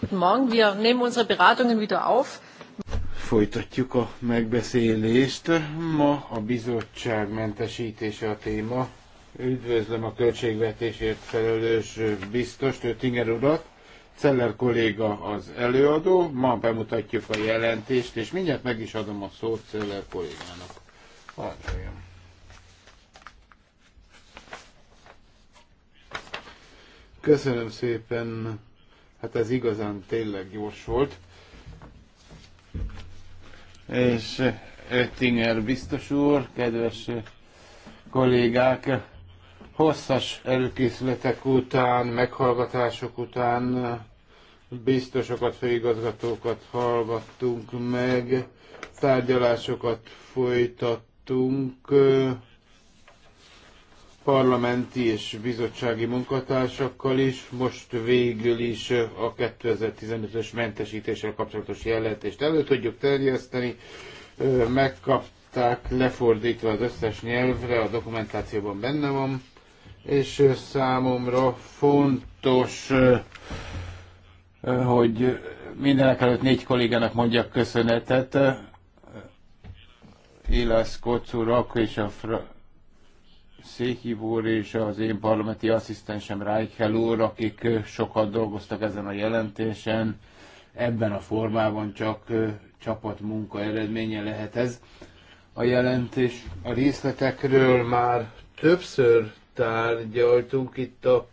Guten Morgen, wir nehmen unsere Beratungen wieder auf. Folytatjuk a megbeszélést. Ma a bizottság mentesítése a téma. Üdvözlöm a költségvetésért felelős biztos Tinger urat. Celler kolléga az előadó, ma bemutatjuk a jelentést, és mindjárt meg is adom a szót Celler kollégának. Hajrá! Köszönöm szépen. Hát ez igazán tényleg gyors volt. És Öttinger eh, biztos úr, kedves eh, kollégák, hosszas előkészületek után, meghallgatások után eh, biztosokat, főigazgatókat hallgattunk meg, tárgyalásokat folytattunk parlamenti és bizottsági munkatársakkal is. Most végül is a 2015-ös mentesítéssel kapcsolatos jelentést elő tudjuk terjeszteni. Megkapták lefordítva az összes nyelvre, a dokumentációban benne van, és számomra fontos, hogy mindenek előtt négy kollégának mondjak köszönetet. Ilász Kocurak és a fra- székhívó úr és az én parlamenti asszisztensem Reichel úr, akik sokat dolgoztak ezen a jelentésen. Ebben a formában csak csapatmunka eredménye lehet ez. A jelentés a részletekről már többször tárgyaltunk itt a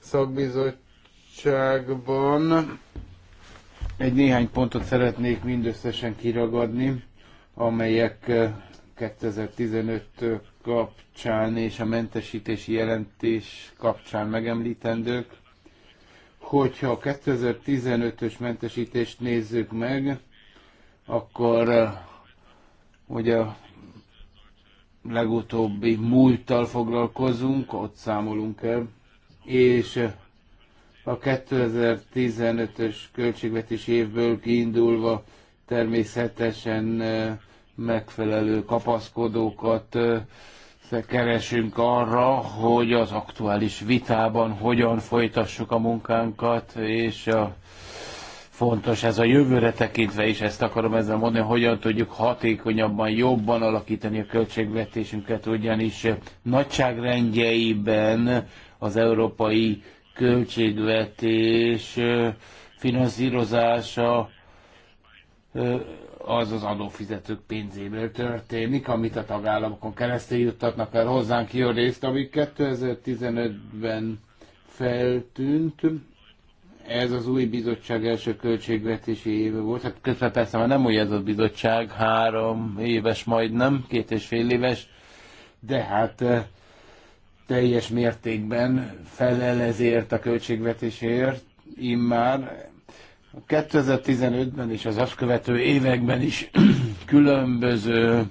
szakbizottságban. Egy néhány pontot szeretnék mindösszesen kiragadni, amelyek 2015 kapcsán és a mentesítési jelentés kapcsán megemlítendők. Hogyha a 2015-ös mentesítést nézzük meg, akkor ugye a legutóbbi múlttal foglalkozunk, ott számolunk el, és a 2015-ös költségvetés évből kiindulva természetesen eh, megfelelő kapaszkodókat eh, keresünk arra, hogy az aktuális vitában hogyan folytassuk a munkánkat, és a, fontos ez a jövőre tekintve is, ezt akarom ezzel mondani, hogyan tudjuk hatékonyabban, jobban alakítani a költségvetésünket, ugyanis nagyságrendjeiben az európai költségvetés finanszírozása az az adófizetők pénzéből történik, amit a tagállamokon keresztül juttatnak el hozzánk ki részt, ami 2015-ben feltűnt. Ez az új bizottság első költségvetési éve volt. Hát közben persze már nem új ez a bizottság, három éves majdnem, két és fél éves, de hát eh, teljes mértékben felel ezért a költségvetésért immár 2015-ben és az azt követő években is különböző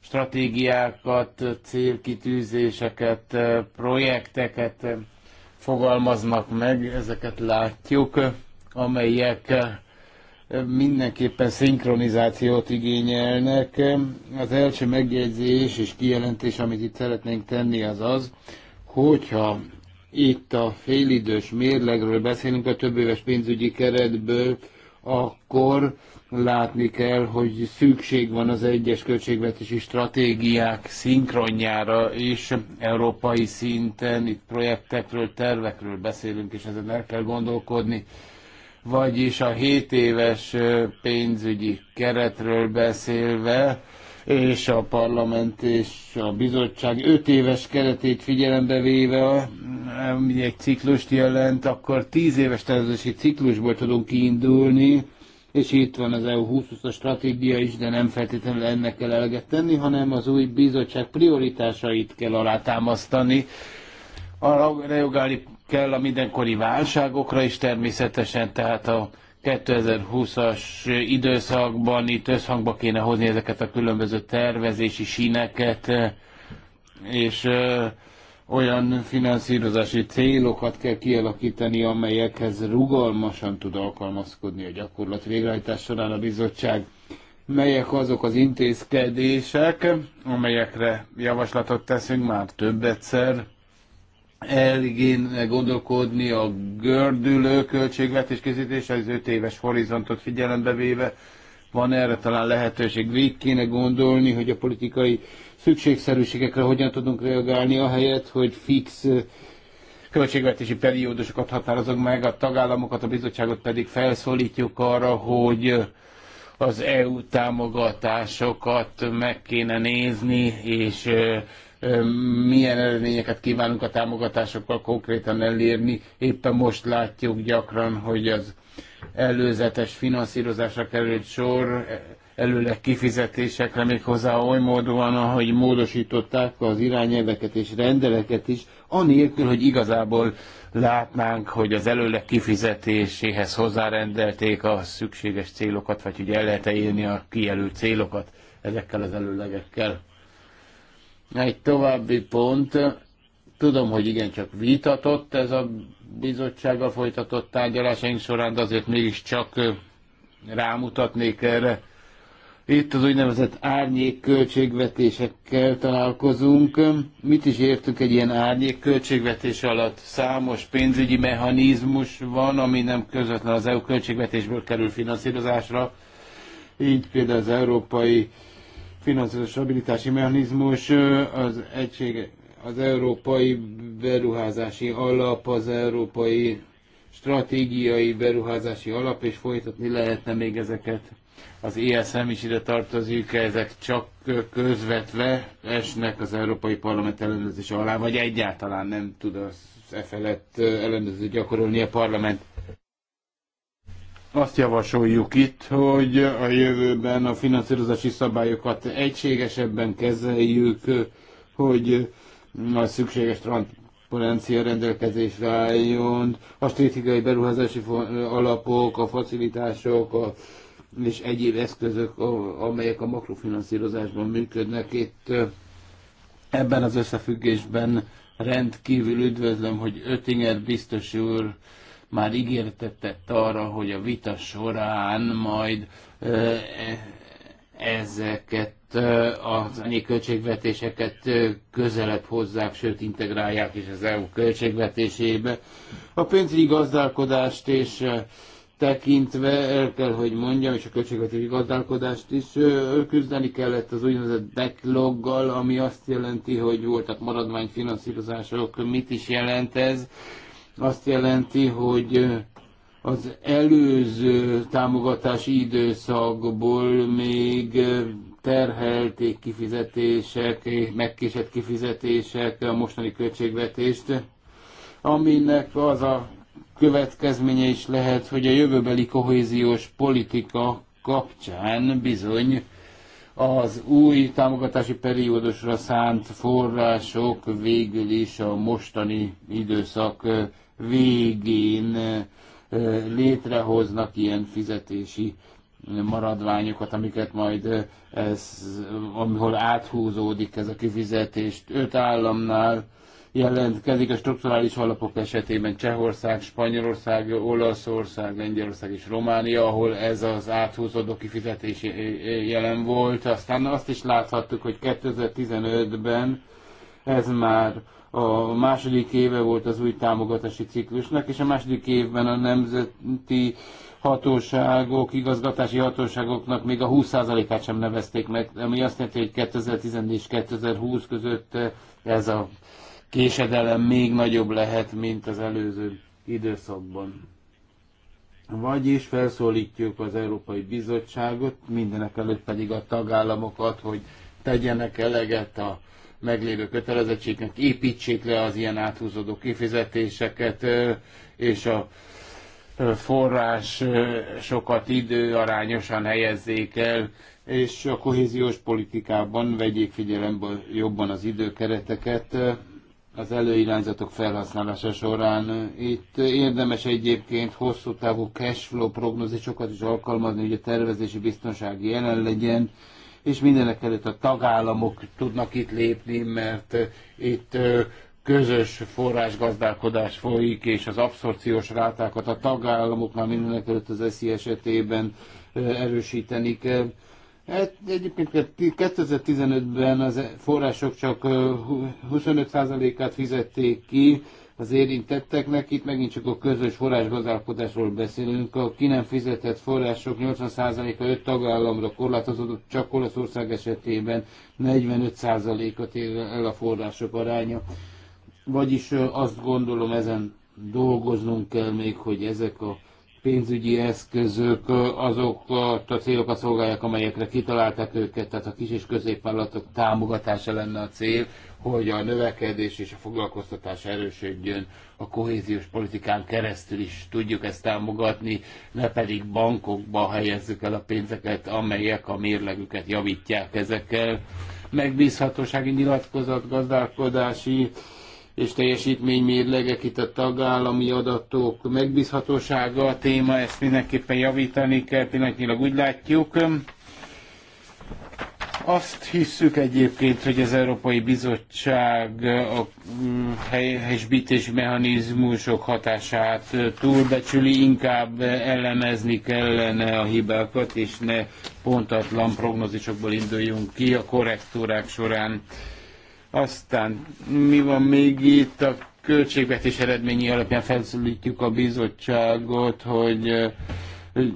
stratégiákat, célkitűzéseket, projekteket fogalmaznak meg, ezeket látjuk, amelyek mindenképpen szinkronizációt igényelnek. Az első megjegyzés és kijelentés, amit itt szeretnénk tenni, az az, hogyha itt a félidős mérlegről beszélünk, a több éves pénzügyi keretből, akkor látni kell, hogy szükség van az egyes költségvetési stratégiák szinkronjára, és európai szinten itt projektekről, tervekről beszélünk, és ezen el kell gondolkodni. Vagyis a 7 éves pénzügyi keretről beszélve, és a parlament és a bizottság öt éves keretét figyelembe véve, mm, ami egy ciklust jelent, akkor tíz éves tervezési ciklusból tudunk kiindulni, és itt van az EU 2020-as stratégia is, de nem feltétlenül ennek kell eleget tenni, hanem az új bizottság prioritásait kell alátámasztani. Arra reagálni kell a mindenkori válságokra is természetesen, tehát a 2020-as időszakban itt összhangba kéne hozni ezeket a különböző tervezési síneket, és olyan finanszírozási célokat kell kialakítani, amelyekhez rugalmasan tud alkalmazkodni a gyakorlat végrehajtás során a bizottság. Melyek azok az intézkedések, amelyekre javaslatot teszünk már több egyszer, elgén gondolkodni a gördülő költségvetés készítése, az öt éves horizontot figyelembe véve van erre talán lehetőség. Végig kéne gondolni, hogy a politikai szükségszerűségekre hogyan tudunk reagálni, ahelyett, hogy fix költségvetési periódusokat határozunk meg, a tagállamokat, a bizottságot pedig felszólítjuk arra, hogy az EU támogatásokat meg kéne nézni, és milyen eredményeket kívánunk a támogatásokkal konkrétan elérni. Éppen most látjuk gyakran, hogy az előzetes finanszírozásra került sor, előleg kifizetésekre még hozzá oly módon, ahogy módosították az irányelveket és rendeleket is, anélkül, hogy igazából látnánk, hogy az előleg kifizetéséhez hozzárendelték a szükséges célokat, vagy hogy el lehet -e élni a kijelölt célokat ezekkel az előlegekkel. Egy további pont, tudom, hogy igencsak vitatott ez a bizottsága folytatott tárgyalásaink során, de azért mégiscsak rámutatnék erre. Itt az úgynevezett árnyék költségvetésekkel találkozunk. Mit is értünk egy ilyen árnyék költségvetés alatt? Számos pénzügyi mechanizmus van, ami nem közvetlen az EU költségvetésből kerül finanszírozásra. Így például az Európai finanszírozási stabilitási mechanizmus, az egység, az európai beruházási alap, az európai stratégiai beruházási alap, és folytatni lehetne még ezeket. Az ESM is ide tartozik, ezek csak közvetve esnek az Európai Parlament ellenőrzése alá, vagy egyáltalán nem tud az e felett ellenőrző gyakorolni a parlament. Azt javasoljuk itt, hogy a jövőben a finanszírozási szabályokat egységesebben kezeljük, hogy a szükséges transzparencia rendelkezésre álljon, a stratégiai beruházási alapok, a facilitások, a és egyéb eszközök, amelyek a makrofinanszírozásban működnek. Itt ebben az összefüggésben rendkívül üdvözlöm, hogy Ötinger biztos úr már ígértetett arra, hogy a vita során majd e, ezeket az annyi költségvetéseket közelebb hozzák, sőt integrálják is az EU költségvetésébe. A pénzügyi gazdálkodást és tekintve el kell, hogy mondjam, és a költségvetési gazdálkodást is küzdeni kellett az úgynevezett backloggal, ami azt jelenti, hogy voltak maradványfinanszírozások, mit is jelent ez, azt jelenti, hogy az előző támogatási időszakból még terhelték kifizetések, megkésett kifizetések a mostani költségvetést, aminek az a következménye is lehet, hogy a jövőbeli kohéziós politika kapcsán bizony az új támogatási periódusra szánt források végül is a mostani időszak végén létrehoznak ilyen fizetési maradványokat, amiket majd ez, amihol áthúzódik ez a kifizetés. Öt államnál jelentkezik a strukturális alapok esetében Csehország, Spanyolország, Olaszország, Lengyelország és Románia, ahol ez az áthúzódó kifizetés jelen volt. Aztán azt is láthattuk, hogy 2015-ben ez már a második éve volt az új támogatási ciklusnak, és a második évben a nemzeti hatóságok, igazgatási hatóságoknak még a 20%-át sem nevezték meg, ami azt jelenti, hogy 2014 és 2020 között ez a késedelem még nagyobb lehet, mint az előző időszakban. Vagyis felszólítjuk az Európai Bizottságot, mindenek előtt pedig a tagállamokat, hogy tegyenek eleget a meglévő kötelezettségnek építsék le az ilyen áthúzódó kifizetéseket, és a forrás sokat idő arányosan helyezzék el, és a kohéziós politikában vegyék figyelembe jobban az időkereteket az előirányzatok felhasználása során. Itt érdemes egyébként hosszú távú cashflow prognózisokat is alkalmazni, hogy a tervezési biztonság jelen legyen, és mindenek előtt a tagállamok tudnak itt lépni, mert itt közös forrásgazdálkodás folyik, és az abszorciós rátákat a tagállamoknál mindenek előtt az eszi esetében erősíteni kell. Hát egyébként 2015-ben az e- források csak 25%-át fizették ki, az érintetteknek. Itt megint csak a közös forrásgazdálkodásról beszélünk. A ki nem fizetett források 80%-a 5 tagállamra korlátozódott, csak Olaszország esetében 45%-at ér el a források aránya. Vagyis azt gondolom ezen dolgoznunk kell még, hogy ezek a pénzügyi eszközök azokat a célokat szolgálják, amelyekre kitalálták őket, tehát a kis és középvállalatok támogatása lenne a cél, hogy a növekedés és a foglalkoztatás erősödjön a kohéziós politikán keresztül is tudjuk ezt támogatni, ne pedig bankokba helyezzük el a pénzeket, amelyek a mérlegüket javítják ezekkel. Megbízhatósági nyilatkozat, gazdálkodási és mérlegek, itt a tagállami adatok megbízhatósága a téma, ezt mindenképpen javítani kell, pillanatnyilag úgy látjuk. Azt hiszük egyébként, hogy az Európai Bizottság a mm, helyesbítési mechanizmusok hatását túlbecsüli, inkább ellemezni kellene a hibákat, és ne pontatlan prognózisokból induljunk ki a korrektúrák során. Aztán mi van még itt a költségvetés eredményi alapján felszólítjuk a bizottságot, hogy eh,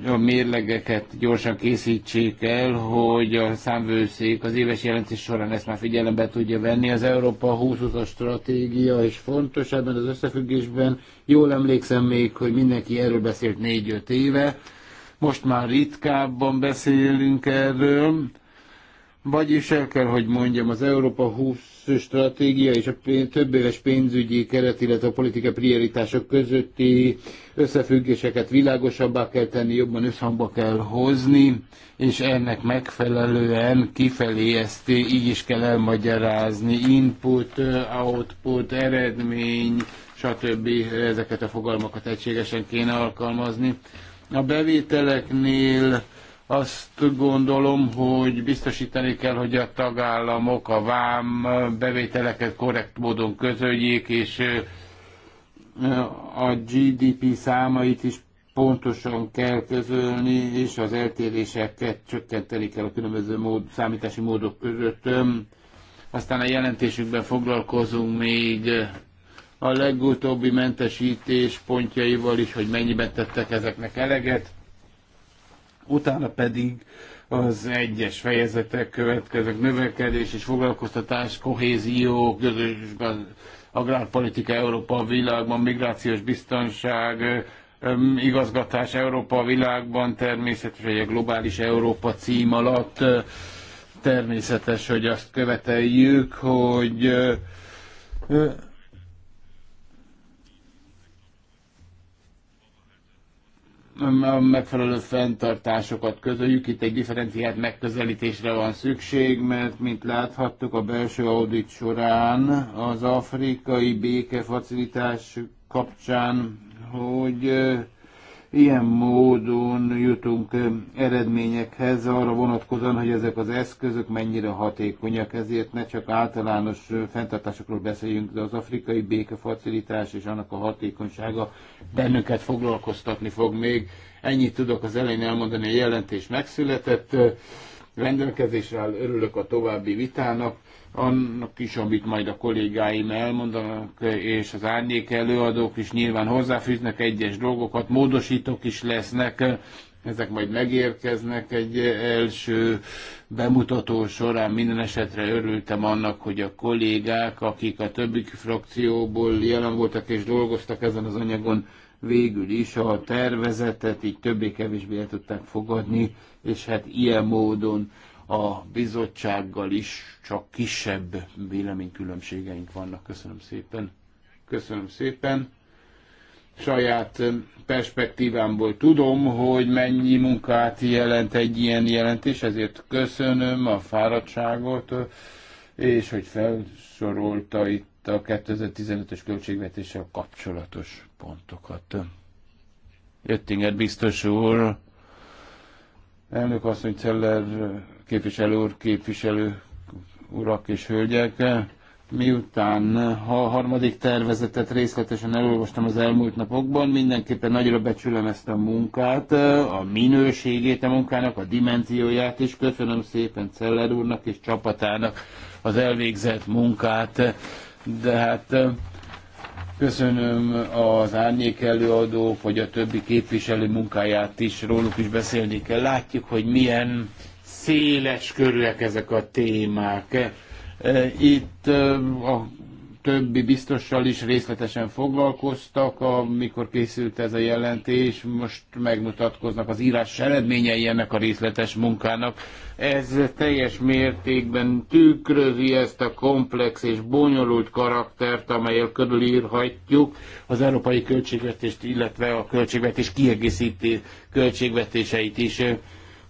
a mérlegeket gyorsan készítsék el, hogy a számvőszék az éves jelentés során ezt már figyelembe tudja venni. Az Európa 20 as stratégia és fontos ebben az összefüggésben. Jól emlékszem még, hogy mindenki erről beszélt 4-5 éve. Most már ritkábban beszélünk erről. Vagyis el kell, hogy mondjam, az Európa 20 stratégia és a több éves pénzügyi keret, illetve a politika prioritások közötti összefüggéseket világosabbá kell tenni, jobban összhangba kell hozni, és ennek megfelelően kifelé ezt így is kell elmagyarázni, input, output, eredmény, stb. ezeket a fogalmakat egységesen kéne alkalmazni. A bevételeknél azt gondolom, hogy biztosítani kell, hogy a tagállamok a vám bevételeket korrekt módon közöljék, és a GDP számait is pontosan kell közölni, és az eltéréseket csökkenteni kell a különböző mód, számítási módok között. Aztán a jelentésükben foglalkozunk még a legutóbbi mentesítés pontjaival is, hogy mennyiben tettek ezeknek eleget utána pedig az egyes fejezetek következnek, növekedés és foglalkoztatás, kohézió, közös agrárpolitika Európa a világban, migrációs biztonság, igazgatás Európa a világban, természetesen egy globális Európa cím alatt természetes, hogy azt követeljük, hogy a megfelelő fenntartásokat közöljük. Itt egy differenciált megközelítésre van szükség, mert mint láthattuk a belső audit során az afrikai békefacilitás kapcsán, hogy Ilyen módon jutunk eredményekhez arra vonatkozóan, hogy ezek az eszközök mennyire hatékonyak, ezért ne csak általános fenntartásokról beszéljünk, de az afrikai békefacilitás és annak a hatékonysága bennünket foglalkoztatni fog még. Ennyit tudok az elején elmondani, a jelentés megszületett rendelkezésre áll, örülök a további vitának annak is, amit majd a kollégáim elmondanak, és az árnyék előadók is nyilván hozzáfűznek egyes dolgokat, módosítók is lesznek, ezek majd megérkeznek egy első bemutató során. Minden esetre örültem annak, hogy a kollégák, akik a többi frakcióból jelen voltak és dolgoztak ezen az anyagon, végül is a tervezetet így többé-kevésbé el tudták fogadni, és hát ilyen módon a bizottsággal is csak kisebb véleménykülönbségeink vannak. Köszönöm szépen. Köszönöm szépen saját perspektívámból tudom, hogy mennyi munkát jelent egy ilyen jelentés, ezért köszönöm a fáradtságot, és hogy felsorolta itt a 2015-ös költségvetéssel kapcsolatos pontokat. Jöttinger biztos úr, elnök asszony Celler képviselő úr, képviselő urak és hölgyek. Miután ha a harmadik tervezetet részletesen elolvastam az elmúlt napokban, mindenképpen nagyra becsülöm ezt a munkát, a minőségét a munkának, a dimenzióját, is köszönöm szépen Celler úrnak és csapatának az elvégzett munkát. De hát Köszönöm az árnyék előadók, vagy a többi képviselő munkáját is, róluk is beszélni kell. Látjuk, hogy milyen széles körűek ezek a témák. E, e, itt e, a többi biztossal is részletesen foglalkoztak, amikor készült ez a jelentés, most megmutatkoznak az írás eredményei ennek a részletes munkának. Ez teljes mértékben tükrözi ezt a komplex és bonyolult karaktert, amelyel körül írhatjuk az európai költségvetést, illetve a költségvetés kiegészíti költségvetéseit is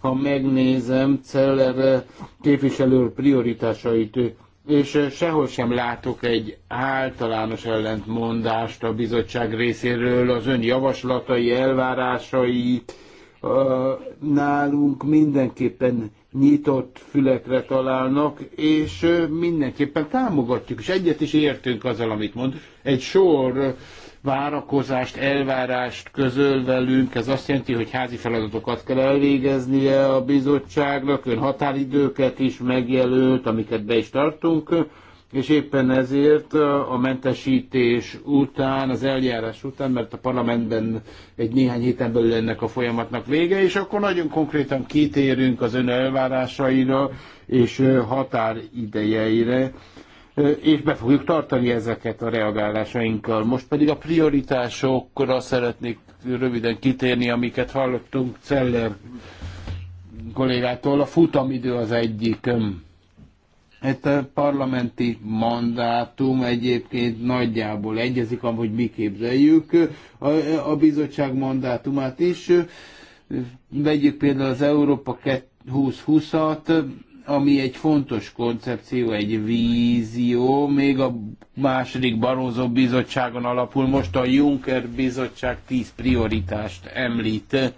ha megnézem Celler képviselő prioritásait, és sehol sem látok egy általános ellentmondást a bizottság részéről, az ön javaslatai, elvárásai, nálunk mindenképpen nyitott fülekre találnak, és mindenképpen támogatjuk, és egyet is értünk azzal, amit mond. Egy sor várakozást, elvárást közöl velünk. Ez azt jelenti, hogy házi feladatokat kell elvégeznie a bizottságnak, ön határidőket is megjelölt, amiket be is tartunk, és éppen ezért a mentesítés után, az eljárás után, mert a parlamentben egy néhány héten belül ennek a folyamatnak vége, és akkor nagyon konkrétan kitérünk az ön elvárásaira és határidejeire és be fogjuk tartani ezeket a reagálásainkkal. Most pedig a prioritásokra szeretnék röviden kitérni, amiket hallottunk Celler kollégától. A futamidő az egyik. Hát a parlamenti mandátum egyébként nagyjából egyezik, ahogy mi képzeljük a, a bizottság mandátumát is. Vegyük például az Európa 2020-at, ami egy fontos koncepció, egy vízió, még a második Barózó bizottságon alapul, most a Juncker bizottság tíz prioritást említ.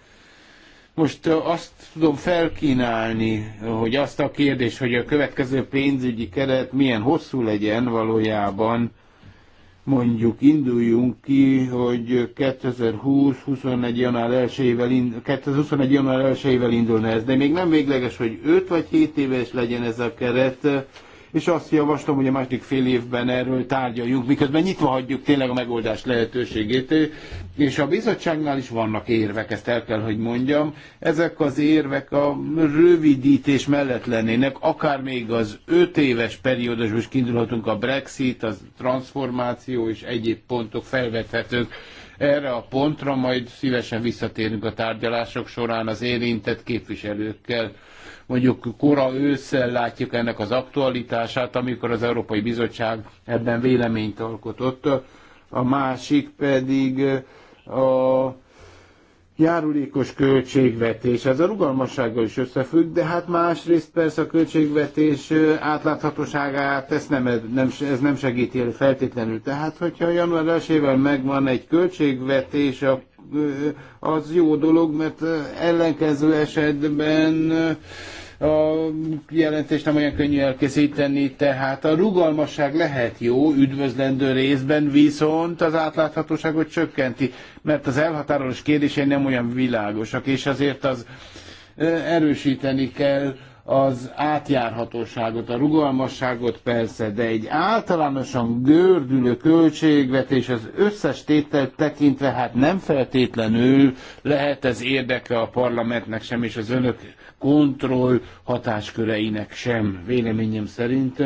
Most azt tudom felkínálni, hogy azt a kérdés, hogy a következő pénzügyi keret milyen hosszú legyen valójában, mondjuk induljunk ki, hogy 2020-21 január 1-ével, 2021 január 1 indulna ez, de még nem végleges, hogy 5 vagy 7 éves legyen ez a keret, és azt javaslom, hogy a második fél évben erről tárgyaljunk, miközben nyitva hagyjuk tényleg a megoldás lehetőségét. És a bizottságnál is vannak érvek, ezt el kell, hogy mondjam. Ezek az érvek a rövidítés mellett lennének, akár még az öt éves periódusban is kiindulhatunk a Brexit, a transformáció és egyéb pontok felvethetők. Erre a pontra majd szívesen visszatérünk a tárgyalások során az érintett képviselőkkel mondjuk kora ősszel látjuk ennek az aktualitását, amikor az Európai Bizottság ebben véleményt alkotott. A másik pedig a járulékos költségvetés. Ez a rugalmassággal is összefügg, de hát másrészt persze a költségvetés átláthatóságát ez nem, nem, ez nem segíti feltétlenül. Tehát, hogyha január 1 megvan egy költségvetés, a az jó dolog, mert ellenkező esetben a jelentést nem olyan könnyű elkészíteni, tehát a rugalmasság lehet jó, üdvözlendő részben, viszont az átláthatóságot csökkenti, mert az elhatárolás kérdései nem olyan világosak, és azért az erősíteni kell az átjárhatóságot, a rugalmasságot persze, de egy általánosan gördülő költségvetés az összes tételt tekintve, hát nem feltétlenül lehet ez érdeke a parlamentnek sem, és az önök kontroll hatásköreinek sem, véleményem szerint.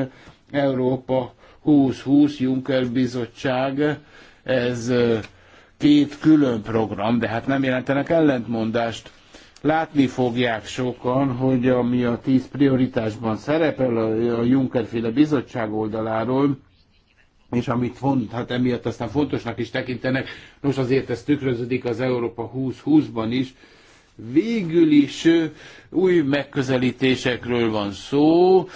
Európa 2020 Juncker bizottság, ez két külön program, de hát nem jelentenek ellentmondást Látni fogják sokan, hogy ami a tíz prioritásban szerepel a juncker bizottság oldaláról, és amit font, hát emiatt aztán fontosnak is tekintenek, most azért ez tükröződik az Európa 2020-ban is, Végül is új megközelítésekről van szó,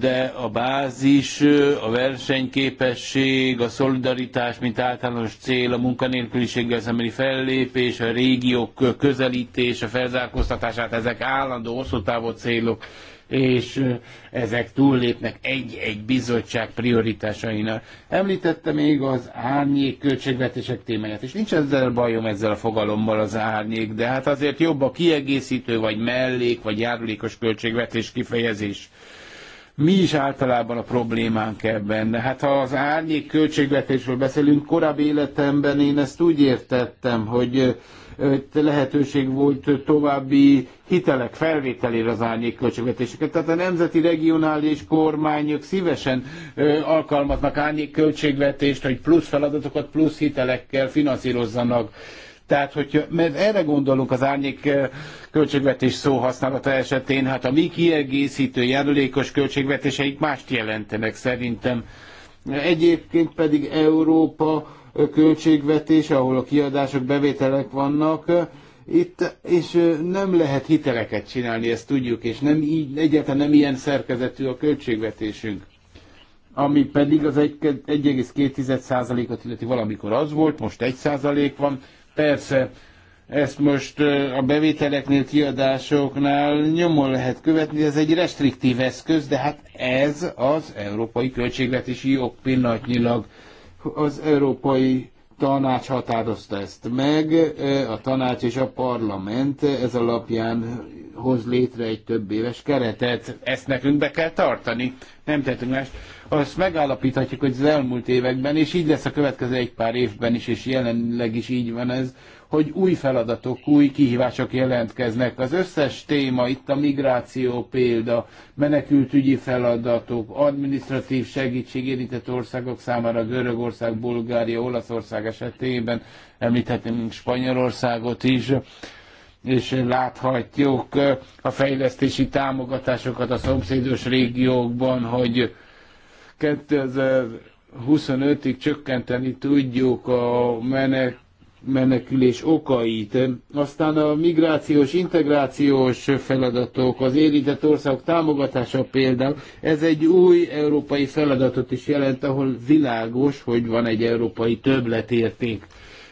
de a bázis, a versenyképesség, a szolidaritás, mint általános cél, a munkanélküliséggel szembeni fellépés, a régiók közelítése, felzárkóztatását, ezek állandó hosszú távú célok és ezek túllépnek egy-egy bizottság prioritásainál. Említette még az árnyék költségvetések témáját, és nincs ezzel bajom ezzel a fogalommal az árnyék, de hát azért jobb a kiegészítő, vagy mellék, vagy járulékos költségvetés kifejezés mi is általában a problémánk ebben. De hát ha az árnyék költségvetésről beszélünk, korábbi életemben én ezt úgy értettem, hogy lehetőség volt további hitelek felvételére az árnyék költségvetéseket. Tehát a nemzeti regionális kormányok szívesen alkalmaznak árnyék költségvetést, hogy plusz feladatokat plusz hitelekkel finanszírozzanak. Tehát, hogy, mert erre gondolunk az árnyék költségvetés szó használata esetén, hát a mi kiegészítő járulékos költségvetéseik mást jelentenek szerintem. Egyébként pedig Európa költségvetés, ahol a kiadások, bevételek vannak, itt, és nem lehet hiteleket csinálni, ezt tudjuk, és nem így, egyáltalán nem ilyen szerkezetű a költségvetésünk. Ami pedig az 1,2%-ot illeti valamikor az volt, most 1% van. Persze, ezt most a bevételeknél, kiadásoknál nyomon lehet követni, ez egy restriktív eszköz, de hát ez az európai költségvetési jog pillanatnyilag az Európai Tanács határozta ezt meg, a tanács és a parlament ez alapján hoz létre egy több éves keretet. Ezt nekünk be kell tartani, nem tettünk más. Azt megállapíthatjuk, hogy az elmúlt években, és így lesz a következő egy pár évben is, és jelenleg is így van ez, hogy új feladatok, új kihívások jelentkeznek. Az összes téma, itt a migráció példa, menekültügyi feladatok, administratív segítség érintett országok számára, Görögország, Bulgária, Olaszország esetében, említhetünk Spanyolországot is, és láthatjuk a fejlesztési támogatásokat a szomszédos régiókban, hogy 2025-ig csökkenteni tudjuk a menek menekülés okait. Aztán a migrációs, integrációs feladatok, az érintett országok támogatása például, ez egy új európai feladatot is jelent, ahol világos, hogy van egy európai többletérték.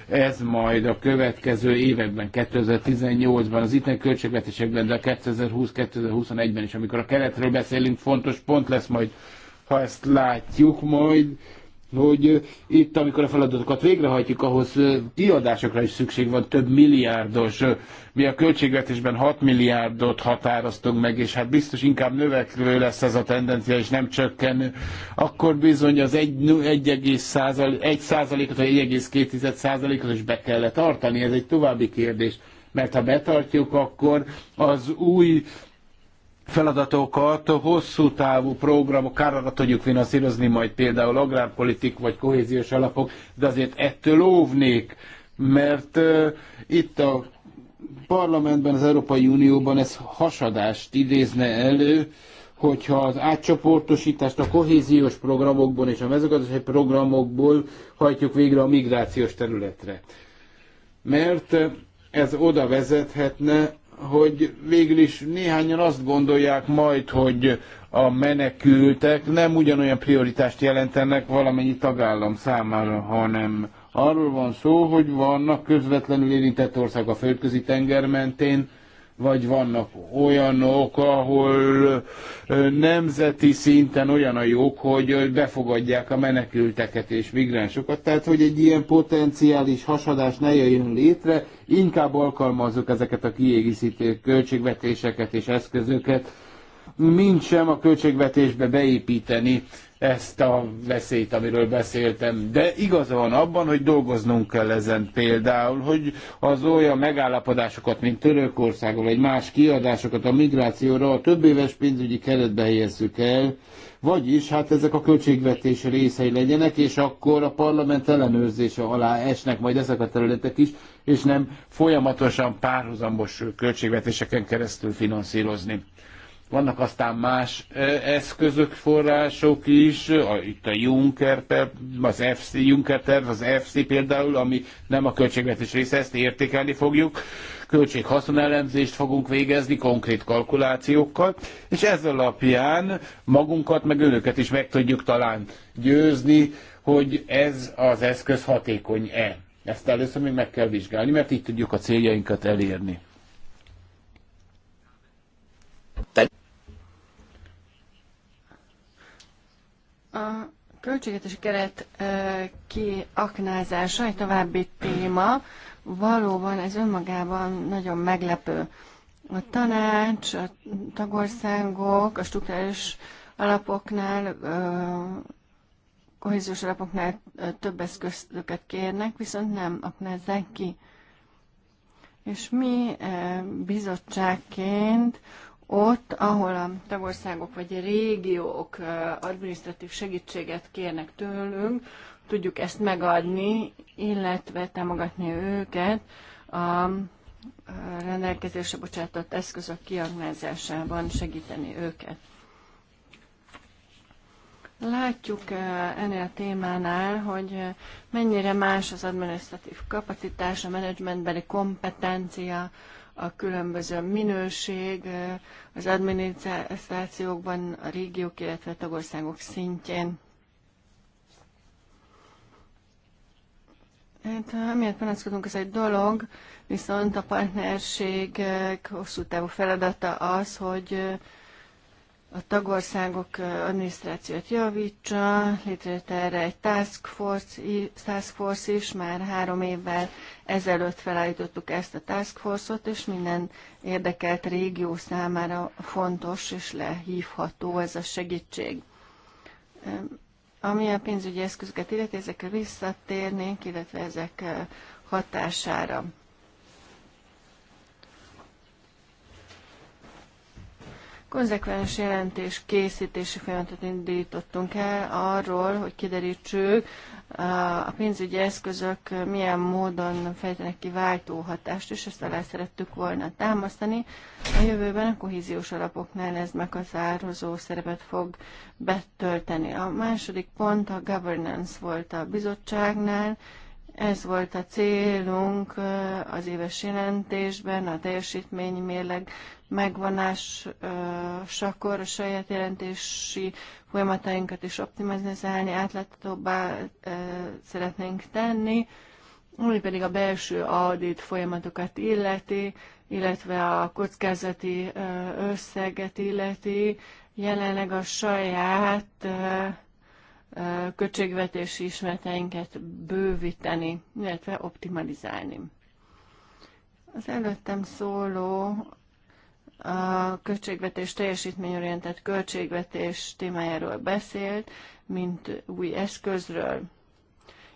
Ez majd a következő években, 2018-ban, az itteni költségvetésekben, de 2020-2021-ben is, amikor a keretről beszélünk, fontos pont lesz majd, ha ezt látjuk majd, hogy itt, amikor a feladatokat végrehajtjuk, ahhoz kiadásokra is szükség van, több milliárdos. Mi a költségvetésben 6 milliárdot határoztunk meg, és hát biztos inkább növekvő lesz ez a tendencia, és nem csökkenő. Akkor bizony az 1 százalékot, vagy 1,2 százalékot is be kellett tartani. Ez egy további kérdés. Mert ha betartjuk, akkor az új feladatokat, hosszú távú programok, kárra tudjuk finanszírozni majd például agrárpolitik vagy kohéziós alapok, de azért ettől óvnék, mert uh, itt a parlamentben, az Európai Unióban ez hasadást idézne elő, hogyha az átcsoportosítást a kohéziós programokból és a mezőgazdasági programokból hajtjuk végre a migrációs területre. Mert ez oda vezethetne, hogy végül is néhányan azt gondolják majd, hogy a menekültek nem ugyanolyan prioritást jelentenek valamennyi tagállam számára, hanem arról van szó, hogy vannak közvetlenül érintett ország a földközi tenger mentén, vagy vannak olyanok, ahol nemzeti szinten olyan a jog, hogy befogadják a menekülteket és migránsokat. Tehát, hogy egy ilyen potenciális hasadás ne jöjjön létre, inkább alkalmazzuk ezeket a kiegészítő költségvetéseket és eszközöket, mint sem a költségvetésbe beépíteni ezt a veszélyt, amiről beszéltem. De igaza van abban, hogy dolgoznunk kell ezen például, hogy az olyan megállapodásokat, mint Törökországon, vagy más kiadásokat a migrációra a több éves pénzügyi keretbe helyezzük el, vagyis hát ezek a költségvetés részei legyenek, és akkor a parlament ellenőrzése alá esnek majd ezek a területek is, és nem folyamatosan párhuzamos költségvetéseken keresztül finanszírozni. Vannak aztán más eszközök, források is, a, itt a Juncker az FC, Juncker terv, az FC például, ami nem a költségvetés része, ezt értékelni fogjuk. Költség-haszonelemzést fogunk végezni konkrét kalkulációkkal, és ez alapján magunkat, meg önöket is meg tudjuk talán győzni, hogy ez az eszköz hatékony-e. Ezt először még meg kell vizsgálni, mert így tudjuk a céljainkat elérni. Költségvetési keret kiaknázása egy további téma. Valóban ez önmagában nagyon meglepő. A tanács, a tagországok, a struktúrális alapoknál, kohéziós alapoknál több eszközöket kérnek, viszont nem aknázzák ki. És mi bizottságként ott, ahol a tagországok vagy a régiók administratív segítséget kérnek tőlünk, tudjuk ezt megadni, illetve támogatni őket a rendelkezésre bocsátott eszközök kiaknázásában segíteni őket. Látjuk eh, ennél a témánál, hogy eh, mennyire más az adminisztratív kapacitás, a menedzsmentbeli kompetencia, a különböző minőség eh, az adminisztrációkban, a régiók, illetve a tagországok szintjén. Hát, amiért panaszkodunk, ez egy dolog, viszont a partnerség hosszú távú feladata az, hogy a tagországok adminisztrációt javítsa, létrejött erre egy task force, task force is, már három évvel ezelőtt felállítottuk ezt a task force-ot, és minden érdekelt régió számára fontos és lehívható ez a segítség. Ami a pénzügyi eszközöket illeti, ezekre visszatérnénk, illetve ezek hatására. konzekvens jelentés készítési folyamatot indítottunk el arról, hogy kiderítsük, a pénzügyi eszközök milyen módon fejtenek ki váltó hatást, és ezt alá szerettük volna támasztani. A jövőben a kohéziós alapoknál ez meghatározó szerepet fog betölteni. A második pont a governance volt a bizottságnál, ez volt a célunk az éves jelentésben, a teljesítménymérleg megvonásakor a saját jelentési folyamatainkat is optimizálni, átláthatóbbá szeretnénk tenni, ami pedig a belső audit folyamatokat illeti, illetve a kockázati összeget illeti, jelenleg a saját költségvetési ismereteinket bővíteni, illetve optimalizálni. Az előttem szóló a költségvetés teljesítményorientált költségvetés témájáról beszélt, mint új eszközről.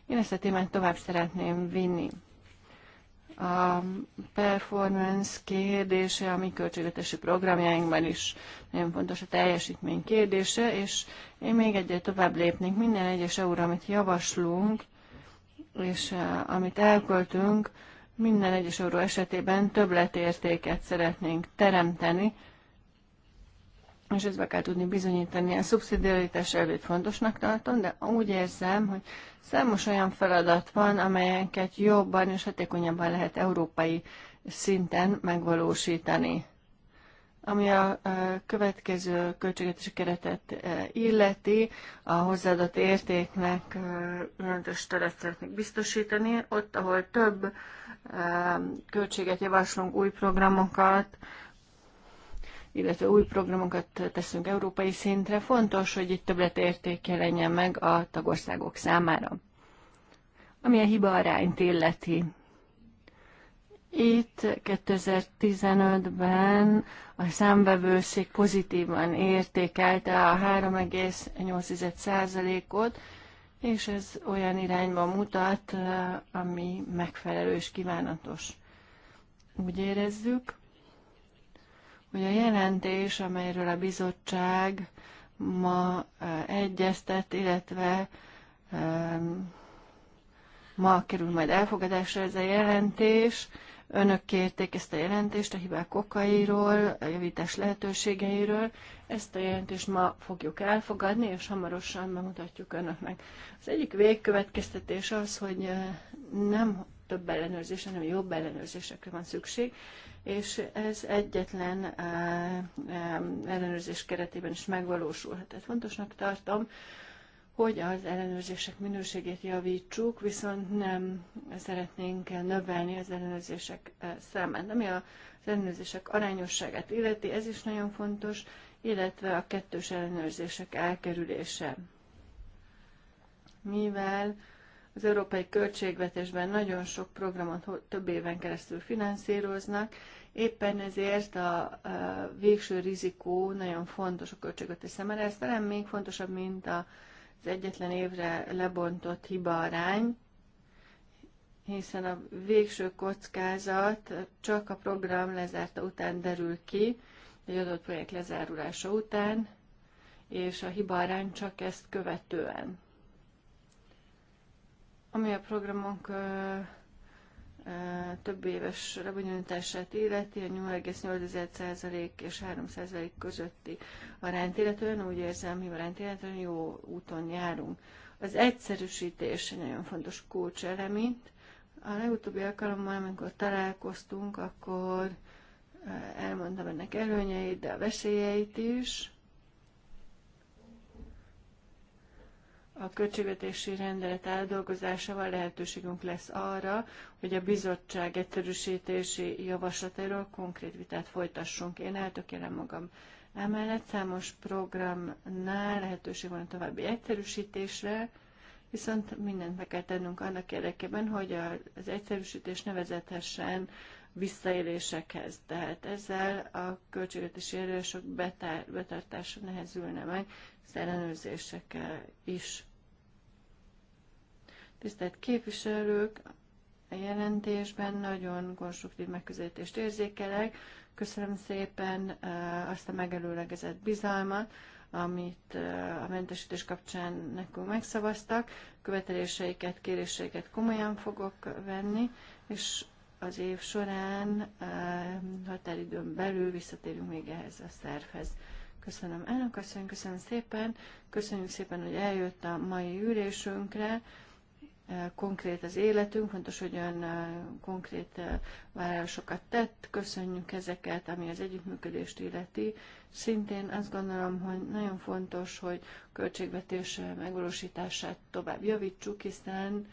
Én ezt a témát tovább szeretném vinni. A performance kérdése a mi költségvetési programjainkban is nagyon fontos a teljesítmény kérdése, és én még egyet tovább lépnék. Minden egyes euró, amit javaslunk, és eh, amit elköltünk, minden egyes euró esetében többletértéket szeretnénk teremteni, és ezt be kell tudni bizonyítani. A szubszidiaritás előtt fontosnak tartom, de úgy érzem, hogy számos olyan feladat van, amelyeket jobban és hatékonyabban lehet európai szinten megvalósítani. Ami a következő költségvetési keretet e, illeti, a hozzáadott értéknek e, jelentős teret szeretnék biztosítani. Ott, ahol több e, költséget javaslunk, új programokat, illetve új programokat teszünk európai szintre, fontos, hogy itt többletérték jelenjen meg a tagországok számára. Ami a hiba arányt illeti, itt 2015-ben a számbevőszék pozitívan értékelte a 3,8%-ot, és ez olyan irányba mutat, ami megfelelő és kívánatos. Úgy érezzük, hogy a jelentés, amelyről a bizottság ma e, egyeztet, illetve e, ma kerül majd elfogadásra ez a jelentés, Önök kérték ezt a jelentést a hibák okairól, a javítás lehetőségeiről. Ezt a jelentést ma fogjuk elfogadni, és hamarosan bemutatjuk önöknek. Az egyik végkövetkeztetés az, hogy nem több ellenőrzésre, hanem jobb ellenőrzésekre van szükség, és ez egyetlen ellenőrzés keretében is megvalósulhat. Tehát fontosnak tartom, hogy az ellenőrzések minőségét javítsuk, viszont nem szeretnénk növelni az ellenőrzések számát. Ami az ellenőrzések arányosságát illeti, ez is nagyon fontos, illetve a kettős ellenőrzések elkerülése. Mivel az európai költségvetésben nagyon sok programot több éven keresztül finanszíroznak, éppen ezért a, végső rizikó nagyon fontos a költségvetés számára. Ez talán még fontosabb, mint a az egyetlen évre lebontott arány, hiszen a végső kockázat csak a program lezárta után derül ki, egy adott projekt lezárulása után, és a arány csak ezt követően. Ami a programok több éves lebonyolítását illeti, a 0,8% és 3% közötti arányt illetően, úgy érzem, hogy arányt illetően jó úton járunk. Az egyszerűsítés egy nagyon fontos kulcselem A legutóbbi alkalommal, amikor találkoztunk, akkor elmondtam ennek előnyeit, de a veszélyeit is. A költségvetési rendelet átdolgozásával lehetőségünk lesz arra, hogy a bizottság egyszerűsítési javaslatairól konkrét vitát folytassunk. Én eltökélem magam. Emellett számos programnál lehetőség van a további egyszerűsítésre, viszont mindent meg kell tennünk annak érdekében, hogy az egyszerűsítés ne vezethessen visszaélésekhez. Tehát ezzel a költségvetési erősök betartása nehezülne meg, az ellenőrzésekkel is. Tisztelt képviselők, a jelentésben nagyon konstruktív megközelítést érzékelek. Köszönöm szépen eh, azt a megelőlegezett bizalmat, amit eh, a mentesítés kapcsán nekünk megszavaztak. Követeléseiket, kéréseiket komolyan fogok venni, és az év során eh, határidőn belül visszatérünk még ehhez a szervhez. Köszönöm elnök, köszönöm, köszönöm szépen. Köszönjük szépen, hogy eljött a mai ülésünkre. Eh, konkrét az életünk, fontos, hogy olyan eh, konkrét eh, vállalásokat tett. Köszönjük ezeket, ami az együttműködést illeti. Szintén azt gondolom, hogy nagyon fontos, hogy költségvetés megvalósítását tovább javítsuk, hiszen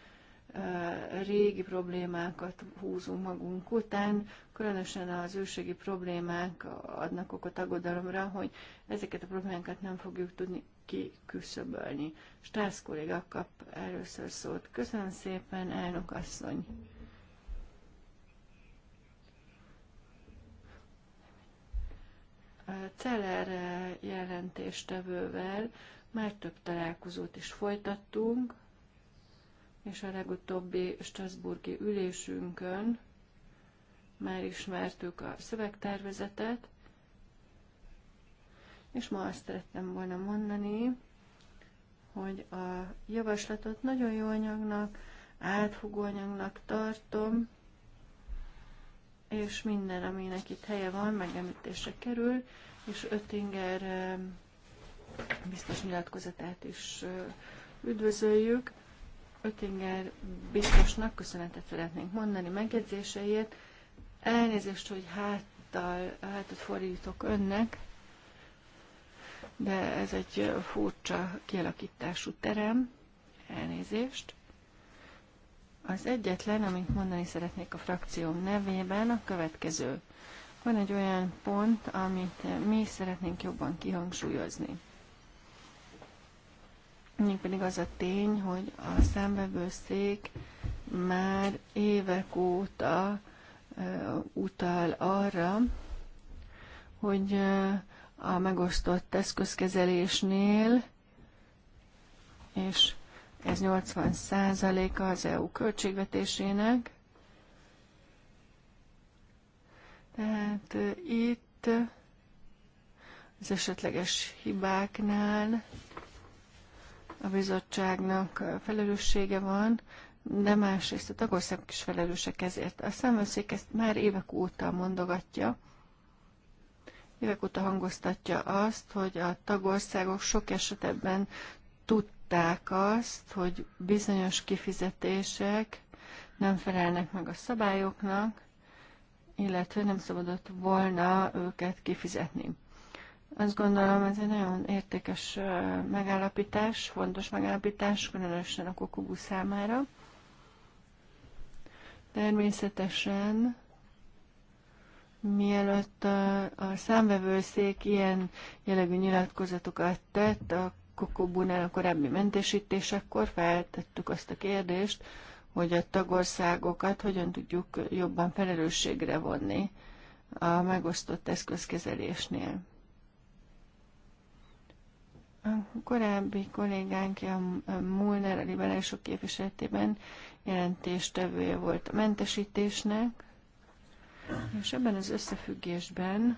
régi problémákat húzunk magunk után, különösen az őségi problémák adnak okot aggodalomra, hogy ezeket a problémákat nem fogjuk tudni kiküszöbölni. Strász kolléga kap először szót. Köszönöm szépen, elnök asszony! Celer jelentéstevővel már több találkozót is folytattunk, és a legutóbbi Strasburgi ülésünkön már ismertük a szövegtervezetet, és ma azt szerettem volna mondani, hogy a javaslatot nagyon jó anyagnak, átfogó anyagnak tartom, és minden, aminek itt helye van, megemlítésre kerül, és Öttinger eh, biztos nyilatkozatát is eh, üdvözöljük. Ötinger biztosnak köszönetet szeretnénk mondani megjegyzéseiért. Elnézést, hogy háttal, hátat fordítok önnek, de ez egy furcsa kialakítású terem. Elnézést. Az egyetlen, amit mondani szeretnék a frakcióm nevében, a következő. Van egy olyan pont, amit mi szeretnénk jobban kihangsúlyozni. Még pedig az a tény, hogy a számvevőszék már évek óta utal arra, hogy a megosztott eszközkezelésnél, és ez 80 százaléka az EU költségvetésének, tehát itt az esetleges hibáknál a bizottságnak felelőssége van, de másrészt a tagországok is felelősek ezért. A számvőszék ezt már évek óta mondogatja, évek óta hangoztatja azt, hogy a tagországok sok esetben tudták azt, hogy bizonyos kifizetések nem felelnek meg a szabályoknak, illetve nem szabadott volna őket kifizetni. Azt gondolom, ez egy nagyon értékes megállapítás, fontos megállapítás, különösen a kokogú számára. Természetesen, mielőtt a, a számvevőszék ilyen jellegű nyilatkozatokat tett a kokobunál a korábbi mentesítésekkor, feltettük azt a kérdést, hogy a tagországokat hogyan tudjuk jobban felelősségre vonni a megosztott eszközkezelésnél. A korábbi kollégánk a Mulner a liberálisok képviseletében jelentéstevője volt a mentesítésnek, és ebben az összefüggésben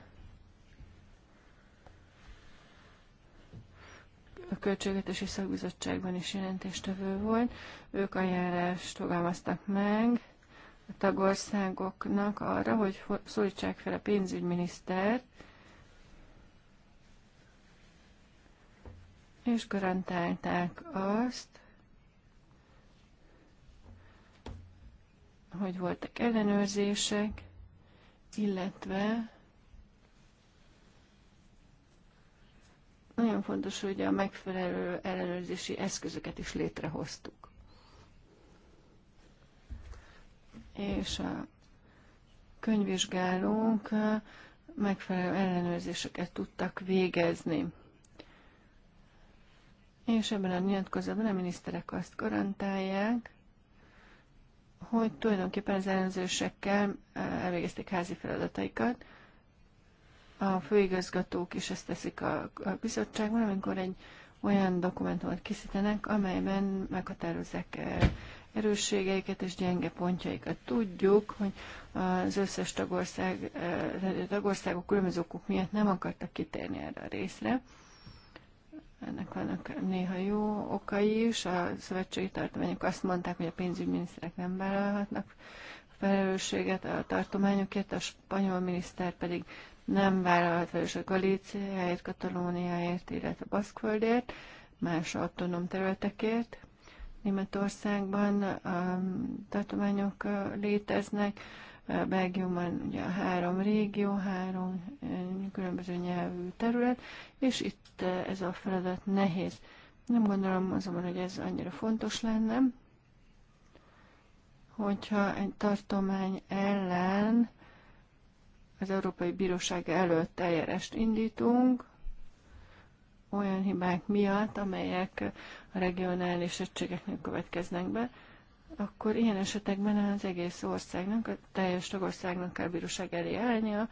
a Költségvetési Szakbizottságban is jelentéstevő volt. Ők ajánlást fogalmaztak meg a tagországoknak arra, hogy szólítsák fel a pénzügyminisztert, és garantálták azt, hogy voltak ellenőrzések, illetve nagyon fontos, hogy a megfelelő ellenőrzési eszközöket is létrehoztuk. És a könyvvizsgálónk megfelelő ellenőrzéseket tudtak végezni. És ebben a nyilatkozatban a miniszterek azt garantálják, hogy tulajdonképpen az ellenzősekkel elvégezték házi feladataikat. A főigazgatók is ezt teszik a, bizottságban, amikor egy olyan dokumentumot készítenek, amelyben meghatározzák erősségeiket és gyenge pontjaikat. Tudjuk, hogy az összes tagország, tagországok különböző okok miatt nem akartak kitérni erre a részre. Ennek vannak néha jó okai is. A szövetségi tartományok azt mondták, hogy a pénzügyminiszterek nem vállalhatnak felelősséget a tartományokért, a spanyol miniszter pedig nem vállalhat a Galíciáért, Katalóniáért, illetve Baszkföldért, más autonóm területekért. Németországban a um, tartományok uh, léteznek, Belgiumban ugye a három régió, három különböző nyelvű terület, és itt ez a feladat nehéz. Nem gondolom azonban, hogy ez annyira fontos lenne, hogyha egy tartomány ellen az Európai Bíróság előtt eljárást indítunk, olyan hibák miatt, amelyek a regionális egységeknek következnek be, akkor ilyen esetekben az egész országnak, a teljes tagországnak kell bíróság elé állnia.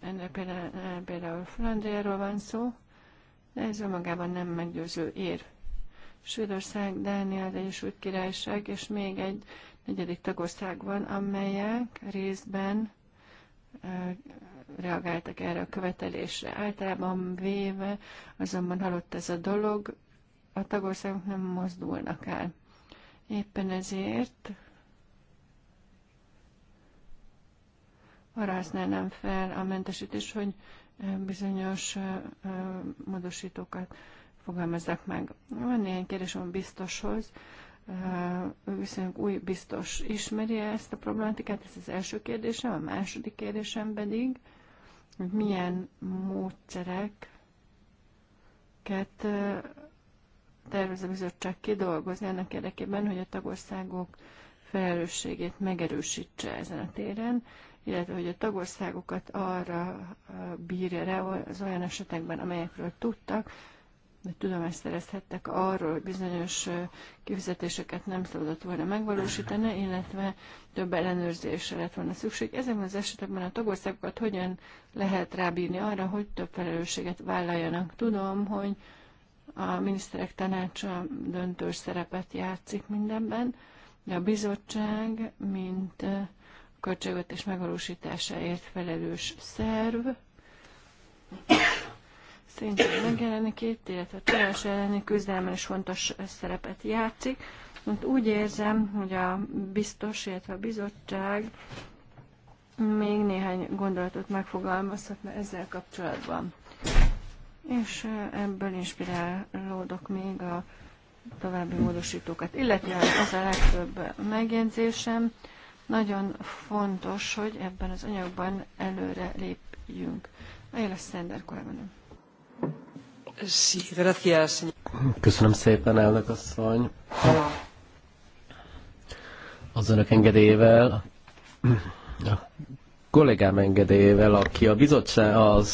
Ennek például, például Flandriáról van szó, de ez önmagában nem meggyőző ér. Svédország, Dánia, is úgy Királyság, és még egy negyedik tagország van, amelyek részben reagáltak erre a követelésre. Általában véve azonban halott ez a dolog, a tagországok nem mozdulnak el. Éppen ezért arra használnám fel a mentesítés, hogy bizonyos módosítókat fogalmazzak meg. Van néhány kérdésem a biztoshoz. Ő viszonylag új biztos ismeri -e ezt a problematikát, ez az első kérdésem, a második kérdésem pedig, hogy milyen módszereket tervez a bizottság kidolgozni annak érdekében, hogy a tagországok felelősségét megerősítse ezen a téren, illetve hogy a tagországokat arra bírja rá az olyan esetekben, amelyekről tudtak, de tudomást szerezhettek arról, hogy bizonyos kifizetéseket nem szabadott volna megvalósítani, illetve több ellenőrzésre lett volna szükség. Ezekben az esetekben a tagországokat hogyan lehet rábírni arra, hogy több felelősséget vállaljanak? Tudom, hogy a miniszterek tanácsa döntős szerepet játszik mindenben, de a bizottság, mint a költségvetés megvalósításáért felelős szerv, szintén megjelenik itt, illetve a csalás elleni küzdelemben is fontos szerepet játszik. Mert úgy érzem, hogy a biztos, illetve a bizottság még néhány gondolatot megfogalmazhatna ezzel kapcsolatban és ebből inspirálódok még a további módosítókat. illetve az a legtöbb megjegyzésem, nagyon fontos, hogy ebben az anyagban előre lépjünk. Ayala Szender kolléganőm. Köszönöm szépen, elnök asszony. Az önök engedélyével, a kollégám engedélyével, aki a bizottság, az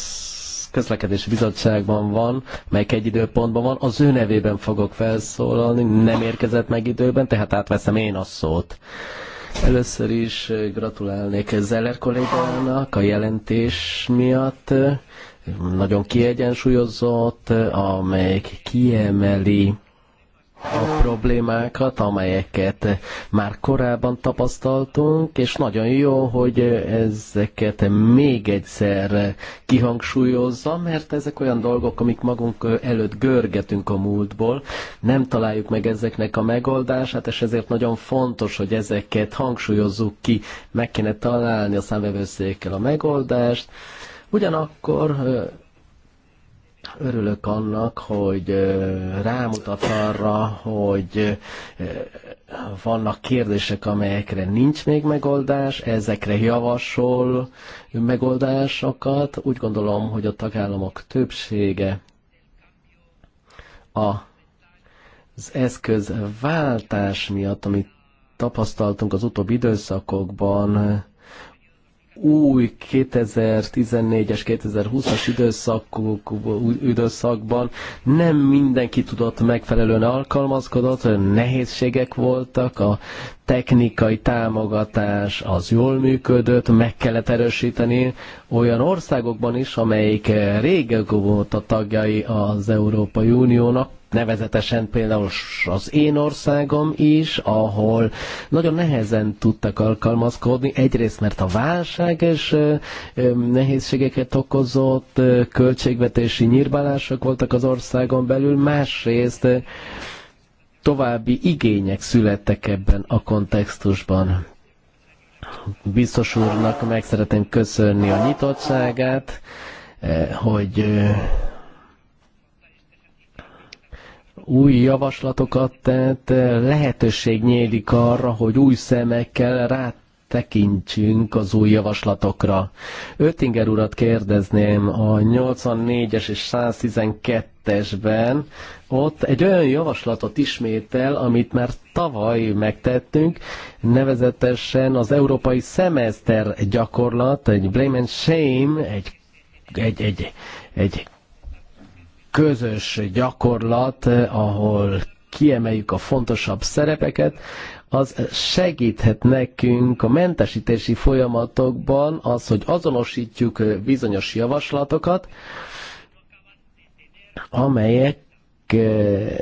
közlekedési bizottságban van, melyik egy időpontban van, az ő nevében fogok felszólalni, nem érkezett meg időben, tehát átveszem én a szót. Először is eh, gratulálnék Zeller kollégának a jelentés miatt. Nagyon kiegyensúlyozott, eh, amelyik kiemeli a problémákat, amelyeket már korábban tapasztaltunk, és nagyon jó, hogy ezeket még egyszer kihangsúlyozza, mert ezek olyan dolgok, amik magunk előtt görgetünk a múltból, nem találjuk meg ezeknek a megoldását, és ezért nagyon fontos, hogy ezeket hangsúlyozzuk ki, meg kéne találni a számvevőszékkel a megoldást, Ugyanakkor örülök annak, hogy rámutat arra, hogy vannak kérdések, amelyekre nincs még megoldás, ezekre javasol megoldásokat. Úgy gondolom, hogy a tagállamok többsége a az eszközváltás miatt, amit tapasztaltunk az utóbbi időszakokban, új 2014-es, 2020-as időszak, időszakban nem mindenki tudott megfelelően alkalmazkodott, nehézségek voltak, a technikai támogatás az jól működött, meg kellett erősíteni olyan országokban is, amelyik régek a tagjai az Európai Uniónak, nevezetesen például az én országom is, ahol nagyon nehezen tudtak alkalmazkodni, egyrészt mert a válság és nehézségeket okozott, költségvetési nyírbálások voltak az országon belül, másrészt további igények születtek ebben a kontextusban. Biztos úrnak meg szeretném köszönni a nyitottságát, eh, hogy eh, új javaslatokat tett, lehetőség nyílik arra, hogy új szemekkel rá tekintsünk az új javaslatokra. Öttinger urat kérdezném a 84-es és 112 2022-esben ott egy olyan javaslatot ismétel, amit már tavaly megtettünk, nevezetesen az európai szemeszter gyakorlat, egy blame and shame, egy, egy, egy, egy közös gyakorlat, ahol kiemeljük a fontosabb szerepeket, az segíthet nekünk a mentesítési folyamatokban az, hogy azonosítjuk bizonyos javaslatokat, amelyek eh,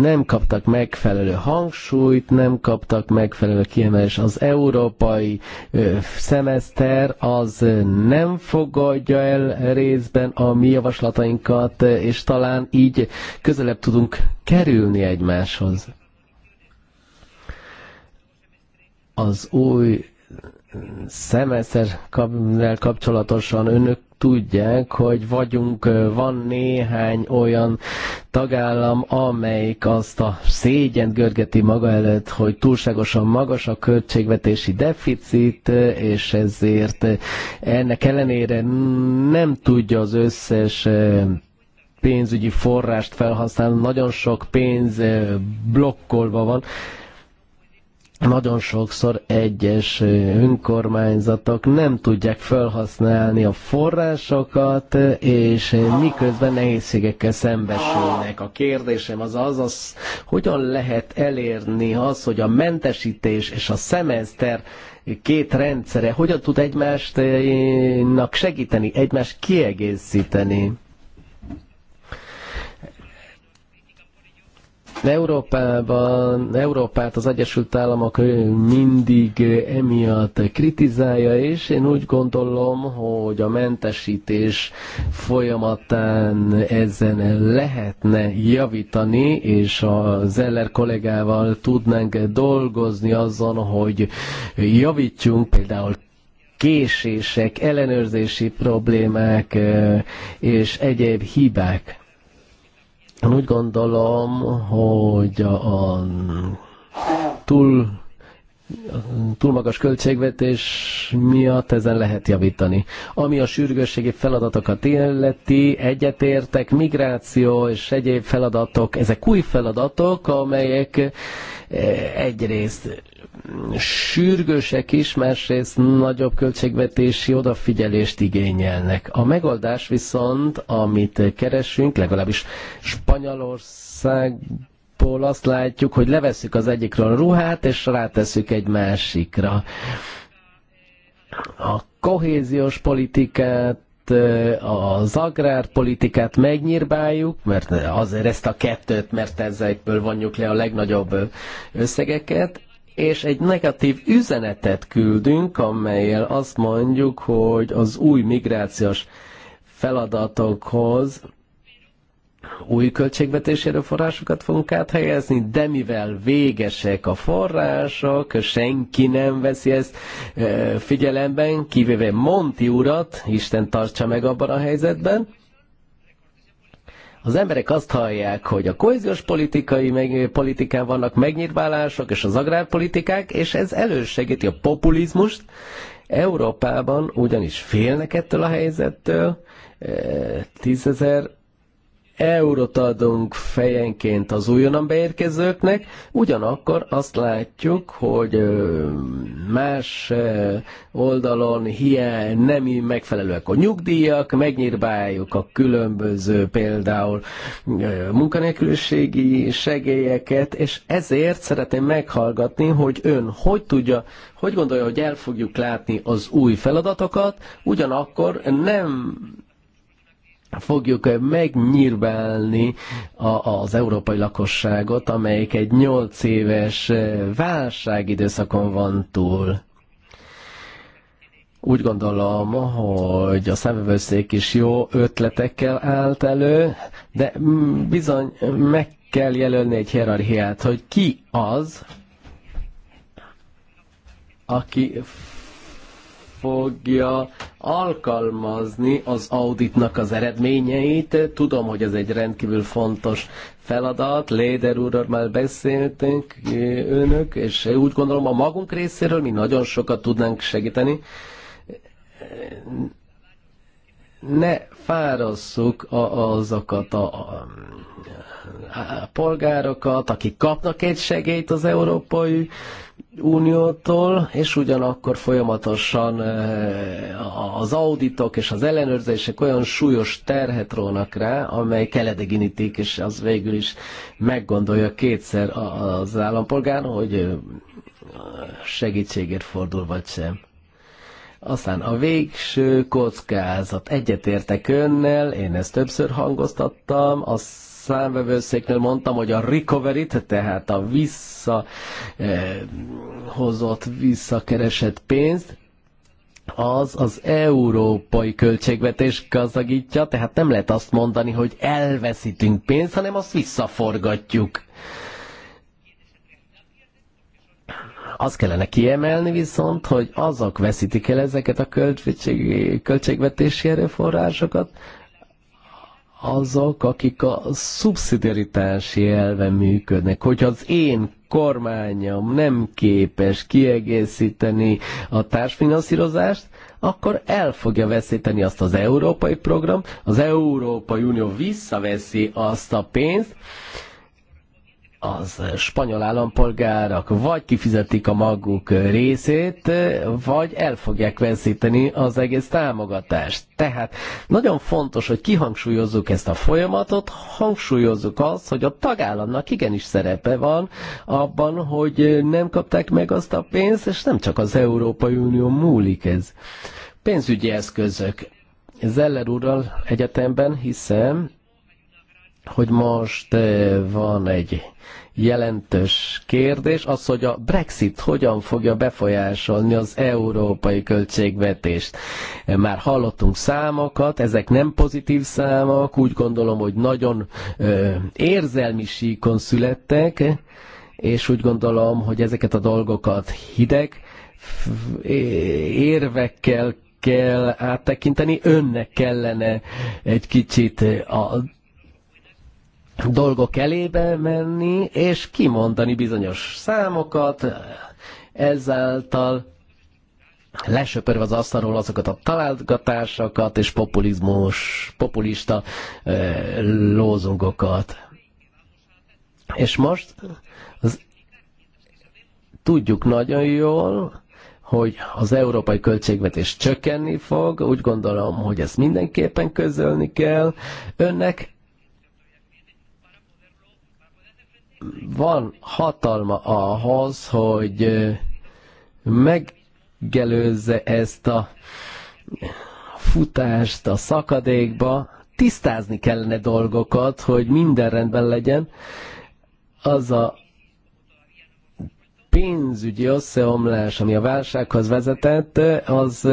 nem kaptak megfelelő hangsúlyt, nem kaptak megfelelő kiemelés. Az európai eh, szemeszter az nem fogadja el részben a mi javaslatainkat, eh, és talán így közelebb tudunk kerülni egymáshoz. Az új szemeszter kapcsolatosan önök tudják, hogy vagyunk, van néhány olyan tagállam, amelyik azt a szégyen görgeti maga előtt, hogy túlságosan magas a költségvetési deficit, és ezért ennek ellenére nem tudja az összes pénzügyi forrást felhasználni, nagyon sok pénz blokkolva van nagyon sokszor egyes önkormányzatok nem tudják felhasználni a forrásokat, és miközben nehézségekkel szembesülnek. A kérdésem az az, az hogyan lehet elérni az, hogy a mentesítés és a szemeszter két rendszere hogyan tud egymásnak segíteni, egymást kiegészíteni? Európában, Európát az Egyesült Államok mindig emiatt kritizálja, és én úgy gondolom, hogy a mentesítés folyamatán ezen lehetne javítani, és a Zeller kollégával tudnánk dolgozni azon, hogy javítjunk például késések, ellenőrzési problémák eh, és egyéb hibák úgy gondolom, hogy a túl túl magas költségvetés miatt ezen lehet javítani. Ami a sürgősségi feladatokat illeti, egyetértek, migráció és egyéb feladatok, ezek új feladatok, amelyek egyrészt sürgősek is, másrészt nagyobb költségvetési odafigyelést igényelnek. A megoldás viszont, amit keresünk, legalábbis Spanyolország Ból azt látjuk, hogy leveszük az egyikről a ruhát, és ráteszük egy másikra. A kohéziós politikát az agrárpolitikát megnyírbáljuk, mert azért ezt a kettőt, mert ezekből vonjuk le a legnagyobb összegeket, és egy negatív üzenetet küldünk, amelyel azt mondjuk, hogy az új migrációs feladatokhoz új költségvetési erőforrásokat fogunk áthelyezni, de mivel végesek a források, senki nem veszi ezt figyelemben, kivéve Monti urat, Isten tartsa meg abban a helyzetben, az emberek azt hallják, hogy a kohéziós politikai meg, politikán vannak megnyitválások és az agrárpolitikák, és ez elősegíti a populizmust. Európában ugyanis félnek ettől a helyzettől, tízezer eurót adunk fejenként az újonnan beérkezőknek, ugyanakkor azt látjuk, hogy más oldalon hiány nem megfelelőek a nyugdíjak, megnyírbáljuk a különböző például munkanélküliségi segélyeket, és ezért szeretném meghallgatni, hogy ön hogy tudja, hogy gondolja, hogy el fogjuk látni az új feladatokat, ugyanakkor nem fogjuk megnyírbálni a, az európai lakosságot, amelyik egy 8 éves válságidőszakon van túl. Úgy gondolom, hogy a szemvevőszék is jó ötletekkel állt elő, de bizony meg kell jelölni egy hierarchiát, hogy ki az, aki fogja alkalmazni az auditnak az eredményeit. Tudom, hogy ez egy rendkívül fontos feladat. Léder úrral már beszéltünk önök, és úgy gondolom a magunk részéről mi nagyon sokat tudnánk segíteni. Ne fárasszuk a, azokat a, a polgárokat, akik kapnak egy segélyt az Európai Uniótól, és ugyanakkor folyamatosan eh, az auditok és az ellenőrzések olyan súlyos terhet rónak rá, amely keledeginítik, és az végül is meggondolja kétszer az állampolgár, hogy eh, segítségért fordul vagy sem. Aztán a végső kockázat. Egyetértek önnel, én ezt többször hangoztattam, az számvevőszéknél mondtam, hogy a recovery-t, tehát a visszahozott, visszakeresett pénzt, az az európai költségvetés gazdagítja, tehát nem lehet azt mondani, hogy elveszítünk pénzt, hanem azt visszaforgatjuk. Azt kellene kiemelni viszont, hogy azok veszítik el ezeket a költségvetési erőforrásokat, azok, akik a szubszidiaritási elve működnek. Hogyha az én kormányom nem képes kiegészíteni a társfinanszírozást, akkor el fogja veszíteni azt az európai program, az Európai Unió visszaveszi azt a pénzt, az spanyol állampolgárok vagy kifizetik a maguk részét, vagy el fogják veszíteni az egész támogatást. Tehát nagyon fontos, hogy kihangsúlyozzuk ezt a folyamatot, hangsúlyozzuk azt, hogy a tagállamnak igenis szerepe van abban, hogy nem kapták meg azt a pénzt, és nem csak az Európai Unió múlik ez. Pénzügyi eszközök. Zeller úrral egyetemben hiszem, hogy most eh, van egy jelentős kérdés, az, hogy a Brexit hogyan fogja befolyásolni az európai költségvetést. Eh, már hallottunk számokat, ezek nem pozitív számok, úgy gondolom, hogy nagyon ö, eh, érzelmi síkon születtek, és úgy gondolom, hogy ezeket a dolgokat hideg érvekkel kell áttekinteni, önnek kellene egy kicsit a dolgok elébe menni, és kimondani bizonyos számokat, ezáltal lesöpörve az asztalról azokat a találgatásokat és populizmus, populista eh, lózungokat. És most az, tudjuk nagyon jól, hogy az európai költségvetés csökkenni fog, úgy gondolom, hogy ezt mindenképpen közölni kell. Önnek van hatalma ahhoz, hogy megelőzze ezt a futást a szakadékba, tisztázni kellene dolgokat, hogy minden rendben legyen. Az a pénzügyi összeomlás, ami a válsághoz vezetett, az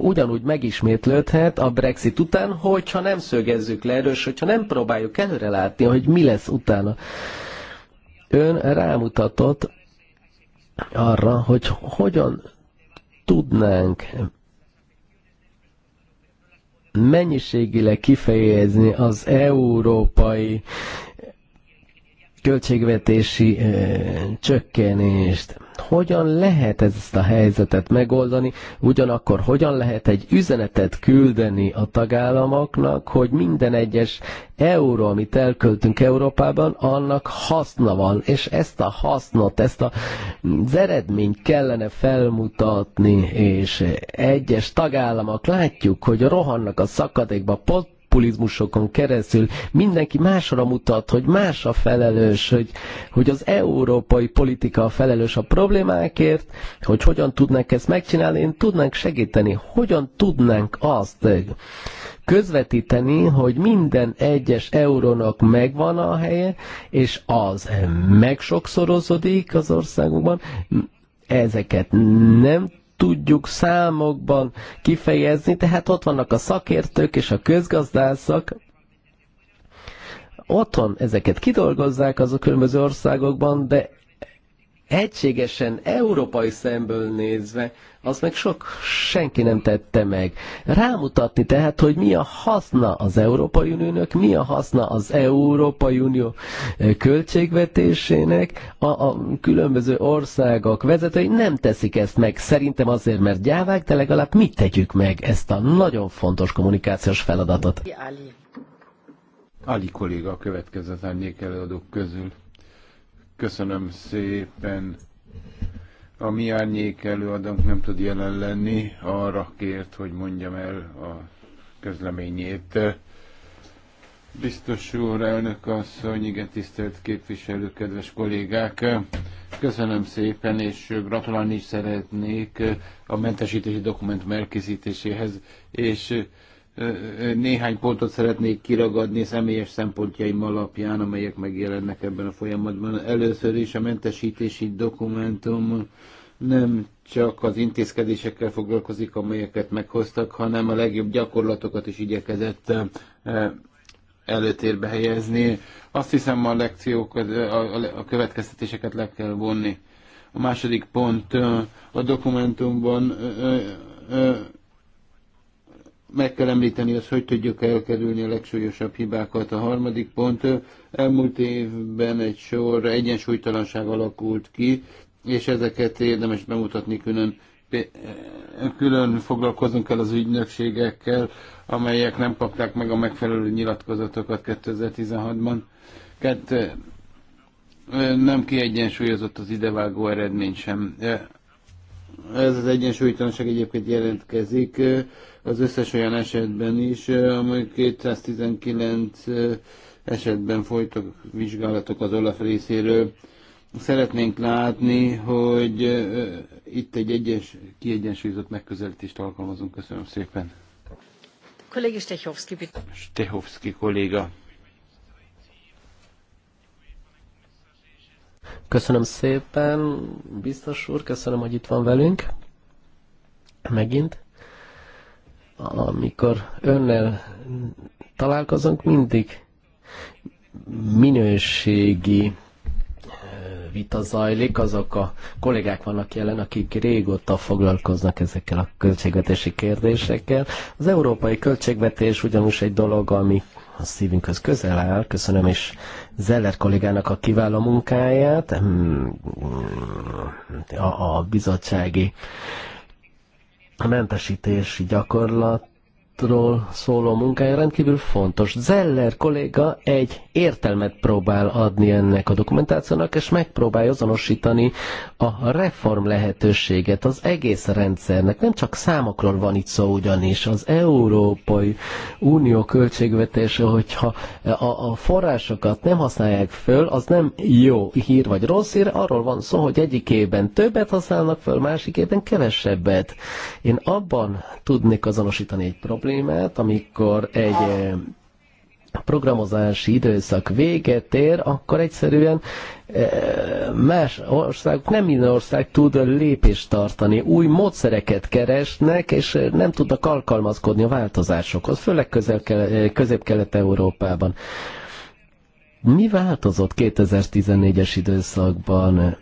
ugyanúgy megismétlődhet a Brexit után, hogyha nem szögezzük le erős, hogyha nem próbáljuk előrelátni, hogy mi lesz utána. Ön rámutatott arra, hogy hogyan tudnánk mennyiségileg kifejezni az európai költségvetési eh, csökkenést hogyan lehet ezt a helyzetet megoldani, ugyanakkor hogyan lehet egy üzenetet küldeni a tagállamoknak, hogy minden egyes euró, amit elköltünk Európában, annak haszna van, és ezt a hasznot, ezt a, az eredményt kellene felmutatni, és egyes tagállamok látjuk, hogy rohannak a szakadékba, pont populizmusokon keresztül mindenki másra mutat, hogy más a felelős, hogy, hogy az európai politika a felelős a problémákért, hogy hogyan tudnánk ezt megcsinálni, én tudnánk segíteni, hogyan tudnánk azt közvetíteni, hogy minden egyes eurónak megvan a helye, és az megsokszorozódik az országunkban, ezeket nem tudjuk számokban kifejezni, tehát ott vannak a szakértők és a közgazdászok, otthon ezeket kidolgozzák az a különböző országokban, de egységesen európai szemből nézve az meg sok senki nem tette meg. Rámutatni tehát, hogy mi a haszna az Európai Uniónak, mi a haszna az Európai Unió e, költségvetésének, a, a különböző országok vezetői nem teszik ezt meg. Szerintem azért, mert gyávák, de legalább mi tegyük meg ezt a nagyon fontos kommunikációs feladatot. Ali, Ali kolléga a következő előadók közül. Köszönöm szépen. A mi árnyék előadónk nem tud jelen lenni, arra kért, hogy mondjam el a közleményét. Biztos úr, elnök asszony, igen, tisztelt képviselő, kedves kollégák! Köszönöm szépen, és gratulálni is szeretnék a mentesítési dokumentum elkészítéséhez, és néhány pontot szeretnék kiragadni személyes szempontjaim alapján, amelyek megjelennek ebben a folyamatban. Először is a mentesítési dokumentum nem csak az intézkedésekkel foglalkozik, amelyeket meghoztak, hanem a legjobb gyakorlatokat is igyekezett előtérbe helyezni. Azt hiszem a lekciók, a következtetéseket le kell vonni. A második pont a dokumentumban meg kell említeni azt, hogy tudjuk elkerülni a legsúlyosabb hibákat. A harmadik pont, elmúlt évben egy sor egyensúlytalanság alakult ki, és ezeket érdemes bemutatni külön eh, külön foglalkozunk el az ügynökségekkel, amelyek nem kapták meg a megfelelő nyilatkozatokat 2016-ban. Kett, eh, nem kiegyensúlyozott az idevágó eredmény sem. Eh, ez az egyensúlytalanság egyébként jelentkezik az összes olyan esetben is, amely 219 esetben folytak vizsgálatok az Olaf részéről. Szeretnénk látni, hogy itt egy egyes, kiegyensúlyozott megközelítést alkalmazunk. Köszönöm szépen. Kollégi Stechowski, bitte. kolléga. Köszönöm szépen, biztos úr, köszönöm, hogy itt van velünk. Megint. Amikor önnel találkozunk, mindig minőségi eh, vita zajlik, azok a kollégák vannak jelen, akik régóta foglalkoznak ezekkel a költségvetési kérdésekkel. Az európai költségvetés ugyanúgy egy dolog, ami a szívünkhöz közel áll, köszönöm és Zeller kollégának a kiváló munkáját, mm, a, a bizottsági mentesítési gyakorlat ról szóló munkája rendkívül fontos. Zeller kolléga egy értelmet próbál adni ennek a dokumentációnak, és megpróbálja azonosítani a reform lehetőséget az egész rendszernek. Nem csak számokról van itt szó ugyanis. Az Európai Unió költségvetése, hogyha a, a forrásokat nem használják föl, az nem jó hír vagy rossz hír. Arról van szó, hogy egyikében többet használnak föl, másikében kevesebbet. Én abban tudnék azonosítani egy problémát, problémát, amikor egy eh, programozási időszak véget ér, akkor egyszerűen eh, más országok, nem minden ország tud lépést tartani. Új módszereket keresnek, és eh, nem tudnak alkalmazkodni a változásokhoz, főleg közép-kelet-európában. Mi változott 2014-es időszakban?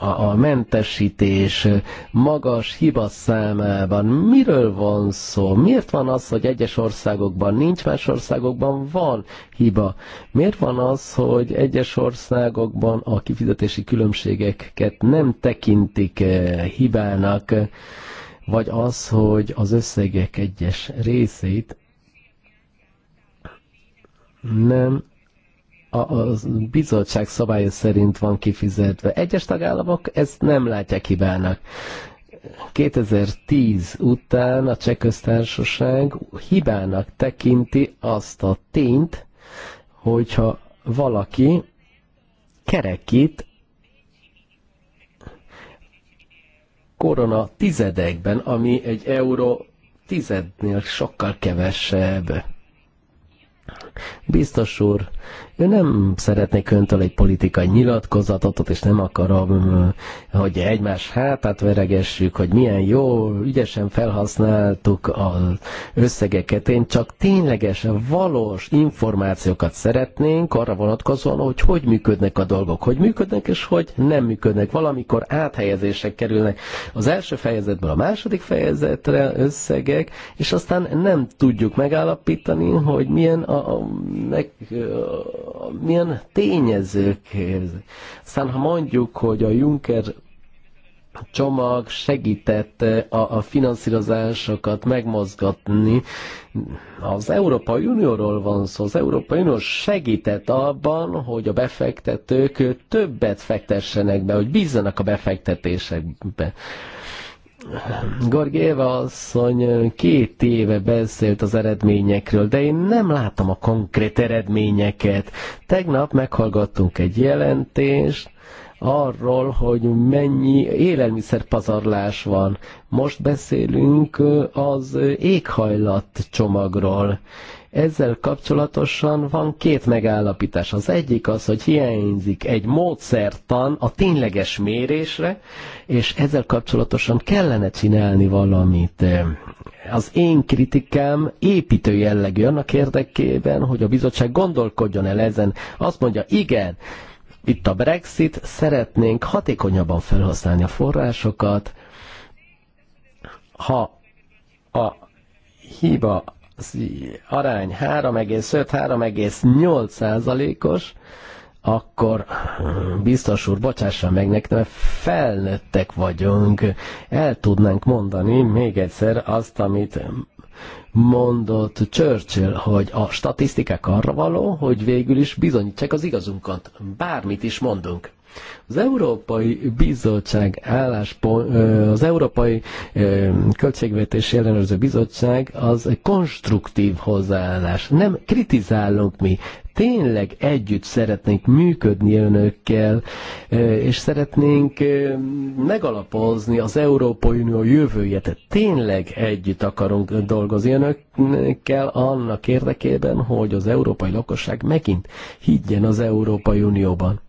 a a mentesítés magas hiba számában miről van szó? Miért van az, hogy egyes országokban nincs, más országokban van hiba? Miért van az, hogy egyes országokban a kifizetési különbségeket nem tekintik hibának, vagy az, hogy az összegek egyes részét nem a, bizottság szabálya szerint van kifizetve. Egyes tagállamok ezt nem látják hibának. 2010 után a cseh köztársaság hibának tekinti azt a tényt, hogyha valaki kerekít korona tizedekben, ami egy euró tizednél sokkal kevesebb. Biztos úr, ő nem szeretnék öntől egy politikai nyilatkozatot, és nem akarom, hogy egymás hátát veregessük, hogy milyen jó, ügyesen felhasználtuk az összegeket. Én csak ténylegesen valós információkat szeretnénk arra vonatkozóan, hogy hogy működnek a dolgok, hogy működnek és hogy nem működnek. Valamikor áthelyezések kerülnek az első fejezetből a második fejezetre összegek, és aztán nem tudjuk megállapítani, hogy milyen a, a, meg, milyen tényezők. Aztán ha mondjuk, hogy a Juncker csomag segített a, a finanszírozásokat megmozgatni. Az Európai Unióról van szó, az Európai Unió segített abban, hogy a befektetők többet fektessenek be, hogy bízzanak a befektetésekbe. Gorgieva asszony két éve beszélt az eredményekről, de én nem láttam a konkrét eredményeket. Tegnap meghallgattunk egy jelentést, arról, hogy mennyi élelmiszerpazarlás van. Most beszélünk az éghajlat csomagról. Ezzel kapcsolatosan van két megállapítás. Az egyik az, hogy hiányzik egy módszertan a tényleges mérésre, és ezzel kapcsolatosan kellene csinálni valamit. Az én kritikám építő jellegű annak érdekében, hogy a bizottság gondolkodjon el ezen. Azt mondja, igen, itt a Brexit, szeretnénk hatékonyabban felhasználni a forrásokat. Ha a hiba arány 3,5-3,8 százalékos, akkor hm, biztos úr, bocsássa meg nekem, mert felnőttek vagyunk. El tudnánk mondani még egyszer azt, amit mondott Churchill, hogy a statisztikák arra való, hogy végül is bizonyítsák az igazunkat. Bármit is mondunk. Az Európai Bizottság álláspont, az Európai Költségvetési Ellenőrző Bizottság az konstruktív hozzáállás. Nem kritizálunk mi, tényleg együtt szeretnénk működni önökkel, és szeretnénk megalapozni az Európai Unió jövőjét. Tényleg együtt akarunk dolgozni önökkel annak érdekében, hogy az európai lakosság megint higgyen az Európai Unióban.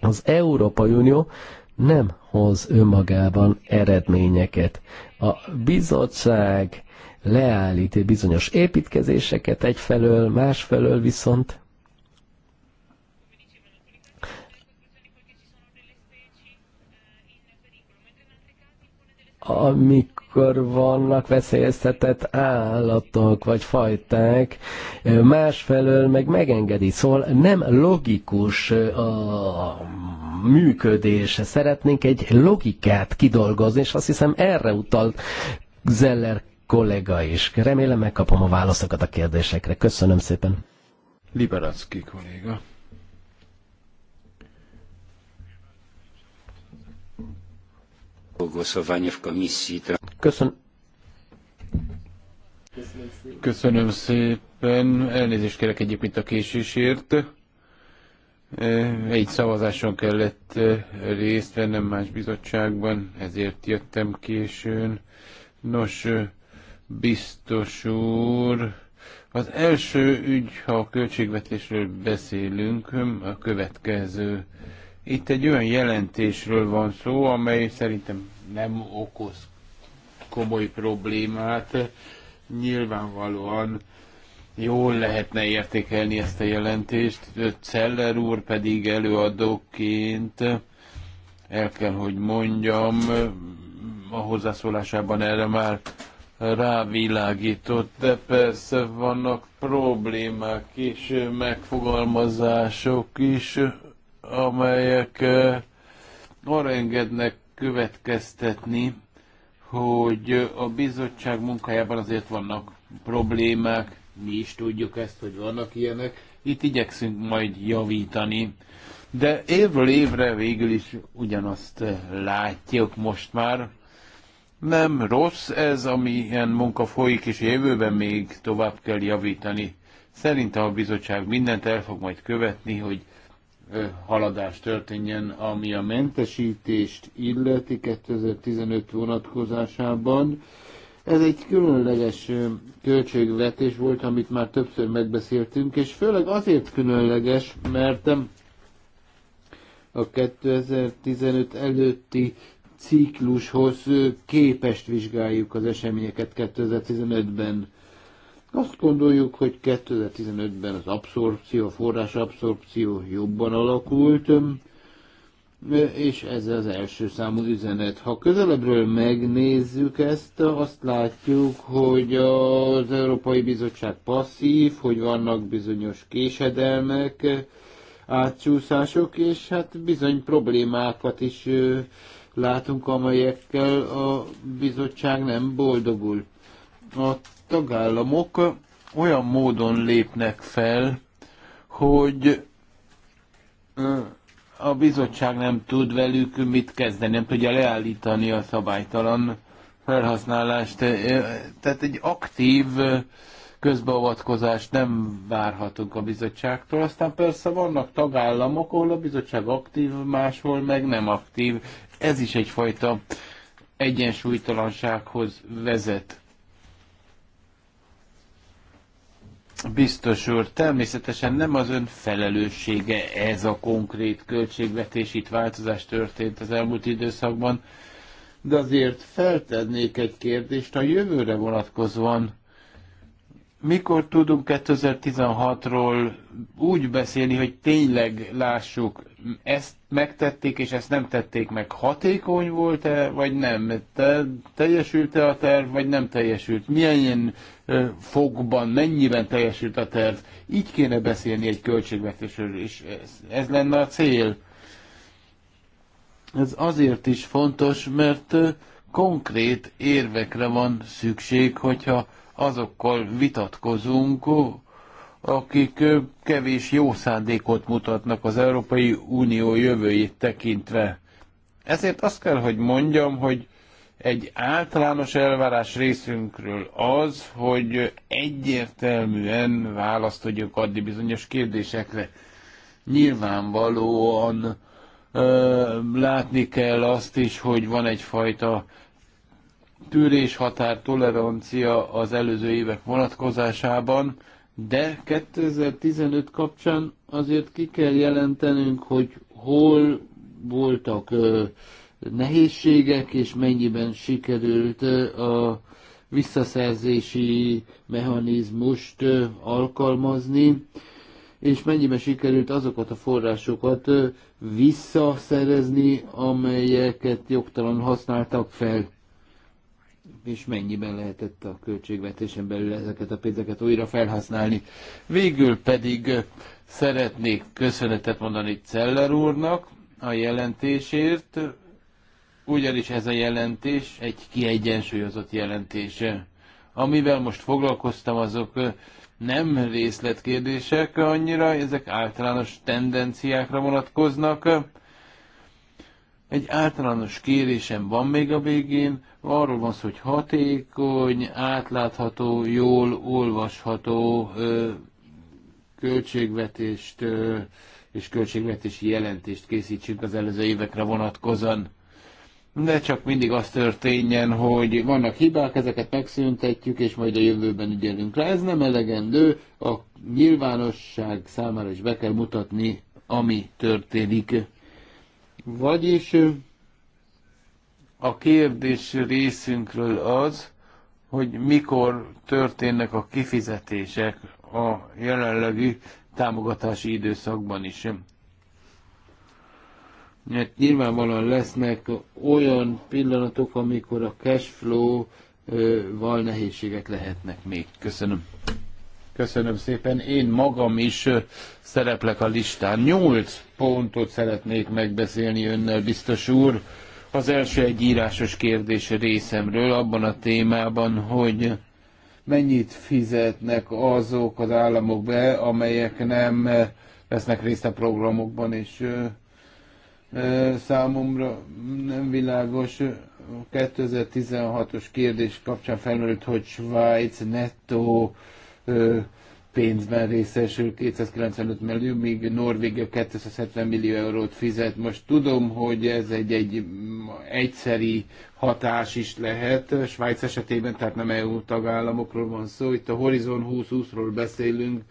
Az Európai Unió nem hoz önmagában eredményeket. A bizottság leállít bizonyos építkezéseket egyfelől, másfelől viszont amik akkor vannak veszélyeztetett állatok vagy fajták, másfelől meg megengedi. Szóval nem logikus a működés. Szeretnénk egy logikát kidolgozni, és azt hiszem erre utalt Zeller kollega is. Remélem megkapom a válaszokat a kérdésekre. Köszönöm szépen. Liberacki kolléga. Köszönöm. Köszönöm szépen. Elnézést kérek egyébként a késésért. E, egy szavazáson kellett e, részt vennem más bizottságban, ezért jöttem későn. Nos, e, biztos úr, az első ügy, ha a költségvetésről beszélünk, a következő itt egy olyan jelentésről van szó, amely szerintem nem okoz komoly problémát. Nyilvánvalóan jól lehetne értékelni ezt a jelentést. Celler úr pedig előadóként el kell, hogy mondjam, a hozzászólásában erre már rávilágított, de persze vannak problémák és megfogalmazások is, amelyek arra engednek következtetni, hogy a bizottság munkájában azért vannak problémák, mi is tudjuk ezt, hogy vannak ilyenek, itt igyekszünk majd javítani. De évről évre végül is ugyanazt látjuk most már. Nem rossz ez, ami ilyen munka folyik, és jövőben még tovább kell javítani. Szerintem a bizottság mindent el fog majd követni, hogy haladás történjen, ami a mentesítést illeti 2015 vonatkozásában. Ez egy különleges költségvetés volt, amit már többször megbeszéltünk, és főleg azért különleges, mert a 2015 előtti ciklushoz képest vizsgáljuk az eseményeket 2015-ben. Azt gondoljuk, hogy 2015-ben az abszorpció, a forrás abszorpció jobban alakult, és ez az első számú üzenet. Ha közelebbről megnézzük ezt, azt látjuk, hogy az Európai Bizottság passzív, hogy vannak bizonyos késedelmek, átcsúszások, és hát bizony problémákat is látunk, amelyekkel a bizottság nem boldogul. A tagállamok olyan módon lépnek fel, hogy a bizottság nem tud velük mit kezdeni, nem tudja leállítani a szabálytalan felhasználást. Tehát egy aktív közbeavatkozást nem várhatunk a bizottságtól. Aztán persze vannak tagállamok, ahol a bizottság aktív, máshol meg nem aktív. Ez is egyfajta egyensúlytalansághoz vezet. Biztos úr, természetesen nem az ön felelőssége ez a konkrét költségvetés, itt változás történt az elmúlt időszakban, de azért feltennék egy kérdést a jövőre vonatkozóan. Mikor tudunk 2016-ról úgy beszélni, hogy tényleg lássuk, ezt megtették és ezt nem tették meg? Hatékony volt-e, vagy nem? Te, teljesült-e a terv, vagy nem teljesült? Milyen fogban mennyiben teljesült a terv. Így kéne beszélni egy költségvetésről, és ez, ez lenne a cél. Ez azért is fontos, mert konkrét érvekre van szükség, hogyha azokkal vitatkozunk, akik kevés jó szándékot mutatnak az Európai Unió jövőjét tekintve. Ezért azt kell, hogy mondjam, hogy egy általános elvárás részünkről az, hogy egyértelműen választ tudjuk adni bizonyos kérdésekre. Nyilvánvalóan ö, látni kell azt is, hogy van egyfajta tűréshatár tolerancia az előző évek vonatkozásában, de 2015 kapcsán azért ki kell jelentenünk, hogy hol voltak ö, nehézségek, és mennyiben sikerült a visszaszerzési mechanizmust alkalmazni, és mennyiben sikerült azokat a forrásokat visszaszerezni, amelyeket jogtalan használtak fel, és mennyiben lehetett a költségvetésen belül ezeket a pénzeket újra felhasználni. Végül pedig szeretnék köszönetet mondani Celler úrnak a jelentésért, ugyanis ez a jelentés egy kiegyensúlyozott jelentése. Amivel most foglalkoztam, azok nem részletkérdések annyira, ezek általános tendenciákra vonatkoznak. Egy általános kérésem van még a végén, arról van szó, hogy hatékony, átlátható, jól olvasható ö, költségvetést ö, és költségvetési jelentést készítsünk az előző évekre vonatkozóan ne csak mindig az történjen, hogy vannak hibák, ezeket megszüntetjük, és majd a jövőben ügyelünk rá. Ez nem elegendő, a nyilvánosság számára is be kell mutatni, ami történik. Vagyis a kérdés részünkről az, hogy mikor történnek a kifizetések a jelenlegi támogatási időszakban is. Mert hát nyilvánvalóan lesznek olyan pillanatok, amikor a cash flow-val nehézségek lehetnek még. Köszönöm. Köszönöm szépen. Én magam is szereplek a listán. Nyolc pontot szeretnék megbeszélni önnel, biztos úr. Az első egy írásos kérdés részemről abban a témában, hogy mennyit fizetnek azok az államok be, amelyek nem vesznek részt a programokban, és számomra nem világos. 2016-os kérdés kapcsán felmerült, hogy Svájc nettó pénzben részesül 295 millió, míg Norvégia 270 millió eurót fizet. Most tudom, hogy ez egy, egy egyszeri hatás is lehet Svájc esetében, tehát nem EU tagállamokról van szó. Itt a Horizon 2020-ról beszélünk,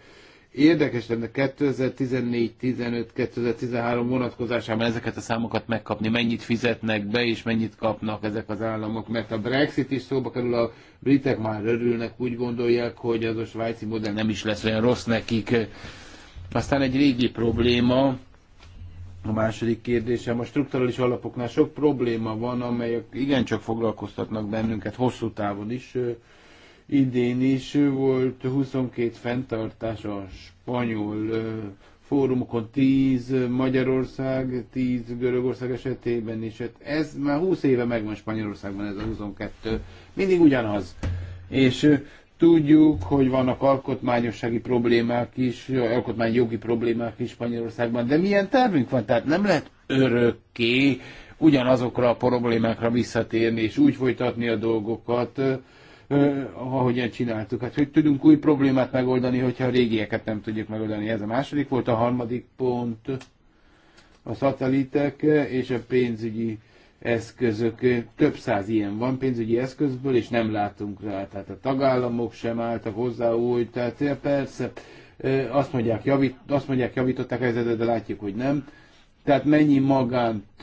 Érdekes lenne 2014-15-2013 vonatkozásában ezeket a számokat megkapni, mennyit fizetnek be és mennyit kapnak ezek az államok, mert a Brexit is szóba kerül, a britek már örülnek, úgy gondolják, hogy az a svájci modell nem is lesz olyan rossz nekik. Aztán egy régi probléma, a második kérdésem, a strukturális alapoknál sok probléma van, amelyek igencsak foglalkoztatnak bennünket hosszú távon is, Idén is volt 22 fenntartás a spanyol fórumokon, 10 Magyarország, 10 Görögország esetében is. Hát ez már 20 éve megvan Spanyolországban ez a 22. Mindig ugyanaz. És Tudjuk, hogy vannak alkotmányossági problémák is, alkotmányjogi problémák is Spanyolországban, de milyen tervünk van? Tehát nem lehet örökké ugyanazokra a problémákra visszatérni, és úgy folytatni a dolgokat, ahogyan csináltuk. Hát hogy tudunk új problémát megoldani, hogyha a régieket nem tudjuk megoldani. Ez a második volt, a harmadik pont a szatelitek és a pénzügyi eszközök. Több száz ilyen van pénzügyi eszközből, és nem látunk rá. Tehát a tagállamok sem álltak hozzá úgy, tehát persze azt mondják, javít, azt mondják javították a helyzetet, de látjuk, hogy nem. Tehát mennyi magánt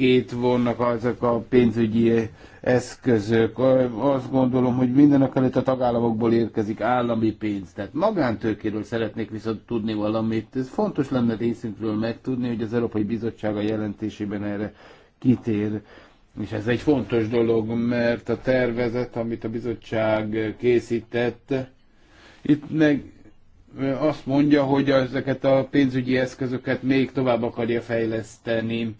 két vonnak azok a pénzügyi eszközök. Azt gondolom, hogy mindenek előtt a tagállamokból érkezik állami pénz. Tehát magántőkéről szeretnék viszont tudni valamit. Ez fontos lenne részünkről megtudni, hogy az Európai Bizottság a jelentésében erre kitér. És ez egy fontos dolog, mert a tervezet, amit a bizottság készített, itt meg azt mondja, hogy ezeket a pénzügyi eszközöket még tovább akarja fejleszteni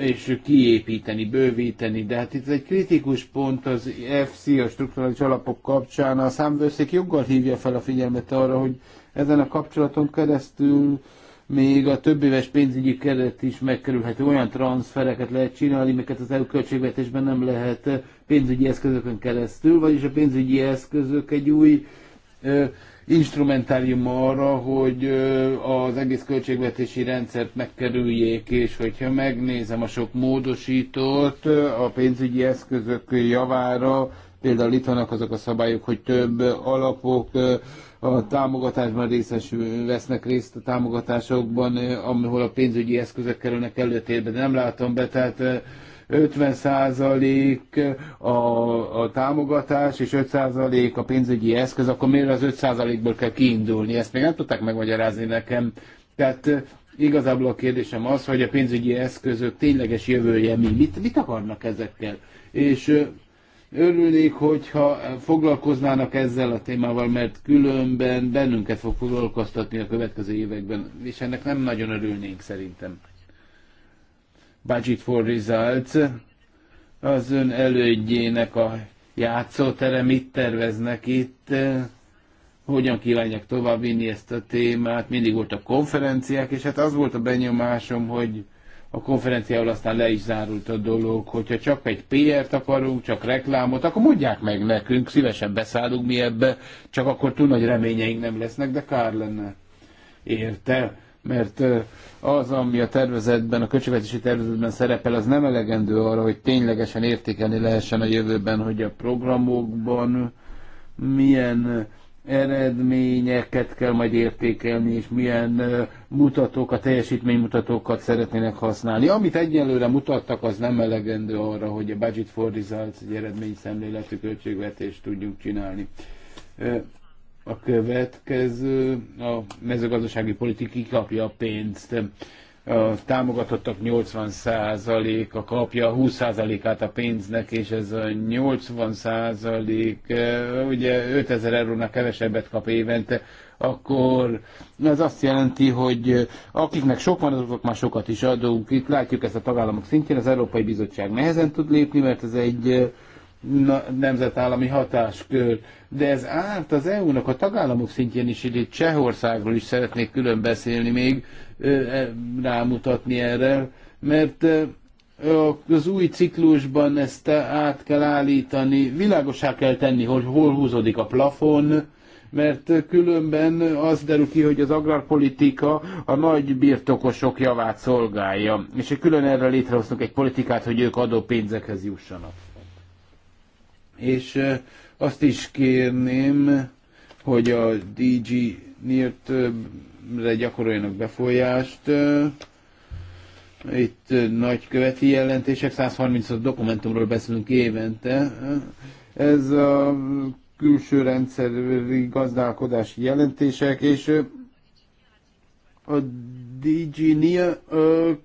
és kiépíteni, bővíteni. De hát itt egy kritikus pont az FC, a strukturális alapok kapcsán. A számvőszék joggal hívja fel a figyelmet arra, hogy ezen a kapcsolaton keresztül még a több éves pénzügyi keret is megkerülhető. Olyan transfereket lehet csinálni, amiket az EU költségvetésben nem lehet pénzügyi eszközökön keresztül, vagyis a pénzügyi eszközök egy új instrumentáriuma arra, hogy az egész költségvetési rendszert megkerüljék, és hogyha megnézem a sok módosítót a pénzügyi eszközök javára, például itt vannak azok a szabályok, hogy több alapok a támogatásban részes, vesznek részt a támogatásokban, ahol a pénzügyi eszközök kerülnek előtérbe, de nem látom be, tehát 50% a, a támogatás és 5% a pénzügyi eszköz, akkor miért az 5%-ból kell kiindulni? Ezt még nem tudták megmagyarázni nekem. Tehát eh, igazából a kérdésem az, hogy a pénzügyi eszközök tényleges jövője mi? Mit, mit akarnak ezekkel? És eh, örülnék, hogyha foglalkoznának ezzel a témával, mert különben bennünket fog foglalkoztatni a következő években, és ennek nem nagyon örülnénk szerintem. Budget for Results, az ön elődjének a játszótere, mit terveznek itt, hogyan kívánják továbbvinni ezt a témát, mindig voltak konferenciák, és hát az volt a benyomásom, hogy a konferenciával aztán le is zárult a dolog, hogyha csak egy PR-t akarunk, csak reklámot, akkor mondják meg nekünk, szívesen beszállunk mi ebbe, csak akkor túl nagy reményeink nem lesznek, de kár lenne érte mert az, ami a tervezetben, a költségvetési tervezetben szerepel, az nem elegendő arra, hogy ténylegesen értékelni lehessen a jövőben, hogy a programokban milyen eredményeket kell majd értékelni, és milyen mutatókat, teljesítménymutatókat szeretnének használni. Amit egyelőre mutattak, az nem elegendő arra, hogy a budget for results, egy eredményszemléletű költségvetést tudjunk csinálni. A következő, a mezőgazdasági politika kapja a pénzt. A támogatottak 80%-a kapja 20%-át a pénznek, és ez a 80% ugye 5000 eurónak kevesebbet kap évente, akkor ez azt jelenti, hogy akiknek sok van, azoknak már sokat is adunk. Itt látjuk ezt a tagállamok szintjén, az Európai Bizottság nehezen tud lépni, mert ez egy nemzetállami hatáskör, de ez árt az EU-nak a tagállamok szintjén is, itt Csehországról is szeretnék külön beszélni még, e, rámutatni erre, mert az új ciklusban ezt át kell állítani, világosá kell tenni, hogy hol húzódik a plafon, mert különben az derül ki, hogy az agrárpolitika a nagy birtokosok javát szolgálja. És külön erre létrehoztunk egy politikát, hogy ők adó pénzekhez jussanak és azt is kérném, hogy a DG többre gyakoroljanak befolyást. Itt nagyköveti jelentések, 136 dokumentumról beszélünk évente. Ez a külső rendszeri gazdálkodási jelentések, és a dg Nia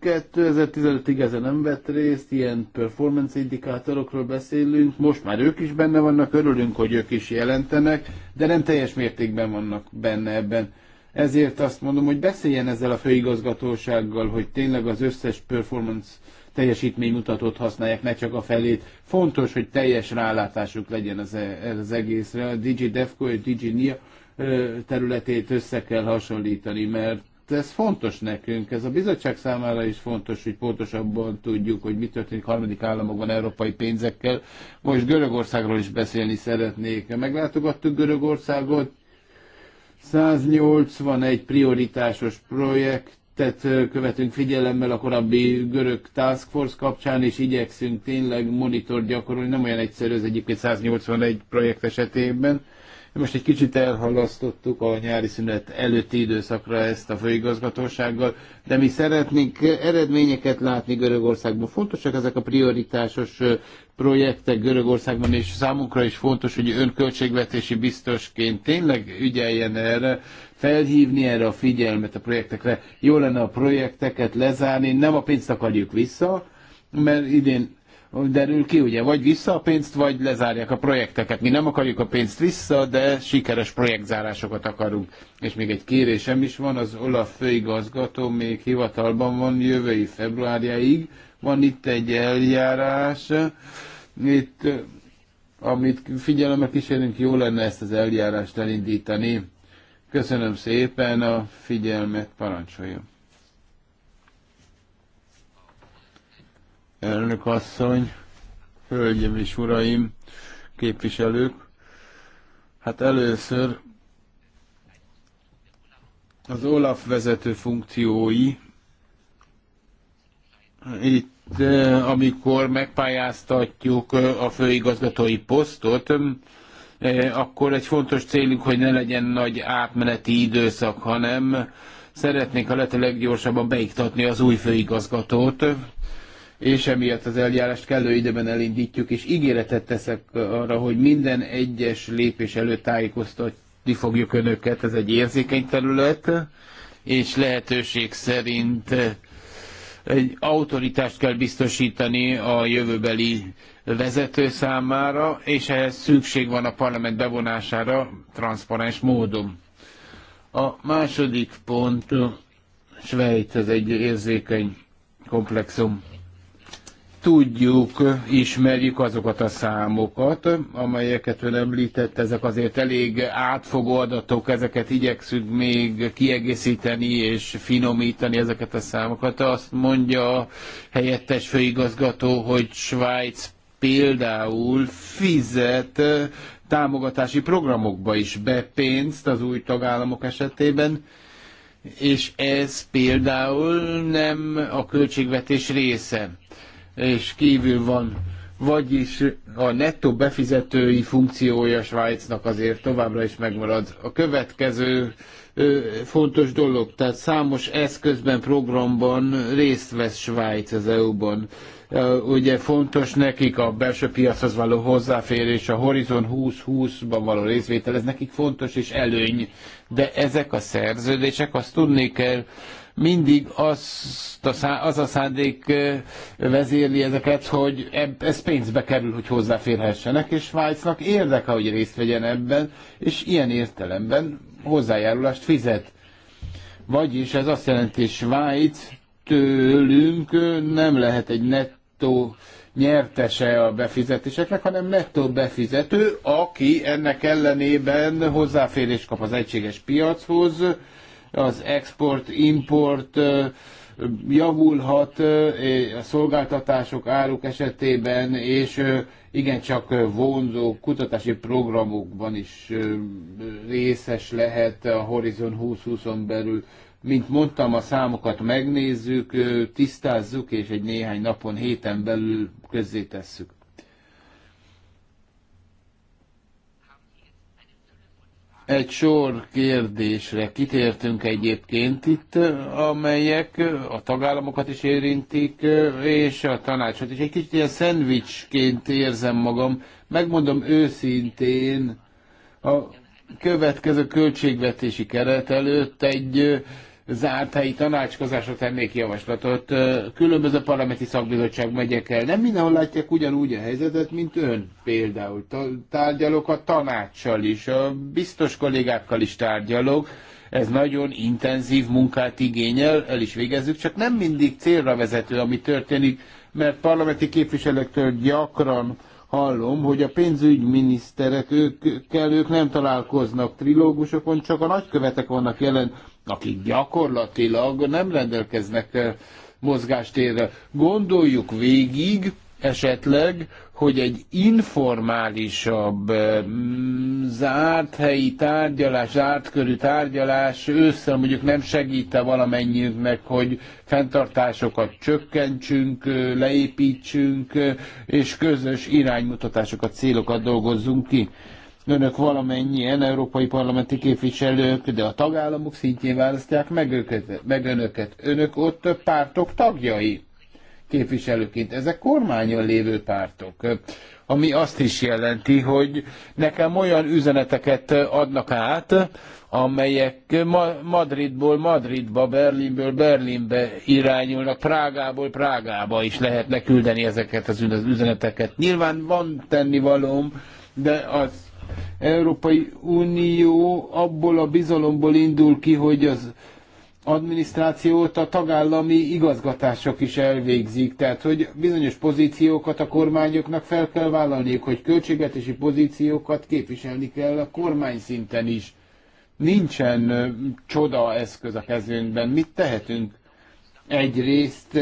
2015-ig ezen nem vett részt, ilyen performance indikátorokról beszélünk, most már ők is benne vannak, örülünk, hogy ők is jelentenek, de nem teljes mértékben vannak benne ebben. Ezért azt mondom, hogy beszéljen ezzel a főigazgatósággal, hogy tényleg az összes performance teljesítménymutatót használják, ne csak a felét. Fontos, hogy teljes rálátásuk legyen az, e- az egészre. A Defco és Nia területét össze kell hasonlítani, mert ez fontos nekünk, ez a bizottság számára is fontos, hogy pontosabban tudjuk, hogy mi történik harmadik államokban európai pénzekkel. Most Görögországról is beszélni szeretnék. Meglátogattuk Görögországot, 181 prioritásos projektet követünk figyelemmel a korábbi görög task force kapcsán, és igyekszünk tényleg monitor gyakorolni. Nem olyan egyszerű az egyébként 181 projekt esetében most egy kicsit elhalasztottuk a nyári szünet előtti időszakra ezt a főigazgatósággal, de mi szeretnénk eredményeket látni Görögországban. Fontosak ezek a prioritásos projektek Görögországban, és számunkra is fontos, hogy önköltségvetési biztosként tényleg ügyeljen erre, felhívni erre a figyelmet a projektekre. Jó lenne a projekteket lezárni, nem a pénzt akarjuk vissza, mert idén derül ki, ugye, vagy vissza a pénzt, vagy lezárják a projekteket. Mi nem akarjuk a pénzt vissza, de sikeres projektzárásokat akarunk. És még egy kérésem is van, az Olaf főigazgató még hivatalban van jövői februárjáig. Van itt egy eljárás, itt, amit figyelembe kísérünk, jó lenne ezt az eljárást elindítani. Köszönöm szépen a figyelmet, parancsoljon. elnök asszony, hölgyem és uraim, képviselők. Hát először az Olaf vezető funkciói itt, eh, amikor megpályáztatjuk eh, a főigazgatói posztot, eh, akkor egy fontos célunk, hogy ne legyen nagy átmeneti időszak, hanem szeretnénk a lehető leggyorsabban beiktatni az új főigazgatót, és emiatt az eljárást kellő időben elindítjuk, és ígéretet teszek arra, hogy minden egyes lépés előtt tájékoztatni fogjuk önöket, ez egy érzékeny terület, és lehetőség szerint egy autoritást kell biztosítani a jövőbeli vezető számára, és ehhez szükség van a parlament bevonására transzparens módon. A második pont, Svejc, ez egy érzékeny komplexum Tudjuk, ismerjük azokat a számokat, amelyeket ön említett, ezek azért elég átfogó adatok, ezeket igyekszünk még kiegészíteni és finomítani ezeket a számokat. Azt mondja a helyettes főigazgató, hogy Svájc például fizet támogatási programokba is bepénzt az új tagállamok esetében, és ez például nem a költségvetés része és kívül van, vagyis a nettó befizetői funkciója Svájcnak azért továbbra is megmarad. A következő fontos dolog, tehát számos eszközben, programban részt vesz Svájc az EU-ban. Ugye fontos nekik a belső piachoz való hozzáférés, a Horizon 2020-ban való részvétel, ez nekik fontos és előny, de ezek a szerződések, azt tudni kell, mindig azt a szá- az a szándék vezérli ezeket, hogy ez pénzbe kerül, hogy hozzáférhessenek, és Svájcnak érdeke, hogy részt vegyen ebben, és ilyen értelemben hozzájárulást fizet. Vagyis ez azt jelenti, hogy Svájc tőlünk nem lehet egy nettó nyertese a befizetéseknek, hanem nettó befizető, aki ennek ellenében hozzáférés kap az egységes piachoz, az export-import javulhat a szolgáltatások, áruk esetében, és igencsak vonzó kutatási programokban is részes lehet a Horizon 2020-on belül. Mint mondtam, a számokat megnézzük, tisztázzuk, és egy néhány napon, héten belül közzétesszük. Egy sor kérdésre kitértünk egyébként itt, amelyek a tagállamokat is érintik, és a tanácsot is. Egy kicsit ilyen szendvicsként érzem magam. Megmondom őszintén, a következő költségvetési keret előtt egy zárt helyi tanácskozásra tennék javaslatot. Különböző parlamenti szakbizottság megyek el. Nem mindenhol látják ugyanúgy a helyzetet, mint ön például. Tárgyalok a tanácssal is, a biztos kollégákkal is tárgyalok. Ez nagyon intenzív munkát igényel, el is végezzük, csak nem mindig célra vezető, ami történik, mert parlamenti képviselőktől gyakran hallom, hogy a pénzügyminiszterek, ők, ők nem találkoznak trilógusokon, csak a nagykövetek vannak jelen akik gyakorlatilag nem rendelkeznek mozgástérre. Gondoljuk végig esetleg, hogy egy informálisabb, eh, zárt helyi tárgyalás, zárt körű tárgyalás össze, mondjuk nem segíte meg, hogy fenntartásokat csökkentsünk, eh, leépítsünk, eh, és közös iránymutatásokat, célokat dolgozzunk ki önök valamennyien európai parlamenti képviselők, de a tagállamok szintjén választják meg, őket, meg önöket. Önök ott pártok tagjai képviselőként. Ezek kormányon lévő pártok. Ami azt is jelenti, hogy nekem olyan üzeneteket adnak át, amelyek Madridból Madridba, Berlinből Berlinbe irányulnak, Prágából Prágába is lehetne küldeni ezeket az üzeneteket. Nyilván van tennivalóm, de az Európai Unió abból a bizalomból indul ki, hogy az adminisztrációt a tagállami igazgatások is elvégzik. Tehát, hogy bizonyos pozíciókat a kormányoknak fel kell vállalniuk, hogy költségvetési pozíciókat képviselni kell a kormány szinten is. Nincsen csoda eszköz a kezünkben. Mit tehetünk? Egyrészt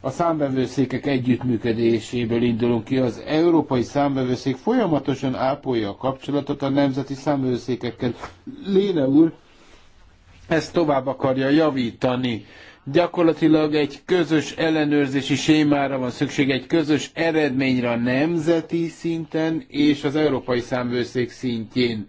a számbevőszékek együttműködéséből indulunk ki. Az európai számbevőszék folyamatosan ápolja a kapcsolatot a nemzeti számbevőszékekkel. Léne úr ezt tovább akarja javítani. Gyakorlatilag egy közös ellenőrzési sémára van szükség, egy közös eredményre a nemzeti szinten és az európai számbevőszék szintjén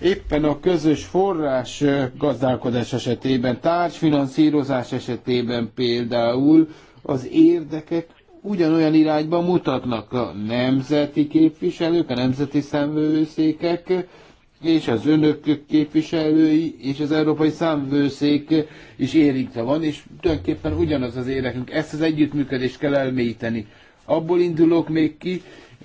éppen a közös forrás gazdálkodás esetében, társfinanszírozás esetében például az érdekek ugyanolyan irányba mutatnak a nemzeti képviselők, a nemzeti számvőszékek, és az önök képviselői, és az európai számvőszék is érintve van, és tulajdonképpen ugyanaz az érdekünk. Ezt az együttműködést kell elmélyíteni. Abból indulok még ki,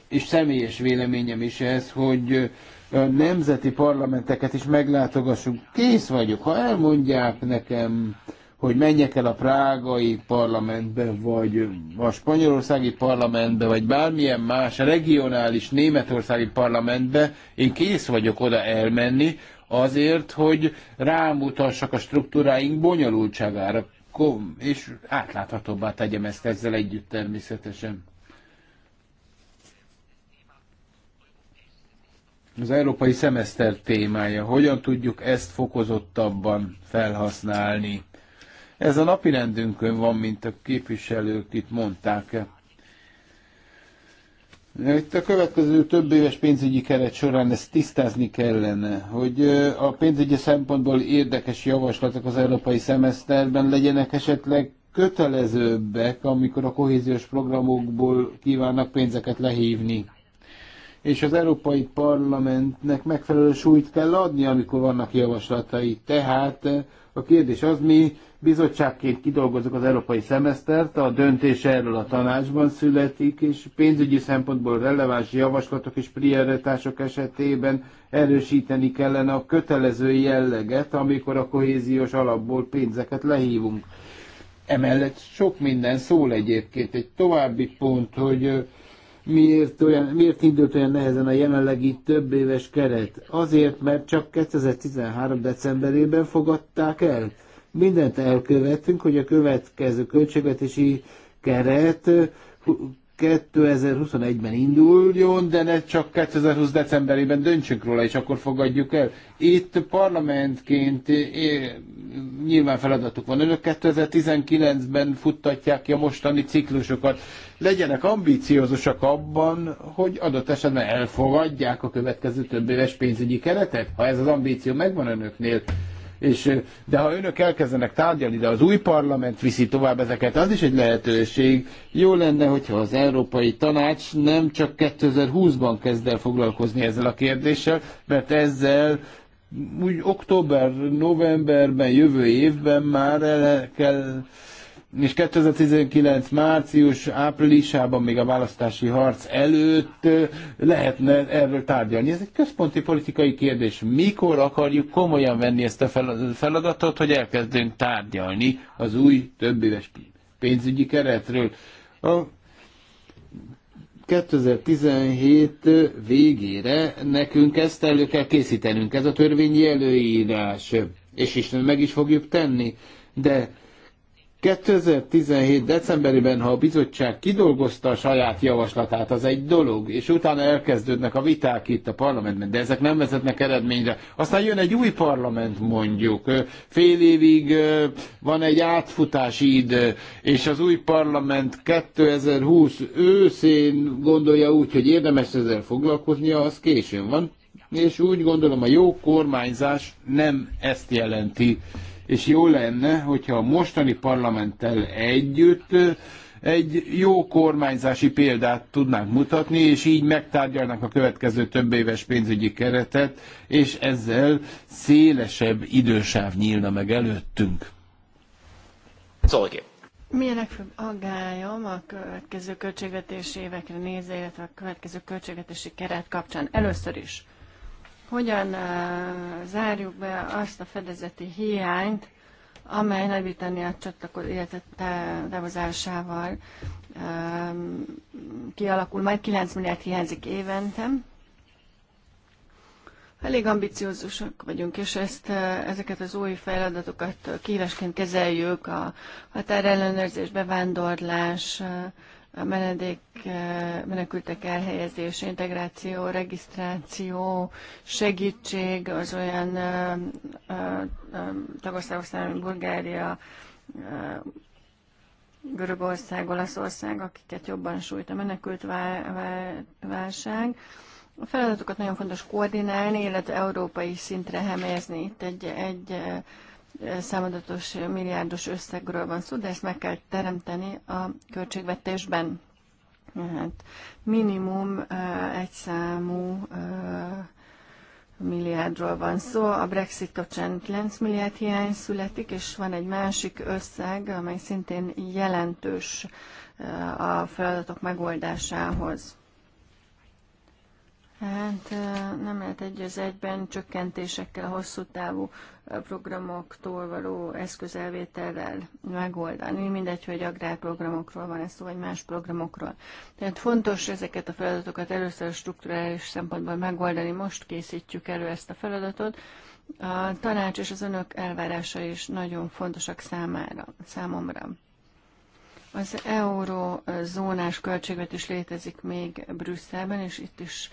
és személyes véleményem is ez, hogy a nemzeti parlamenteket is meglátogassunk. Kész vagyok, ha elmondják nekem, hogy menjek el a prágai parlamentbe, vagy a spanyolországi parlamentbe, vagy bármilyen más regionális németországi parlamentbe, én kész vagyok oda elmenni, azért, hogy rámutassak a struktúráink bonyolultságára, és átláthatóbbá tegyem ezt ezzel együtt természetesen. az európai szemeszter témája. Hogyan tudjuk ezt fokozottabban felhasználni? Ez a napi rendünkön van, mint a képviselők itt mondták. Itt a következő több éves pénzügyi keret során ezt tisztázni kellene, hogy a pénzügyi szempontból érdekes javaslatok az európai szemeszterben legyenek esetleg kötelezőbbek, amikor a kohéziós programokból kívánnak pénzeket lehívni. És az Európai Parlamentnek megfelelő súlyt kell adni, amikor vannak javaslatai. Tehát a kérdés az, mi bizottságként kidolgozunk az európai szemesztert, a döntés erről a tanácsban születik, és pénzügyi szempontból releváns javaslatok és prioritások esetében erősíteni kellene a kötelező jelleget, amikor a kohéziós alapból pénzeket lehívunk. Emellett sok minden szól egyébként. Egy további pont, hogy miért, olyan, miért indult olyan nehezen a jelenlegi több éves keret? Azért, mert csak 2013. decemberében fogadták el. Mindent elkövettünk, hogy a következő költségvetési keret 2021-ben eh, induljon, de ne csak 2020 decemberében döntsünk róla, és akkor fogadjuk el. Itt parlamentként eh, eh, nyilván feladatuk van. Önök 2019-ben futtatják ki a mostani ciklusokat legyenek ambíciózusak abban, hogy adott esetben elfogadják a következő több éves pénzügyi keretet, ha ez az ambíció megvan önöknél. És, de ha önök elkezdenek tárgyalni, de az új parlament viszi tovább ezeket, az is egy lehetőség. Jó lenne, hogyha az Európai Tanács nem csak 2020-ban kezd el foglalkozni ezzel a kérdéssel, mert ezzel úgy október, novemberben, jövő évben már el kell és 2019 március áprilisában, még a választási harc előtt lehetne erről tárgyalni. Ez egy központi politikai kérdés. Mikor akarjuk komolyan venni ezt a feladatot, hogy elkezdünk tárgyalni az új többéves pénzügyi keretről? A 2017 végére nekünk ezt elő kell készítenünk, ez a törvényi előírás, és is meg is fogjuk tenni, de 2017. decemberében, ha a bizottság kidolgozta a saját javaslatát, az egy dolog, és utána elkezdődnek a viták itt a parlamentben, de ezek nem vezetnek eredményre. Aztán jön egy új parlament mondjuk, fél évig van egy átfutási idő, és az új parlament 2020 őszén gondolja úgy, hogy érdemes ezzel foglalkoznia, az későn van. És úgy gondolom a jó kormányzás nem ezt jelenti és jó lenne, hogyha a mostani parlamenttel együtt egy jó kormányzási példát tudnánk mutatni, és így megtárgyalnak a következő több éves pénzügyi keretet, és ezzel szélesebb idősáv nyílna meg előttünk. Szóval Mi a legfőbb aggályom a következő költségvetési évekre nézve, illetve a következő költségvetési keret kapcsán? Először is hogyan eh, zárjuk be azt a fedezeti hiányt, amely nagy a csatlakoz, illetve távozásával um, kialakul. Majd 9 milliárd hiányzik évente. Elég ambiciózusak vagyunk, és ezt, eh, ezeket az új feladatokat eh, kívesként kezeljük, a határellenőrzés, bevándorlás, a menedék, eh, menekültek elhelyezés, integráció, regisztráció, segítség az olyan eh, eh, tagországok számára, mint Bulgária, Görögország, Olaszország, akiket jobban sújt a menekült válság. A feladatokat nagyon fontos koordinálni, illetve európai szintre helyezni, Itt egy, egy számadatos milliárdos összegről van szó, de ezt meg kell teremteni a költségvetésben. Hát minimum egy számú milliárdról van szó. A Brexit kapcsán 9 milliárd hiány születik, és van egy másik összeg, amely szintén jelentős a feladatok megoldásához. Hát nem lehet egy az egyben csökkentésekkel, a hosszú távú programoktól való eszközelvétellel megoldani. Mindegy, hogy agrárprogramokról van ez szó, vagy más programokról. Tehát fontos ezeket a feladatokat először a strukturális szempontból megoldani. Most készítjük elő ezt a feladatot. A tanács és az önök elvárása is nagyon fontosak számára, számomra. Az eurózónás költségvetés létezik még Brüsszelben, és itt is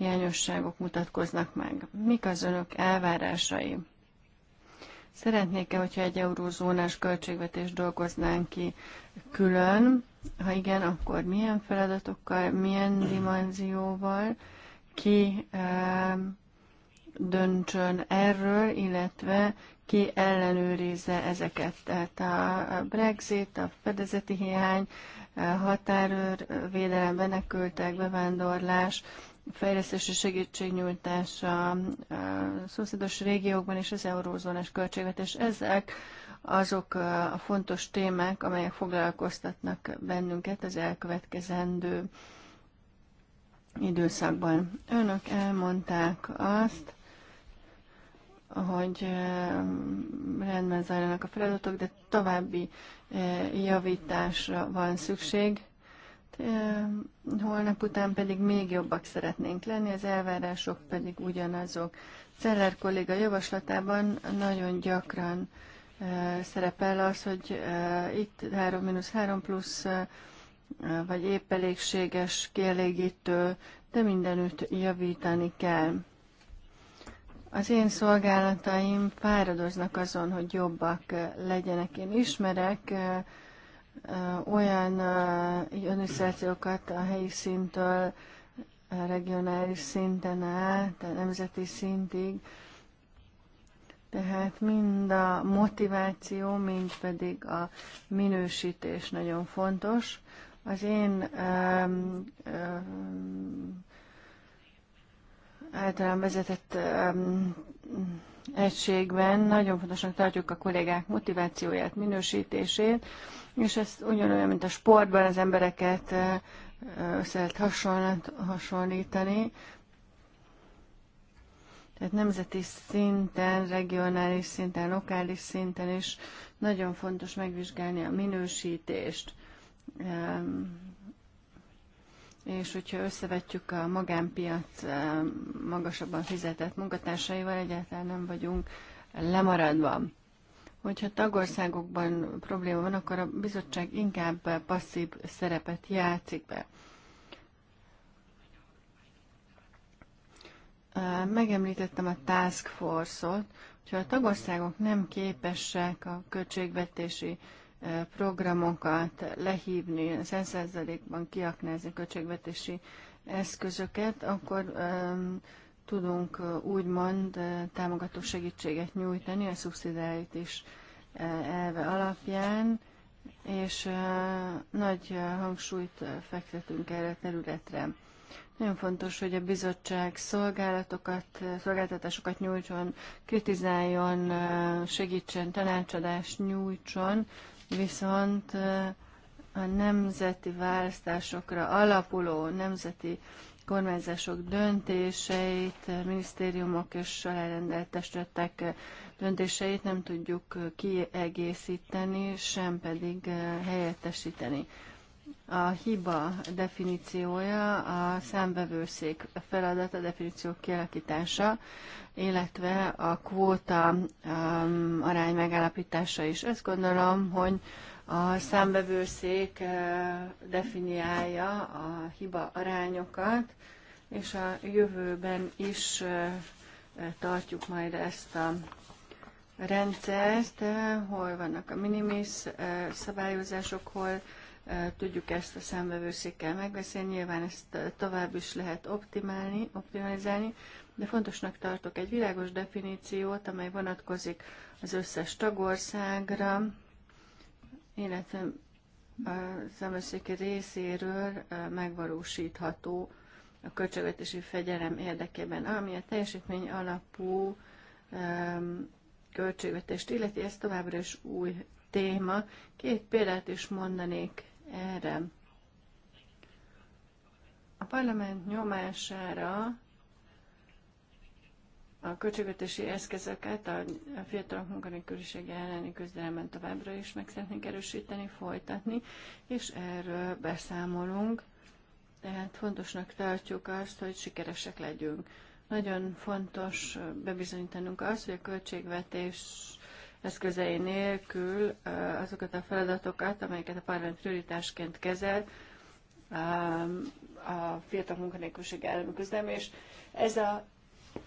hiányosságok mutatkoznak meg. Mik az önök elvárásai? Szeretnék-e, hogyha egy eurózónás költségvetés dolgoznánk ki külön? Ha igen, akkor milyen feladatokkal, milyen dimenzióval? Ki e, döntsön erről, illetve ki ellenőrizze ezeket. Tehát a Brexit, a fedezeti hiány, védelem, menekültek, bevándorlás, fejlesztési segítségnyújtása a szomszédos régiókban és az eurózónás költségvetés. Ezek azok a fontos témák, amelyek foglalkoztatnak bennünket az elkövetkezendő időszakban. Önök elmondták azt, hogy eh, rendben zajlanak a feladatok, de további eh, javításra van szükség. Hát, holnap után pedig még jobbak szeretnénk lenni, az elvárások pedig ugyanazok. Celler kolléga javaslatában nagyon gyakran szerepel az, hogy itt 3-3 plusz, vagy épp elégséges, kielégítő, de mindenütt javítani kell. Az én szolgálataim fáradoznak azon, hogy jobbak legyenek. Én ismerek olyan önösszációkat a helyi szinttől, a regionális szinten át, a nemzeti szintig. Tehát mind a motiváció, mind pedig a minősítés nagyon fontos. Az én um, um, általán vezetett um, egységben nagyon fontosnak tartjuk a kollégák motivációját, minősítését, és ezt ugyanolyan, mint a sportban az embereket össze lehet hasonlítani. Tehát nemzeti szinten, regionális szinten, lokális szinten is nagyon fontos megvizsgálni a minősítést. És hogyha összevetjük a magánpiac magasabban fizetett munkatársaival, egyáltalán nem vagyunk lemaradva hogyha tagországokban probléma van, akkor a bizottság inkább passzív szerepet játszik be. Megemlítettem a task force-ot, hogyha a tagországok nem képesek a költségvetési programokat lehívni, 100%-ban kiaknázni a költségvetési eszközöket, akkor tudunk úgymond támogató segítséget nyújtani a szubszidiáritis elve alapján, és nagy hangsúlyt fektetünk erre a területre. Nagyon fontos, hogy a bizottság szolgálatokat, szolgáltatásokat nyújtson, kritizáljon, segítsen, tanácsadást nyújtson, viszont a nemzeti választásokra alapuló nemzeti uh, kormányzások döntéseit, minisztériumok és alárendelt testületek döntéseit nem tudjuk kiegészíteni, sem pedig eh, helyettesíteni. A hiba definíciója a számvevőszék feladata, definíciók kialakítása, illetve a kvóta um, arány megállapítása is. Ezt gondolom, hogy a számbevőszék eh, definiálja a hiba arányokat, és a jövőben is eh, tartjuk majd ezt a rendszert, eh, hol vannak a minimis szabályozások, hol tudjuk ezt a számbevőszékkel megbeszélni, nyilván ezt tovább is lehet optimálni, optimalizálni, de fontosnak tartok egy világos definíciót, amely vonatkozik az összes tagországra, illetve a részéről megvalósítható a költségvetési fegyelem érdekében, ami a teljesítmény alapú költségvetést illeti, ez továbbra is új téma. Két példát is mondanék erre. A parlament nyomására a költségvetési eszközöket a fiatalok munkanélkülisége elleni küzdelemben továbbra is meg szeretnénk erősíteni, folytatni, és erről beszámolunk. Tehát fontosnak tartjuk azt, hogy sikeresek legyünk. Nagyon fontos bebizonyítanunk azt, hogy a költségvetés eszközei nélkül azokat a feladatokat, amelyeket a parlament prioritásként kezel, a fiatal munkanélküliség ellen küzdelem, és ez a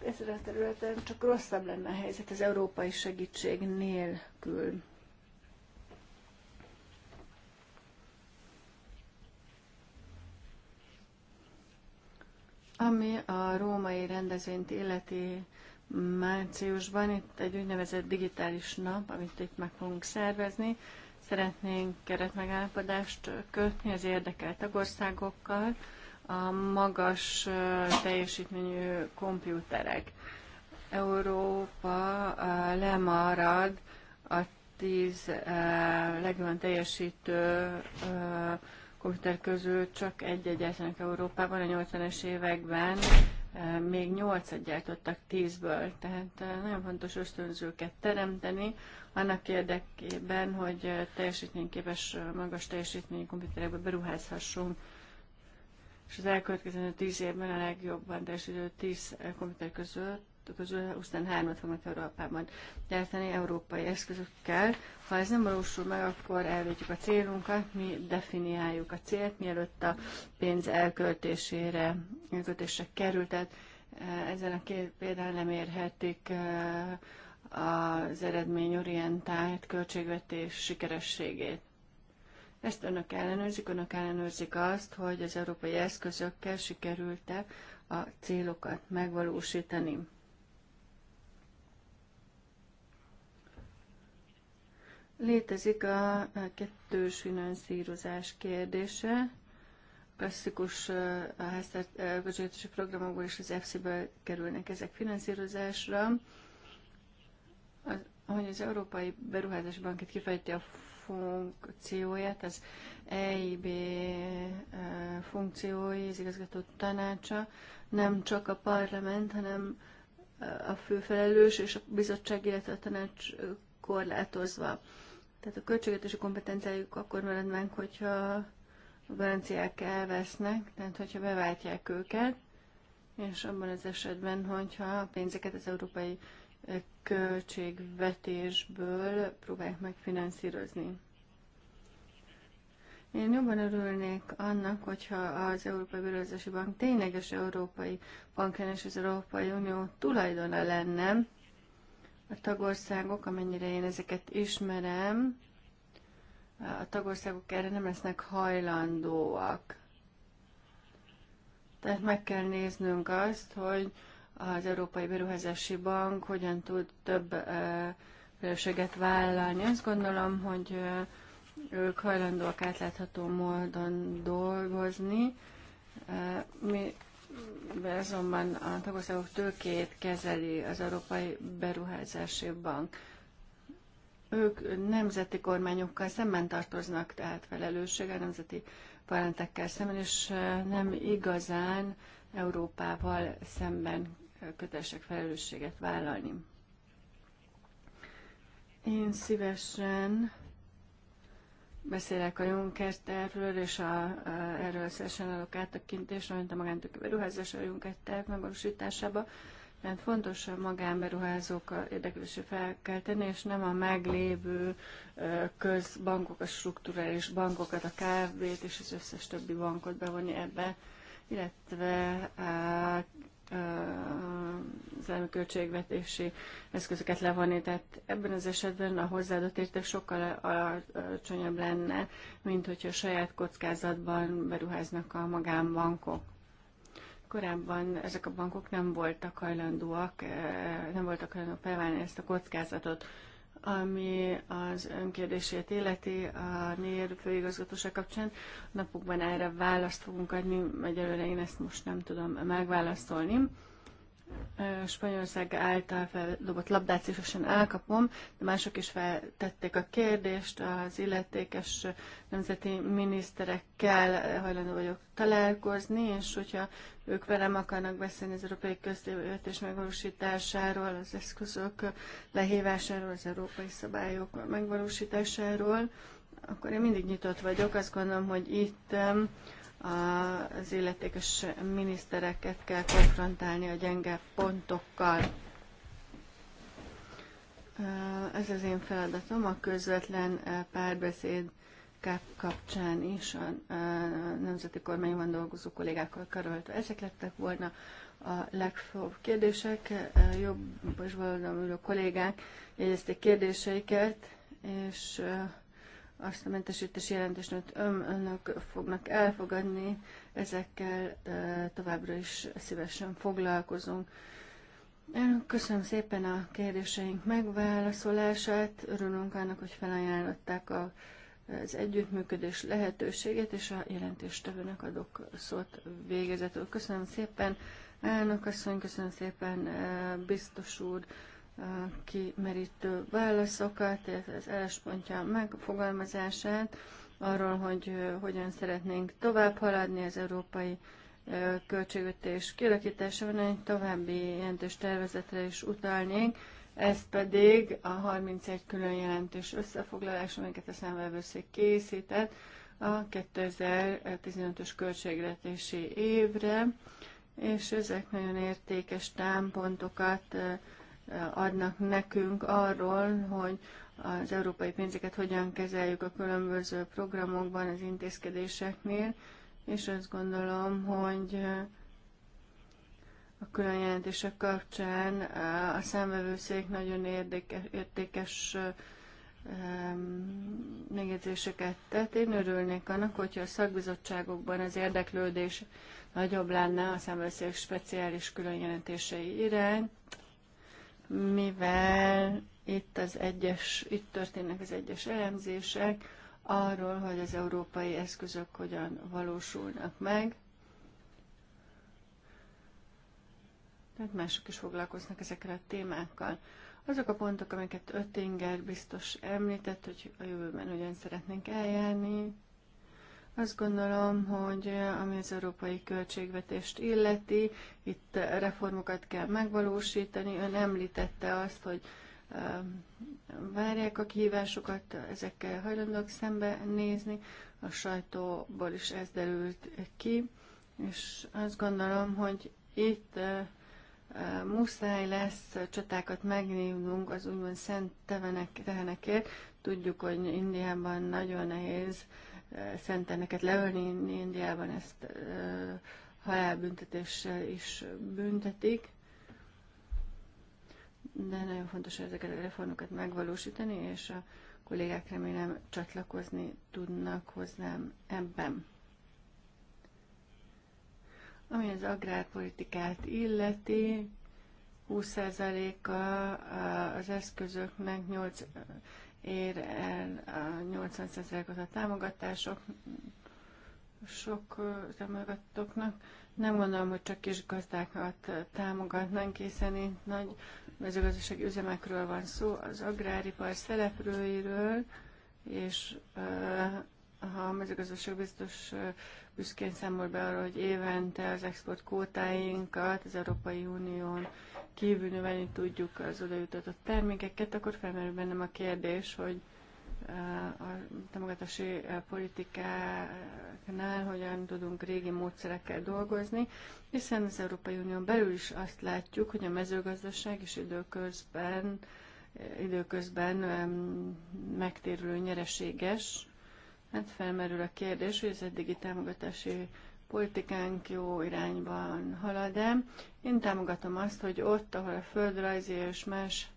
ezen a területen csak rosszabb lenne a helyzet az európai segítség nélkül. Ami a római rendezvényt illeti márciusban, itt egy úgynevezett digitális nap, amit itt meg fogunk szervezni. Szeretnénk keretmegállapodást kötni az érdekelt tagországokkal, a magas teljesítményű komputerek. Európa lemarad a tíz legjobban teljesítő komputer közül csak egy egyetlenek Európában a 80-es években még 8 gyártottak 10-ből, tehát nagyon fontos ösztönzőket teremteni, annak érdekében, hogy teljesítményképes, magas teljesítményű komputerekbe beruházhassunk és az elkövetkező 10 évben a legjobb teljesítő 10 eh, komputer között közül 23-at fognak Európában gyártani európai eszközökkel. Ha ez nem valósul meg, akkor elvétjük a célunkat, mi definiáljuk a célt, mielőtt a pénz elköltésére, elköltésre került. Tehát eh, ezen a két példán nem érhetik eh, az eredményorientált költségvetés sikerességét. Ezt önök ellenőrzik, önök ellenőrzik azt, hogy az európai eszközökkel sikerült-e a célokat megvalósítani. Létezik a kettős finanszírozás kérdése. Klasszikus háztartási programokból és az EFSZ-ből kerülnek ezek finanszírozásra. Az, ahogy az Európai beruházási Bankit kifejti a funkcióját, az EIB eh, funkciói, az igazgató tanácsa nem csak a parlament, hanem eh, a főfelelős és a bizottság, illetve a tanács eh, korlátozva. Tehát a költségvetési kompetenciájuk akkor marad meg, hogyha a garanciák elvesznek, tehát hogyha beváltják őket, és abban az esetben, hogyha a pénzeket az Európai költségvetésből próbálják megfinanszírozni. Én jobban örülnék annak, hogyha az Európai Bírózási Bank tényleges európai banken és az Európai Unió tulajdona lenne. A tagországok, amennyire én ezeket ismerem, a tagországok erre nem lesznek hajlandóak. Tehát meg kell néznünk azt, hogy az Európai Beruházási Bank hogyan tud több felelősséget vállalni. Azt gondolom, hogy ők hajlandóak átlátható módon dolgozni. Mi azonban a tagországok tőkét kezeli az Európai Beruházási Bank. Ők nemzeti kormányokkal szemben tartoznak, tehát felelősséggel, nemzeti parlamentekkel szemben, és nem igazán Európával szemben kötelesek felelősséget vállalni. Én szívesen beszélek a Juncker és a, erről szívesen adok áttekintésre, mint a magántöki beruházás a Juncker megvalósításába, mert fontos a magánberuházók érdeklődését fel kell tenni, és nem a meglévő közbankok, a és bankokat, a KFB-t és az összes többi bankot bevonni ebbe, illetve az állami költségvetési eszközöket levonni. Tehát ebben az esetben a hozzáadott érték sokkal alacsonyabb lenne, mint hogyha a saját kockázatban beruháznak a magánbankok. Korábban ezek a bankok nem voltak hajlandóak, nem voltak hajlandóak felvállalni ezt a kockázatot ami az önkérdését illeti a NÉR főigazgatóság kapcsán. Napokban erre választ fogunk adni, egyelőre én ezt most nem tudom megválaszolni. Spanyolország által feldobott labdát szívesen elkapom, de mások is feltették a kérdést, az illetékes nemzeti miniszterekkel hajlandó vagyok találkozni, és hogyha ők velem akarnak beszélni az európai köztévéletés megvalósításáról, az eszközök lehívásáról, az európai szabályok megvalósításáról, akkor én mindig nyitott vagyok. Azt gondolom, hogy itt az illetékes minisztereket kell konfrontálni a gyenge pontokkal. Ez az én feladatom a közvetlen párbeszéd kapcsán is a nemzeti kormányban dolgozó kollégákkal karöltve. Ezek lettek volna a legfőbb kérdések. Jobb és baloldalon ülő kollégák jegyezték kérdéseiket, és azt a mentesítési jelentést, amit ön, önök fognak elfogadni, ezekkel továbbra is szívesen foglalkozunk. Köszönöm szépen a kérdéseink megválaszolását. Örülünk annak, hogy felajánlották a, az együttműködés lehetőségét, és a jelentéstevőnek adok szót végezetül. Köszönöm szépen, elnök asszony, köszönöm szépen, biztos úr kimerítő válaszokat, illetve az álláspontja megfogalmazását arról, hogy hogyan szeretnénk tovább haladni az európai költségvetés kialakításában. Egy további jelentős tervezetre is utalnénk, ez pedig a 31 külön jelentős összefoglalás, amiket a számvevőszék készített a 2015-ös költségvetési évre, és ezek nagyon értékes támpontokat adnak nekünk arról, hogy az európai pénzeket hogyan kezeljük a különböző programokban, az intézkedéseknél, és azt gondolom, hogy a külön jelentések kapcsán eh, a számvevőszék nagyon érdekes, értékes megjegyzéseket tett. Én örülnék annak, hogyha a szakbizottságokban az érdeklődés nagyobb lenne a számvevőszék speciális külön jelentései iránt, mivel itt, az egyes, itt történnek az egyes elemzések arról, hogy az európai eszközök hogyan valósulnak meg. Tehát mások is foglalkoznak ezekkel a témákkal. Azok a pontok, amiket Öttinger biztos említett, hogy a jövőben hogyan szeretnénk eljárni, azt gondolom, hogy eh, ami az európai költségvetést illeti, itt eh, reformokat kell megvalósítani. Ön említette azt, hogy eh, várják a kihívásokat, ezekkel hajlandók szembe nézni. A sajtóból is ez derült ki, és azt gondolom, hogy itt muszáj lesz csatákat megnívnunk az úgymond szent tevenek, tehenekért. Tudjuk, hogy Indiában nagyon nehéz uh, szenteneket leölni. Indiában ezt halálbüntetéssel is büntetik. De nagyon fontos ezeket a reformokat megvalósítani, és a kollégák remélem csatlakozni tudnak hozzám ebben. Ami az agrárpolitikát illeti, 20%-a az eszközöknek 8 ér el a 800 ot a támogatások sok támogatóknak. Nem gondolom, hogy csak kis gazdákat támogatnánk, hiszen itt nagy mezőgazdasági üzemekről van szó, az agráripar szereplőiről, és ha a mezőgazdaság biztos büszkén számol be arra, hogy évente az export kótáinkat az Európai Unión kívül növelni tudjuk az odajutott termékeket, akkor felmerül bennem a kérdés, hogy a támogatási politikáknál hogyan tudunk régi módszerekkel dolgozni, hiszen az Európai Unión belül is azt látjuk, hogy a mezőgazdaság is időközben, időközben megtérülő nyereséges. Hát felmerül a kérdés, hogy az eddigi támogatási politikánk jó irányban halad -e. Én támogatom azt, hogy ott, ahol a földrajzi és más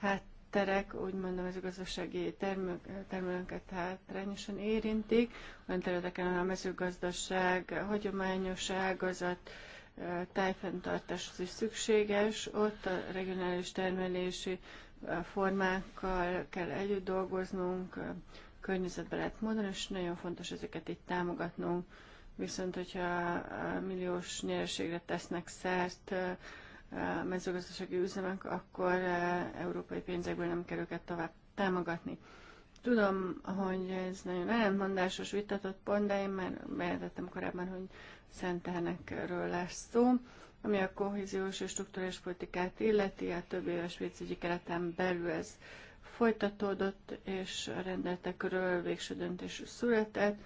hátterek, úgymond a mezőgazdasági termelőket hátrányosan érintik, olyan területeken, a mezőgazdaság, a hagyományos ágazat, tájfenntartáshoz is szükséges, ott a regionális termelési formákkal kell együtt dolgoznunk, környezetbe lehet módon, és nagyon fontos ezeket itt támogatnunk. Viszont, hogyha milliós nyereségre tesznek szert mezőgazdasági üzemek, akkor európai pénzekből nem kell őket tovább támogatni. Tudom, hogy ez nagyon ellentmondásos, vitatott pont, de én már bejelentettem korábban, hogy szentelnekről lesz szó, ami a kohéziós és struktúrás politikát illeti, a több éves pénzügyi kereten belül ez folytatódott, és a rendeletekről végső döntés született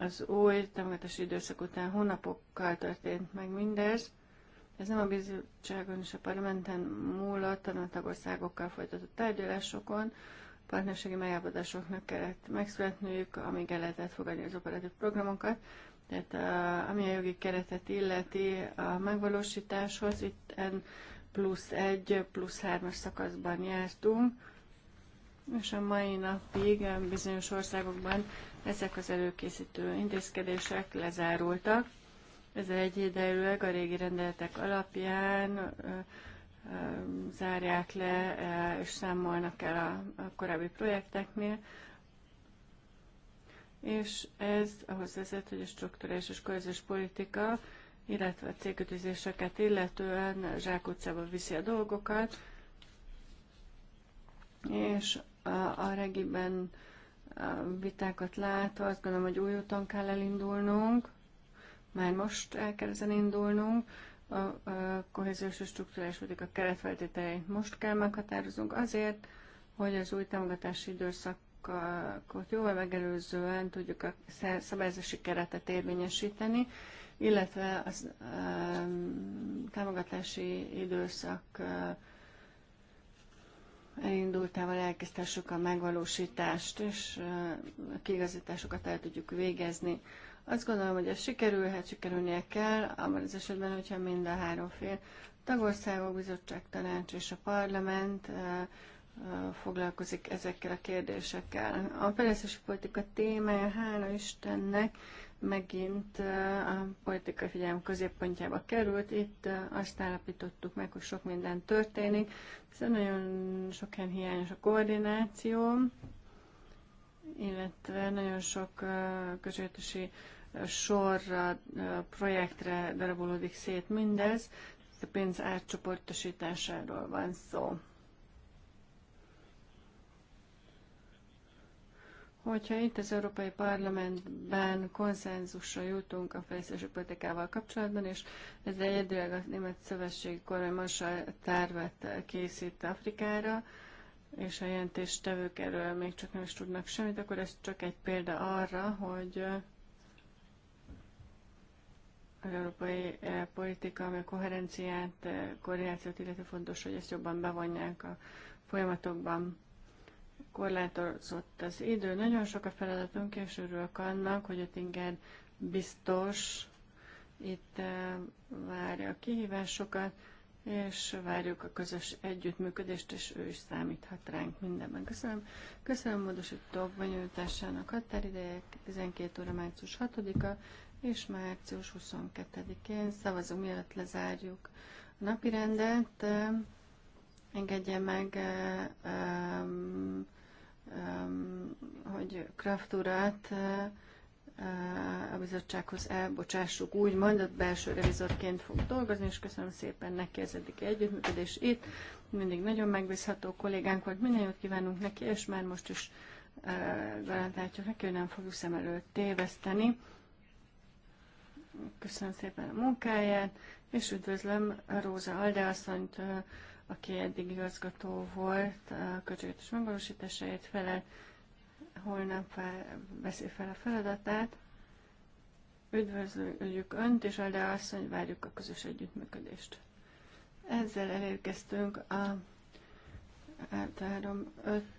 az új támogatási időszak után hónapokkal történt meg mindez. Ez nem a bizottságon és a parlamenten múlott, hanem a tagországokkal folytatott tárgyalásokon. A partnerségi megállapodásoknak kellett megszületniük, amíg el lehetett fogadni az operatív programokat. Tehát a, ami a jogi keretet illeti a megvalósításhoz, itt en plusz egy, plusz hármas szakaszban jártunk, és a mai napig bizonyos országokban ezek az előkészítő intézkedések lezárultak. Ezzel egy a régi rendeletek alapján zárják le e, és számolnak el a, korábbi projekteknél, és ez ahhoz vezet, hogy a struktúrás és közös politika, illetve a cégkötőzéseket illetően zsákutcába viszi a dolgokat, és a, a regiben vitákat látva azt gondolom, hogy új úton kell elindulnunk, már most el kell ezen indulnunk, a, a kohéziós és struktúrás a keretfeltételeit most kell meghatározunk azért, hogy az új támogatási időszakot jóval megelőzően tudjuk a szabályozási keretet érvényesíteni, illetve a um, támogatási időszak uh, elindultával elkezdhessük a megvalósítást, és a kiigazításokat el tudjuk végezni. Azt gondolom, hogy ez sikerülhet, sikerülnie kell, abban az esetben, hogyha mind a három fél, tagországok, bizottság, tanács és a parlament foglalkozik ezekkel a kérdésekkel. A fejlesztési politika témája, hála Istennek, megint a politikai figyelem középpontjába került. Itt azt állapítottuk meg, hogy sok minden történik, hiszen nagyon sok helyen hiányos a koordináció, illetve nagyon sok közöltési sorra, projektre darabolódik szét mindez, a pénz átcsoportosításáról van szó. Hogyha itt az Európai Parlamentben konszenzusra jutunk a fejlesztési politikával kapcsolatban, és ez egyedül a Német szövetség Kormány most a tervet készít Afrikára, és a jelentéstevők erről még csak nem is tudnak semmit, akkor ez csak egy példa arra, hogy az európai eh, politika, ami a koherenciát, eh, koordinációt illetve fontos, hogy ezt jobban bevonják a folyamatokban korlátozott az idő, nagyon sok a feladatunk, és örülök annak, hogy a Tinger biztos itt eh, várja a kihívásokat, és várjuk a közös együttműködést, és ő is számíthat ránk mindenben. Köszönöm. Köszönöm módosítók benyújtásának határidejek 12 óra március 6-a és március 22-én. Szavazunk mielőtt lezárjuk a napi rendet. Engedje meg, um, um, hogy Kraft urat a bizottsághoz elbocsássuk, úgy mondott, belső revizorként fog dolgozni, és köszönöm szépen neki az eddigi együttműködés itt. Mindig nagyon megbízható kollégánk volt, minden jót kívánunk neki, és már most is garantáljuk neki, hogy nem fogjuk szem előtt téveszteni. Köszönöm szépen a munkáját, és üdvözlöm Róza Aldeasszonyt, aki eddig igazgató volt, a költségvetés megvalósításáért fele, holnap fel, veszi fel a feladatát. Üdvözlőjük Önt, és Alda asszony, várjuk a közös együttműködést. Ezzel elérkeztünk a általában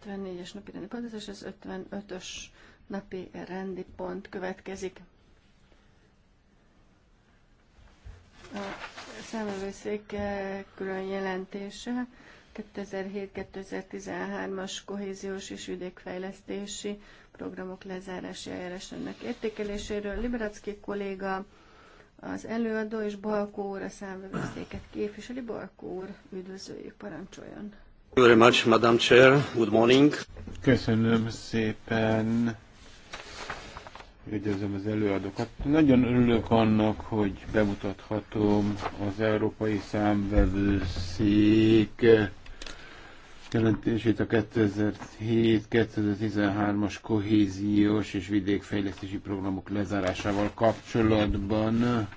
54-es napi rendi pont, és az 55-ös napi rendi pont következik. a szemelőszék eh, külön jelentése 2007-2013-as kohéziós és vidékfejlesztési programok lezárási eljárásának értékeléséről. Liberacki kolléga az előadó és Balkó úr a számvevőszéket képviseli. Balkó úr, üdvözöljük, parancsoljon! Very much, Madam Chair. Good morning. Köszönöm szépen. Üdvözlöm az előadókat. Nagyon örülök annak, hogy bemutathatom az Európai Számvevőszék jelentését a 2007-2013-as kohéziós és vidékfejlesztési programok lezárásával kapcsolatban.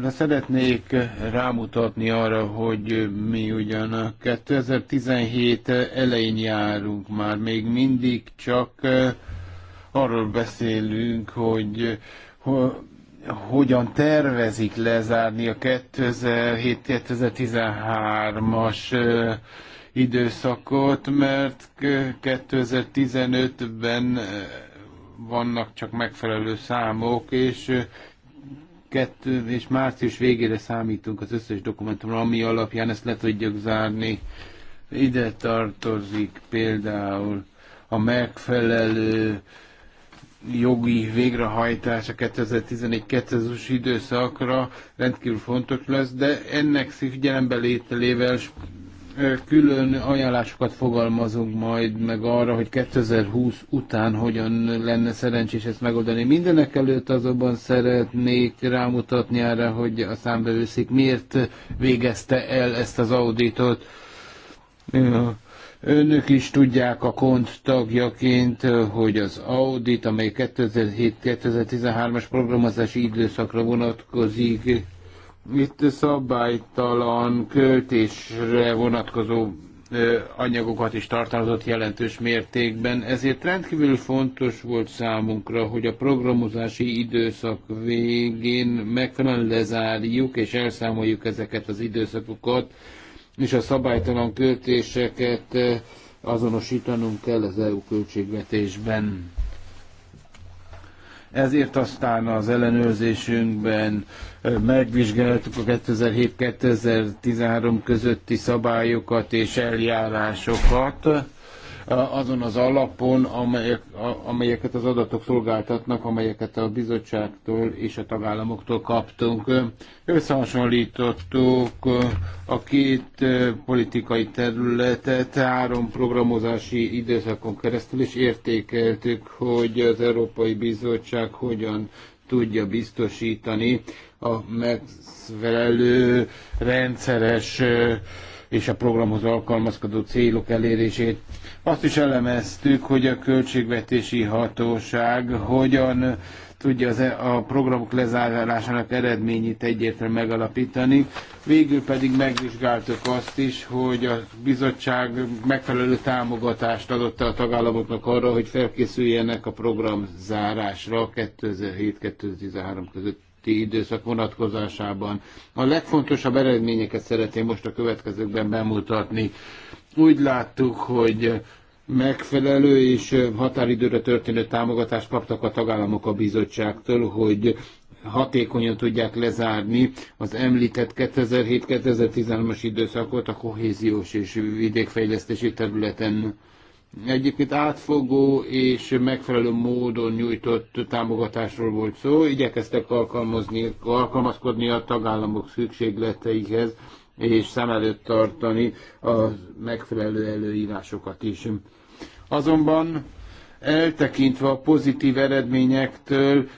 De szeretnék rámutatni arra, hogy mi ugyan 2017 elején járunk már, még mindig csak arról beszélünk, hogy hogyan tervezik lezárni a 2007-2013-as időszakot, mert 2015-ben vannak csak megfelelő számok, és kettő, és március végére számítunk az összes dokumentumra, ami alapján ezt le tudjuk zárni. Ide tartozik például a megfelelő jogi a 2014 2020 os időszakra rendkívül fontos lesz, de ennek figyelembe lételével külön ajánlásokat fogalmazunk majd meg arra, hogy 2020 után hogyan lenne szerencsés ezt megoldani. Mindenek előtt azonban szeretnék rámutatni arra, hogy a számbevőszék miért végezte el ezt az auditot. Ja Önök is tudják a KONT tagjaként, hogy az audit, amely 2007-2013-as programozási időszakra vonatkozik, itt szabálytalan költésre vonatkozó anyagokat is tartalmazott jelentős mértékben, ezért rendkívül fontos volt számunkra, hogy a programozási időszak végén megfelelően lezárjuk és elszámoljuk ezeket az időszakokat, és a szabálytalan költéseket eh, azonosítanunk kell az EU költségvetésben. Ezért aztán az ellenőrzésünkben eh, megvizsgáltuk a 2007-2013 közötti szabályokat és eljárásokat azon az alapon, amelyek, amelyeket az adatok szolgáltatnak, amelyeket a bizottságtól és a tagállamoktól kaptunk. Összehasonlítottuk a két politikai területet három programozási időszakon keresztül, és értékeltük, hogy az Európai Bizottság hogyan tudja biztosítani a megfelelő rendszeres és a programhoz alkalmazkodó célok elérését. Azt is elemeztük, hogy a költségvetési hatóság hogyan tudja az, e- a programok lezárásának eredményét egyértelműen megalapítani. Végül pedig megvizsgáltuk azt is, hogy a bizottság megfelelő támogatást adott a tagállamoknak arra, hogy felkészüljenek a program zárásra 2007-2013 közötti időszak vonatkozásában. A legfontosabb eredményeket szeretném most a következőkben bemutatni. Úgy láttuk, hogy megfelelő és határidőre történő támogatást kaptak a tagállamok a bizottságtól, hogy hatékonyan tudják lezárni az említett 2007-2013-as időszakot a kohéziós és vidékfejlesztési területen. Egyébként átfogó és megfelelő módon nyújtott támogatásról volt szó, igyekeztek alkalmazni, alkalmazkodni a tagállamok szükségleteihez, és szem előtt tartani a megfelelő előírásokat is. Azonban eltekintve a pozitív eredményektől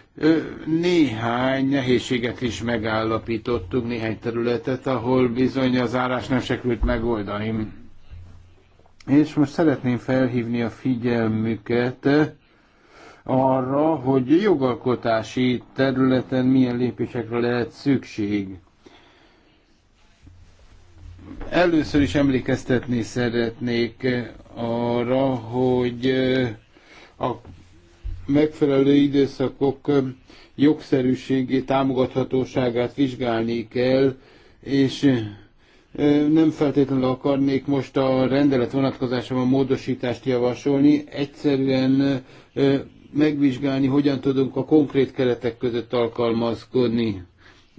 néhány nehézséget is megállapítottunk, néhány területet, ahol bizony az árás nem sekült megoldani. És most szeretném felhívni a figyelmüket arra, hogy jogalkotási területen milyen lépésekre lehet szükség Először is emlékeztetni szeretnék arra, hogy eh, a megfelelő időszakok eh, jogszerűségét, támogathatóságát vizsgálni kell, és eh, nem feltétlenül akarnék most a rendelet vonatkozásában módosítást javasolni, egyszerűen megvizsgálni, hogyan tudunk a konkrét keretek között alkalmazkodni.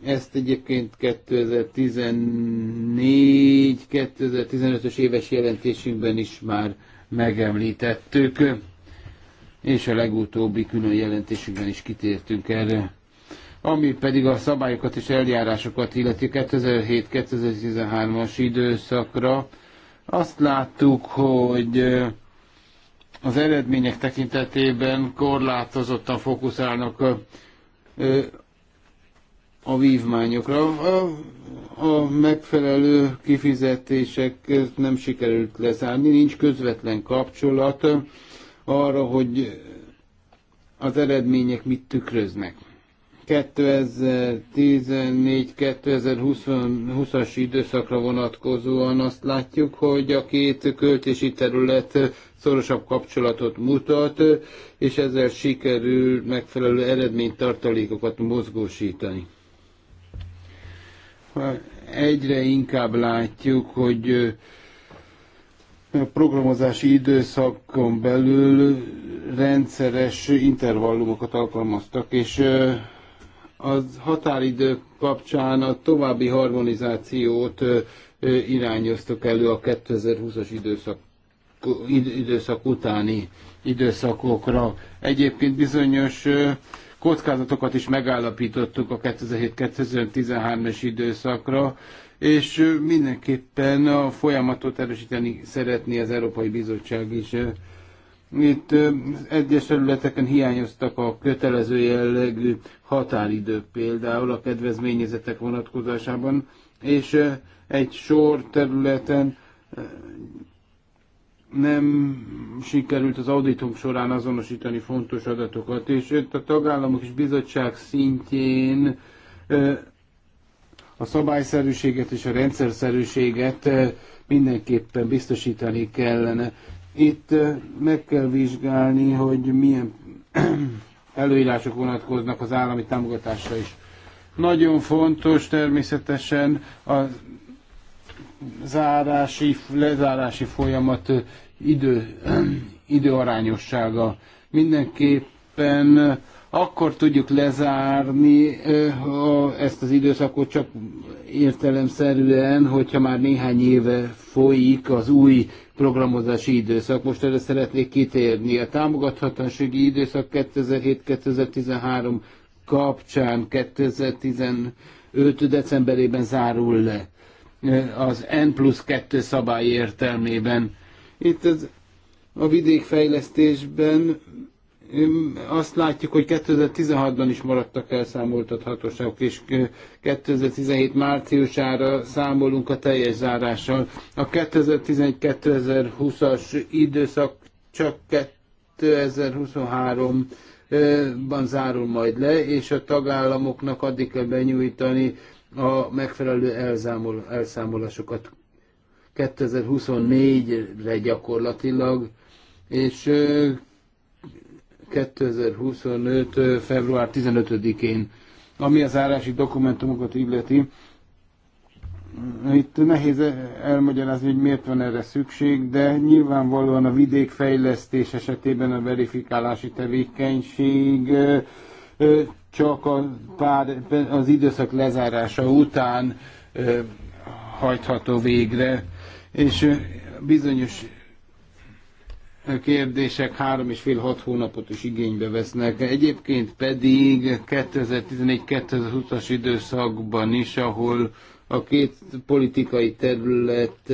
Ezt egyébként 2014-2015-ös éves jelentésünkben is már megemlítettük, és a legutóbbi külön jelentésünkben is kitértünk erre. Ami pedig a szabályokat és eljárásokat illeti 2007-2013-as időszakra, azt láttuk, hogy az eredmények tekintetében korlátozottan fókuszálnak a vívmányokra. A, a megfelelő kifizetések nem sikerült lezárni, nincs közvetlen kapcsolat arra, hogy az eredmények mit tükröznek. 2014-2020-as időszakra vonatkozóan azt látjuk, hogy a két költési terület szorosabb kapcsolatot mutat, és ezzel sikerül megfelelő eredménytartalékokat mozgósítani. Egyre inkább látjuk, hogy a programozási időszakon belül rendszeres intervallumokat alkalmaztak, és az határidő kapcsán a további harmonizációt irányoztak elő a 2020-as időszak, időszak utáni időszakokra. Egyébként bizonyos kockázatokat is megállapítottuk a 2007-2013-es időszakra, és mindenképpen a folyamatot erősíteni szeretné az Európai Bizottság is. Itt egyes területeken hiányoztak a kötelező jellegű határidők például a kedvezményezetek vonatkozásában, és egy sor területen nem sikerült az auditunk során azonosítani fontos adatokat, és itt a tagállamok és bizottság szintjén a szabályszerűséget és a rendszerszerűséget mindenképpen biztosítani kellene. Itt meg kell vizsgálni, hogy milyen előírások vonatkoznak az állami támogatásra is. Nagyon fontos természetesen a zárási, lezárási folyamat idő, ehm, időarányossága. Mindenképpen akkor tudjuk lezárni ezt az időszakot csak értelemszerűen, hogyha már néhány éve folyik az új programozási időszak. Most erre szeretnék kitérni. A támogathatósági időszak 2007-2013 kapcsán 2015. decemberében zárul le az N plusz 2 szabály értelmében itt az, a vidékfejlesztésben azt látjuk, hogy 2016-ban is maradtak elszámoltathatóságok, és 2017 márciusára számolunk a teljes zárással. A 2011-2020-as időszak csak 2023-ban zárul majd le, és a tagállamoknak addig kell benyújtani a megfelelő elszámolásokat. 2024-re gyakorlatilag, és 2025. február 15-én, ami az árási dokumentumokat illeti. Itt nehéz elmagyarázni, hogy miért van erre szükség, de nyilvánvalóan a vidékfejlesztés esetében a verifikálási tevékenység csak a pár, az időszak lezárása után hajtható végre és bizonyos kérdések három és fél hat hónapot is igénybe vesznek. Egyébként pedig 2014-2020-as időszakban is, ahol a két politikai terület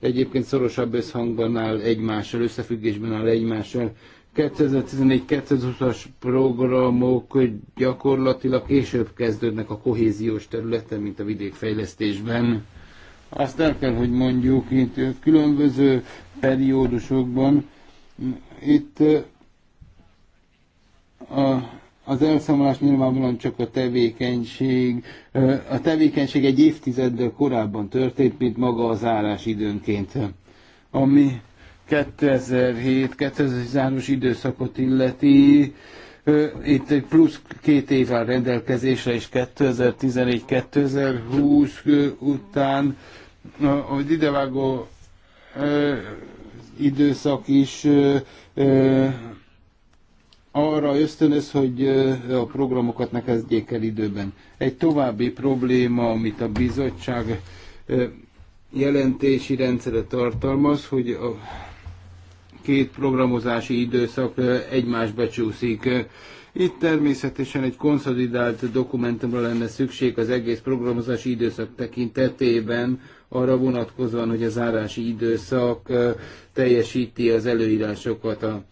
egyébként szorosabb összhangban áll egymással, összefüggésben áll egymással. 2014-2020-as programok gyakorlatilag később kezdődnek a kohéziós területen, mint a vidékfejlesztésben. Azt el kell, hogy mondjuk itt különböző periódusokban itt a, az elszámolás nyilvánvalóan csak a tevékenység. A tevékenység egy évtizeddel korábban történt, mint maga az árás időnként, ami 2007 2010 záros időszakot illeti. Itt egy plusz két év áll rendelkezésre, és 2014-2020 után az idevágó ö, időszak is ö, ö, arra ösztönöz, hogy a programokat ne kezdjék el időben. Egy további probléma, amit a bizottság jelentési rendszere tartalmaz, hogy a két programozási időszak egymás becsúszik. Itt természetesen egy konszolidált dokumentumra lenne szükség az egész programozási időszak tekintetében, arra vonatkozóan, hogy a zárási időszak teljesíti az előírásokat a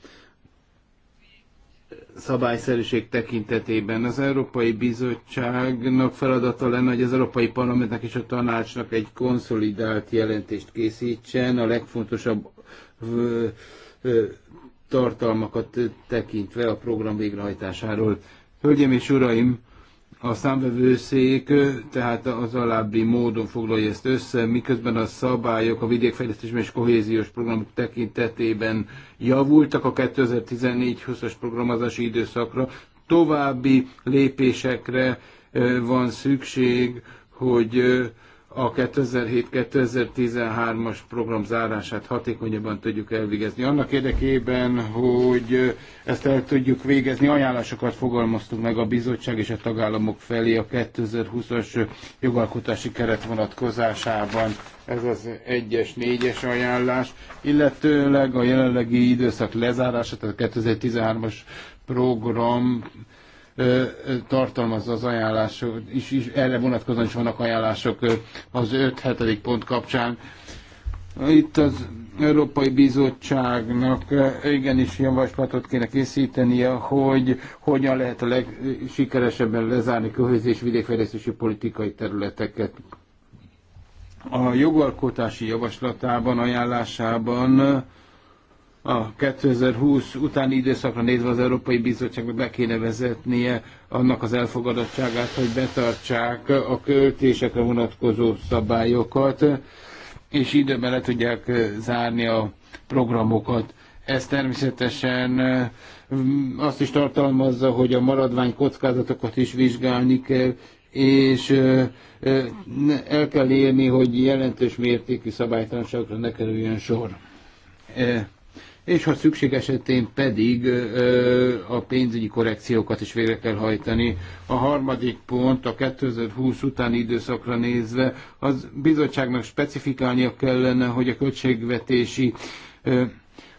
szabályszerűség tekintetében. Az Európai Bizottságnak feladata lenne, hogy az Európai Parlamentnek és a Tanácsnak egy konszolidált jelentést készítsen, a legfontosabb tartalmakat tekintve a program végrehajtásáról. Hölgyeim és Uraim, a számvevőszék tehát az alábbi módon foglalja ezt össze, miközben a szabályok a vidékfejlesztésben és kohéziós programok tekintetében javultak a 2014-20-as programozási időszakra. További lépésekre van szükség, hogy a 2007-2013-as program zárását hatékonyabban tudjuk elvégezni. Annak érdekében, hogy ezt el tudjuk végezni, ajánlásokat fogalmaztunk meg a bizottság és a tagállamok felé a 2020-as jogalkotási keret vonatkozásában. Ez az egyes, négyes ajánlás, illetőleg a jelenlegi időszak lezárását a 2013-as program tartalmazza az ajánlások, és, erre vonatkozóan is vannak ajánlások az 5-7. pont kapcsán. Itt az Európai Bizottságnak igenis javaslatot kéne készítenie, hogy hogyan lehet a legsikeresebben lezárni kövözés vidékfejlesztési politikai területeket. A jogalkotási javaslatában, ajánlásában a 2020 utáni időszakra nézve az Európai Bizottságnak be kéne vezetnie annak az elfogadottságát, hogy betartsák a költésekre vonatkozó szabályokat, és időben le tudják zárni a programokat. Ez természetesen mm, azt is tartalmazza, hogy a maradvány kockázatokat is vizsgálni kell, és el kell élni, hogy jelentős mértékű szabálytalanságra ne kerüljön sor e, és ha szükség esetén pedig ö, a pénzügyi korrekciókat is végre kell hajtani. A harmadik pont a 2020 utáni időszakra nézve, az bizottságnak specifikálnia kellene, hogy a költségvetési ö,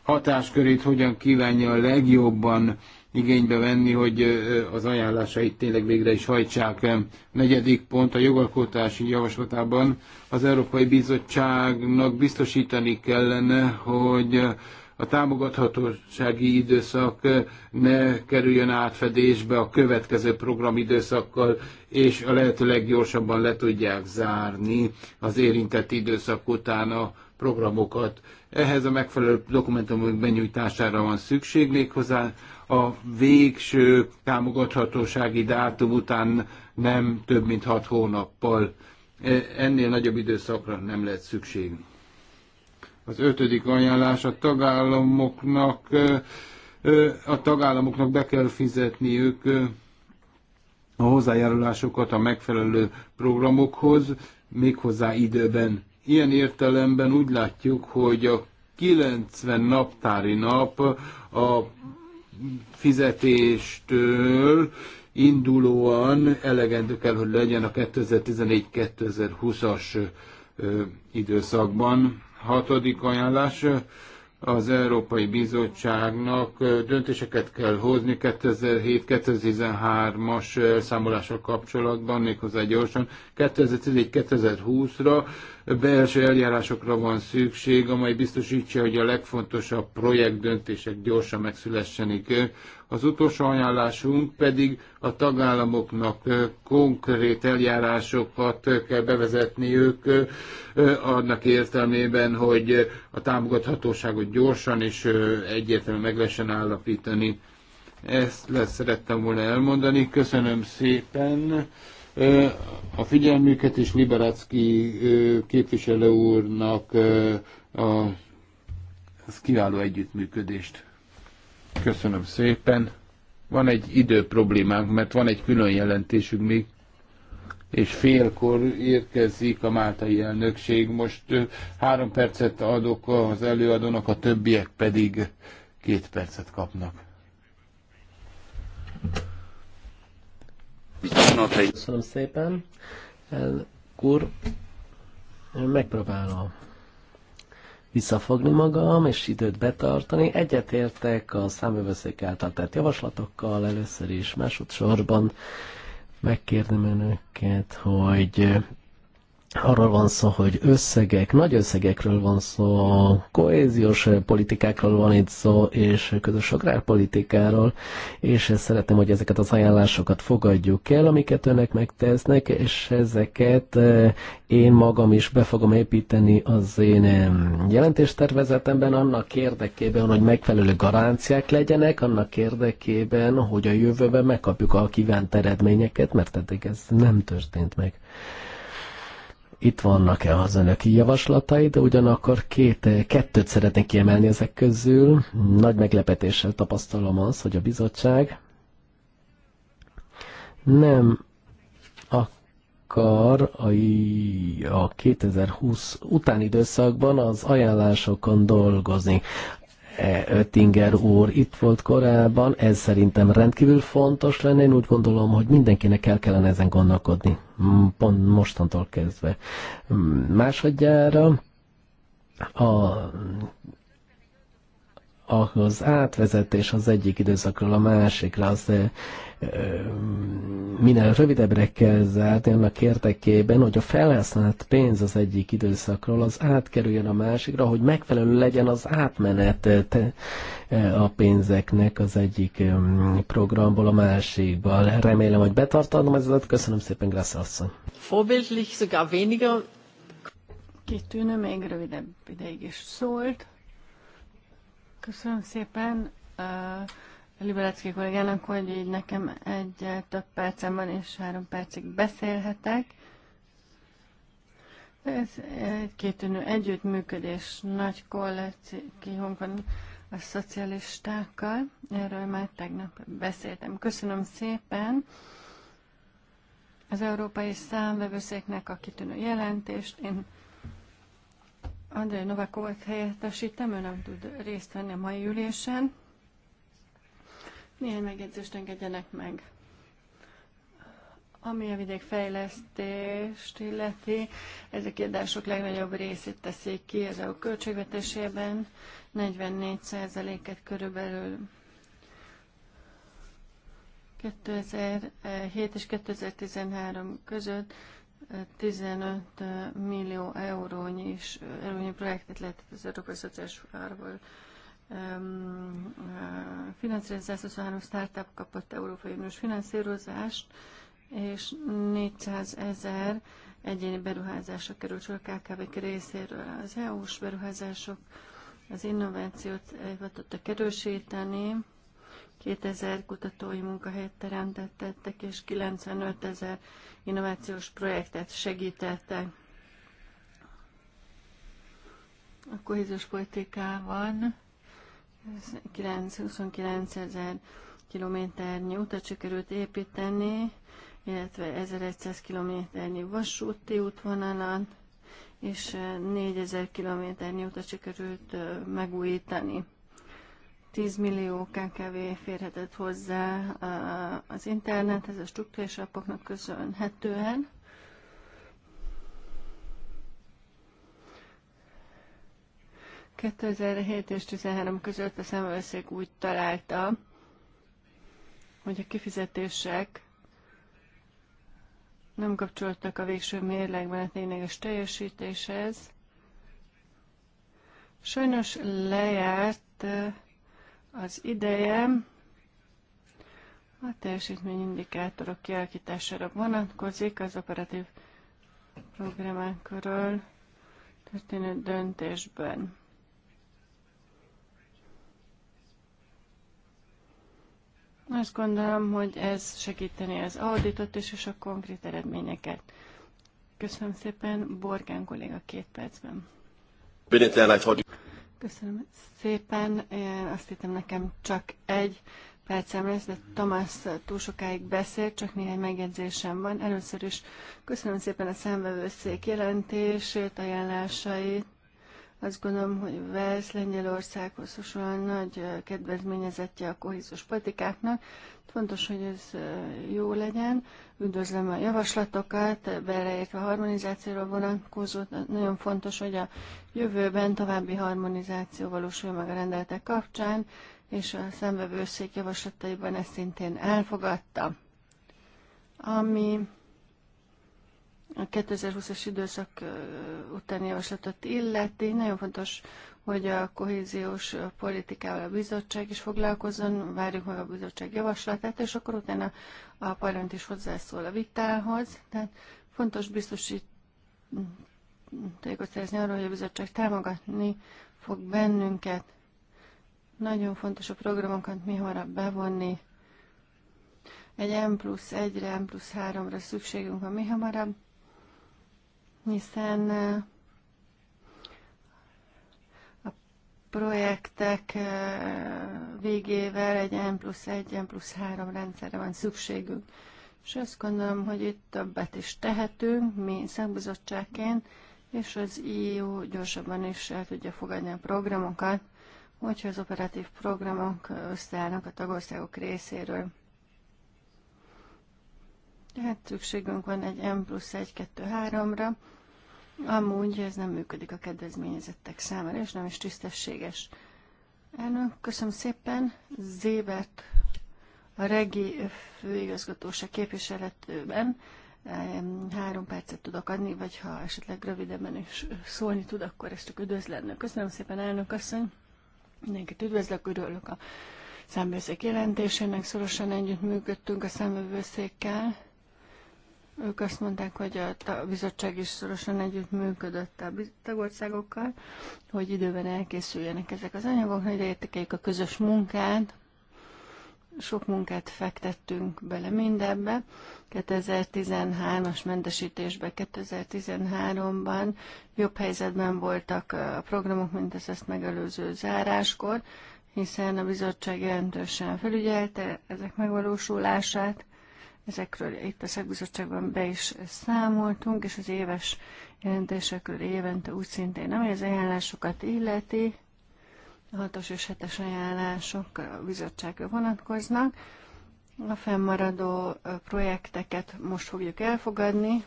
hatáskörét hogyan kívánja a legjobban igénybe venni, hogy az ajánlásait tényleg végre is hajtsák. Negyedik pont a jogalkotási javaslatában az Európai Bizottságnak biztosítani kellene, hogy a támogathatósági időszak ne kerüljön átfedésbe a következő programidőszakkal, és a lehető leggyorsabban le tudják zárni az érintett időszak után a programokat. Ehhez a megfelelő dokumentumok benyújtására van szükség méghozzá a végső támogathatósági dátum után nem több mint hat hónappal. Ennél nagyobb időszakra nem lehet szükség. Az ötödik ajánlás a tagállamoknak, a tagállamoknak be kell fizetniük a hozzájárulásokat a megfelelő programokhoz, méghozzá időben. Ilyen értelemben úgy látjuk, hogy a 90 naptári nap a fizetéstől indulóan elegendő kell, hogy legyen a 2014-2020-as időszakban. Hatodik ajánlás az Európai Bizottságnak döntéseket kell hozni 2007-2013-as elszámolással kapcsolatban, méghozzá gyorsan. 2011-2020-ra belső eljárásokra van szükség, amely biztosítja, hogy a legfontosabb projektdöntések gyorsan megszülessenek. Az utolsó ajánlásunk pedig a tagállamoknak konkrét eljárásokat kell bevezetni ők annak értelmében, hogy a támogathatóságot gyorsan és egyértelműen meg lehessen állapítani. Ezt lesz, szerettem volna elmondani. Köszönöm szépen a figyelmüket, és Liberacki képviselő úrnak a, az kiváló együttműködést. Köszönöm szépen. Van egy idő problémánk, mert van egy külön jelentésünk még, és félkor érkezik a máltai elnökség. Most három percet adok az előadónak, a többiek pedig két percet kapnak. Köszönöm szépen. El, kur, megpróbálom visszafogni magam, és időt betartani. Egyetértek a számövőszék által tett javaslatokkal először is, másodszorban megkérdem önöket, hogy arról van szó, hogy összegek, nagy összegekről van szó, kohéziós politikákról van itt szó, és közös agrárpolitikáról, és szeretném, hogy ezeket az ajánlásokat fogadjuk el, amiket önök megtesznek, és ezeket eh, én magam is be fogom építeni az én jelentéstervezetemben annak érdekében, hogy megfelelő garanciák legyenek, annak érdekében, hogy a jövőben megkapjuk a kívánt eredményeket, mert eddig ez nem történt meg itt vannak-e az önök javaslatai, de ugyanakkor két, kettőt szeretnék kiemelni ezek közül. Nagy meglepetéssel tapasztalom az, hogy a bizottság nem a akar a, a 2020 utáni időszakban az ajánlásokon dolgozni. E. Öttinger úr itt volt korábban, ez szerintem rendkívül fontos lenne, én úgy gondolom, hogy mindenkinek el kellene ezen gondolkodni, pont mostantól kezdve. Másodjára a az átvezetés az egyik időszakról a másikra, az ö, minél rövidebbre kell zárni annak érdekében, hogy a felhasznált pénz az egyik időszakról az átkerüljön a másikra, hogy megfelelő legyen az átmenet a pénzeknek az egyik programból a másikba. Remélem, hogy betartanom ezeket. Köszönöm szépen, Grasszasszon. asszony. Vorbildlich sogar weniger. Kitűnő, még rövidebb ideig is szólt. Köszönöm szépen uh, Liberecki kollégának, hogy így nekem egy több percem van, és három percig beszélhetek. Ez egy kétűnő együttműködés, nagy kollégunk van a szocialistákkal, erről már tegnap beszéltem. Köszönöm szépen az Európai Számvevőszéknek a kitűnő jelentést. Én Andrei Novakovat helyettesítem, ő nem tud részt venni a mai ülésen. Néhány megjegyzést engedjenek meg. Ami a vidékfejlesztést illeti, ezek kiadások legnagyobb részét teszik ki az EU költségvetésében, 44%-et körülbelül 2007 eh, és 2013 között 15 eh, millió eurónyi is, eh, eurónyi projektet lehetett az Európai Szociális Árból eh, finanszírozni, 123 startup kapott Európai Uniós finanszírozást, és 400 ezer egyéni beruházásra került sor KKV-k részéről. Az EU-s beruházások az innovációt hivatottak erősíteni, 2000 kutatói munkahelyet teremtettek, és 95 ezer innovációs projektet segítettek. A kohéziós politikában 29 ezer kilométernyi utat sikerült építeni, illetve 1100 kilométernyi vasúti útvonalat, és 4000 kilométernyi utat sikerült megújítani. 10 millió KKV férhetett hozzá az internethez, a struktúrás alapoknak köszönhetően. ...2007 és 2013 között a számvevőszék úgy találta, hogy a kifizetések nem kapcsoltak a végső mérlegben a tényleges teljesítéshez. Sajnos lejárt az ideje a teljesítményindikátorok kialakítására vonatkozik az operatív programákról történő döntésben. Azt gondolom, hogy ez segíteni az auditot és, és a konkrét eredményeket. Köszönöm szépen, Borgán kolléga két percben. Köszönöm szépen. Én azt hittem, nekem csak egy percem lesz, de Tamás túl sokáig beszélt, csak néhány megjegyzésem van. Először is köszönöm szépen a szemvevőszék jelentését, ajánlásait. Azt gondolom, hogy Velsz Lengyelországhoz hasonlóan nagy kedvezményezettje a kohézus politikáknak. Fontos, hogy ez jó legyen. Üdvözlöm a javaslatokat, beleértve a harmonizációra vonatkozó. Nagyon fontos, hogy a jövőben további harmonizáció valósul meg a rendeletek kapcsán, és a szembevőszék javaslataiban ezt szintén elfogadta. Ami a 2020-as időszak utáni javaslatot illeti. Nagyon fontos, hogy a kohéziós politikával a bizottság is foglalkozzon, várjuk meg a bizottság javaslatát, és akkor utána a parlament is hozzászól a vitához. Tehát fontos biztosítékot szerezni arról, hogy a bizottság támogatni fog bennünket. Nagyon fontos a programokat mi hamarabb bevonni. Egy M plusz 1-re, M plusz 3-ra szükségünk van mi hamarabb hiszen a projektek végével egy N plusz 1, N plusz 3 rendszerre van szükségünk. És azt gondolom, hogy itt többet is tehetünk, mi szakbizottságként, és az EU gyorsabban is el tudja fogadni a programokat, hogyha az operatív programok összeállnak a tagországok részéről. Hát szükségünk van egy M plusz 1, 2, 3-ra. Amúgy ez nem működik a kedvezményezettek számára, és nem is tisztességes. Elnök, köszönöm szépen. Zébert a regi főigazgatóság képviseletben három percet tudok adni, vagy ha esetleg rövidebben is szólni tud, akkor ezt csak üdvözlennök. Köszönöm szépen, elnök asszony. Mindenkit üdvözlök, örülök a számbőszék jelentésének. Szorosan együtt működtünk a számbőszékkel ők azt mondták, hogy a bizottság is szorosan együttműködött a tagországokkal, hogy időben elkészüljenek ezek az anyagok, hogy értékeljük a közös munkát, sok munkát fektettünk bele mindebbe. 2013-as mentesítésbe, 2013-ban jobb helyzetben voltak a programok, mint az ezt megelőző záráskor, hiszen a bizottság jelentősen felügyelte ezek megvalósulását, Ezekről itt a szakbizottságban be is számoltunk, és az éves jelentésekről évente úgy szintén, ami az ajánlásokat illeti, a 6 és 7 ajánlások a bizottságra vonatkoznak. A fennmaradó projekteket most fogjuk elfogadni.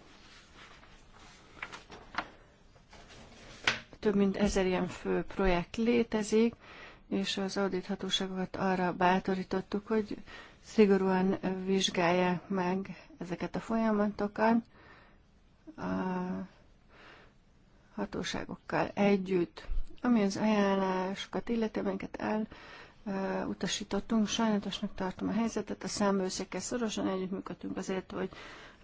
Több mint ezer ilyen fő projekt létezik, és az audithatóságokat arra bátorítottuk, hogy szigorúan vizsgálja meg ezeket a folyamatokat a hatóságokkal együtt. Ami az ajánlásokat illeti, amelyeket el utasítottunk, sajnálatosnak tartom a helyzetet, a számbőszékkel szorosan együttműködtünk azért, hogy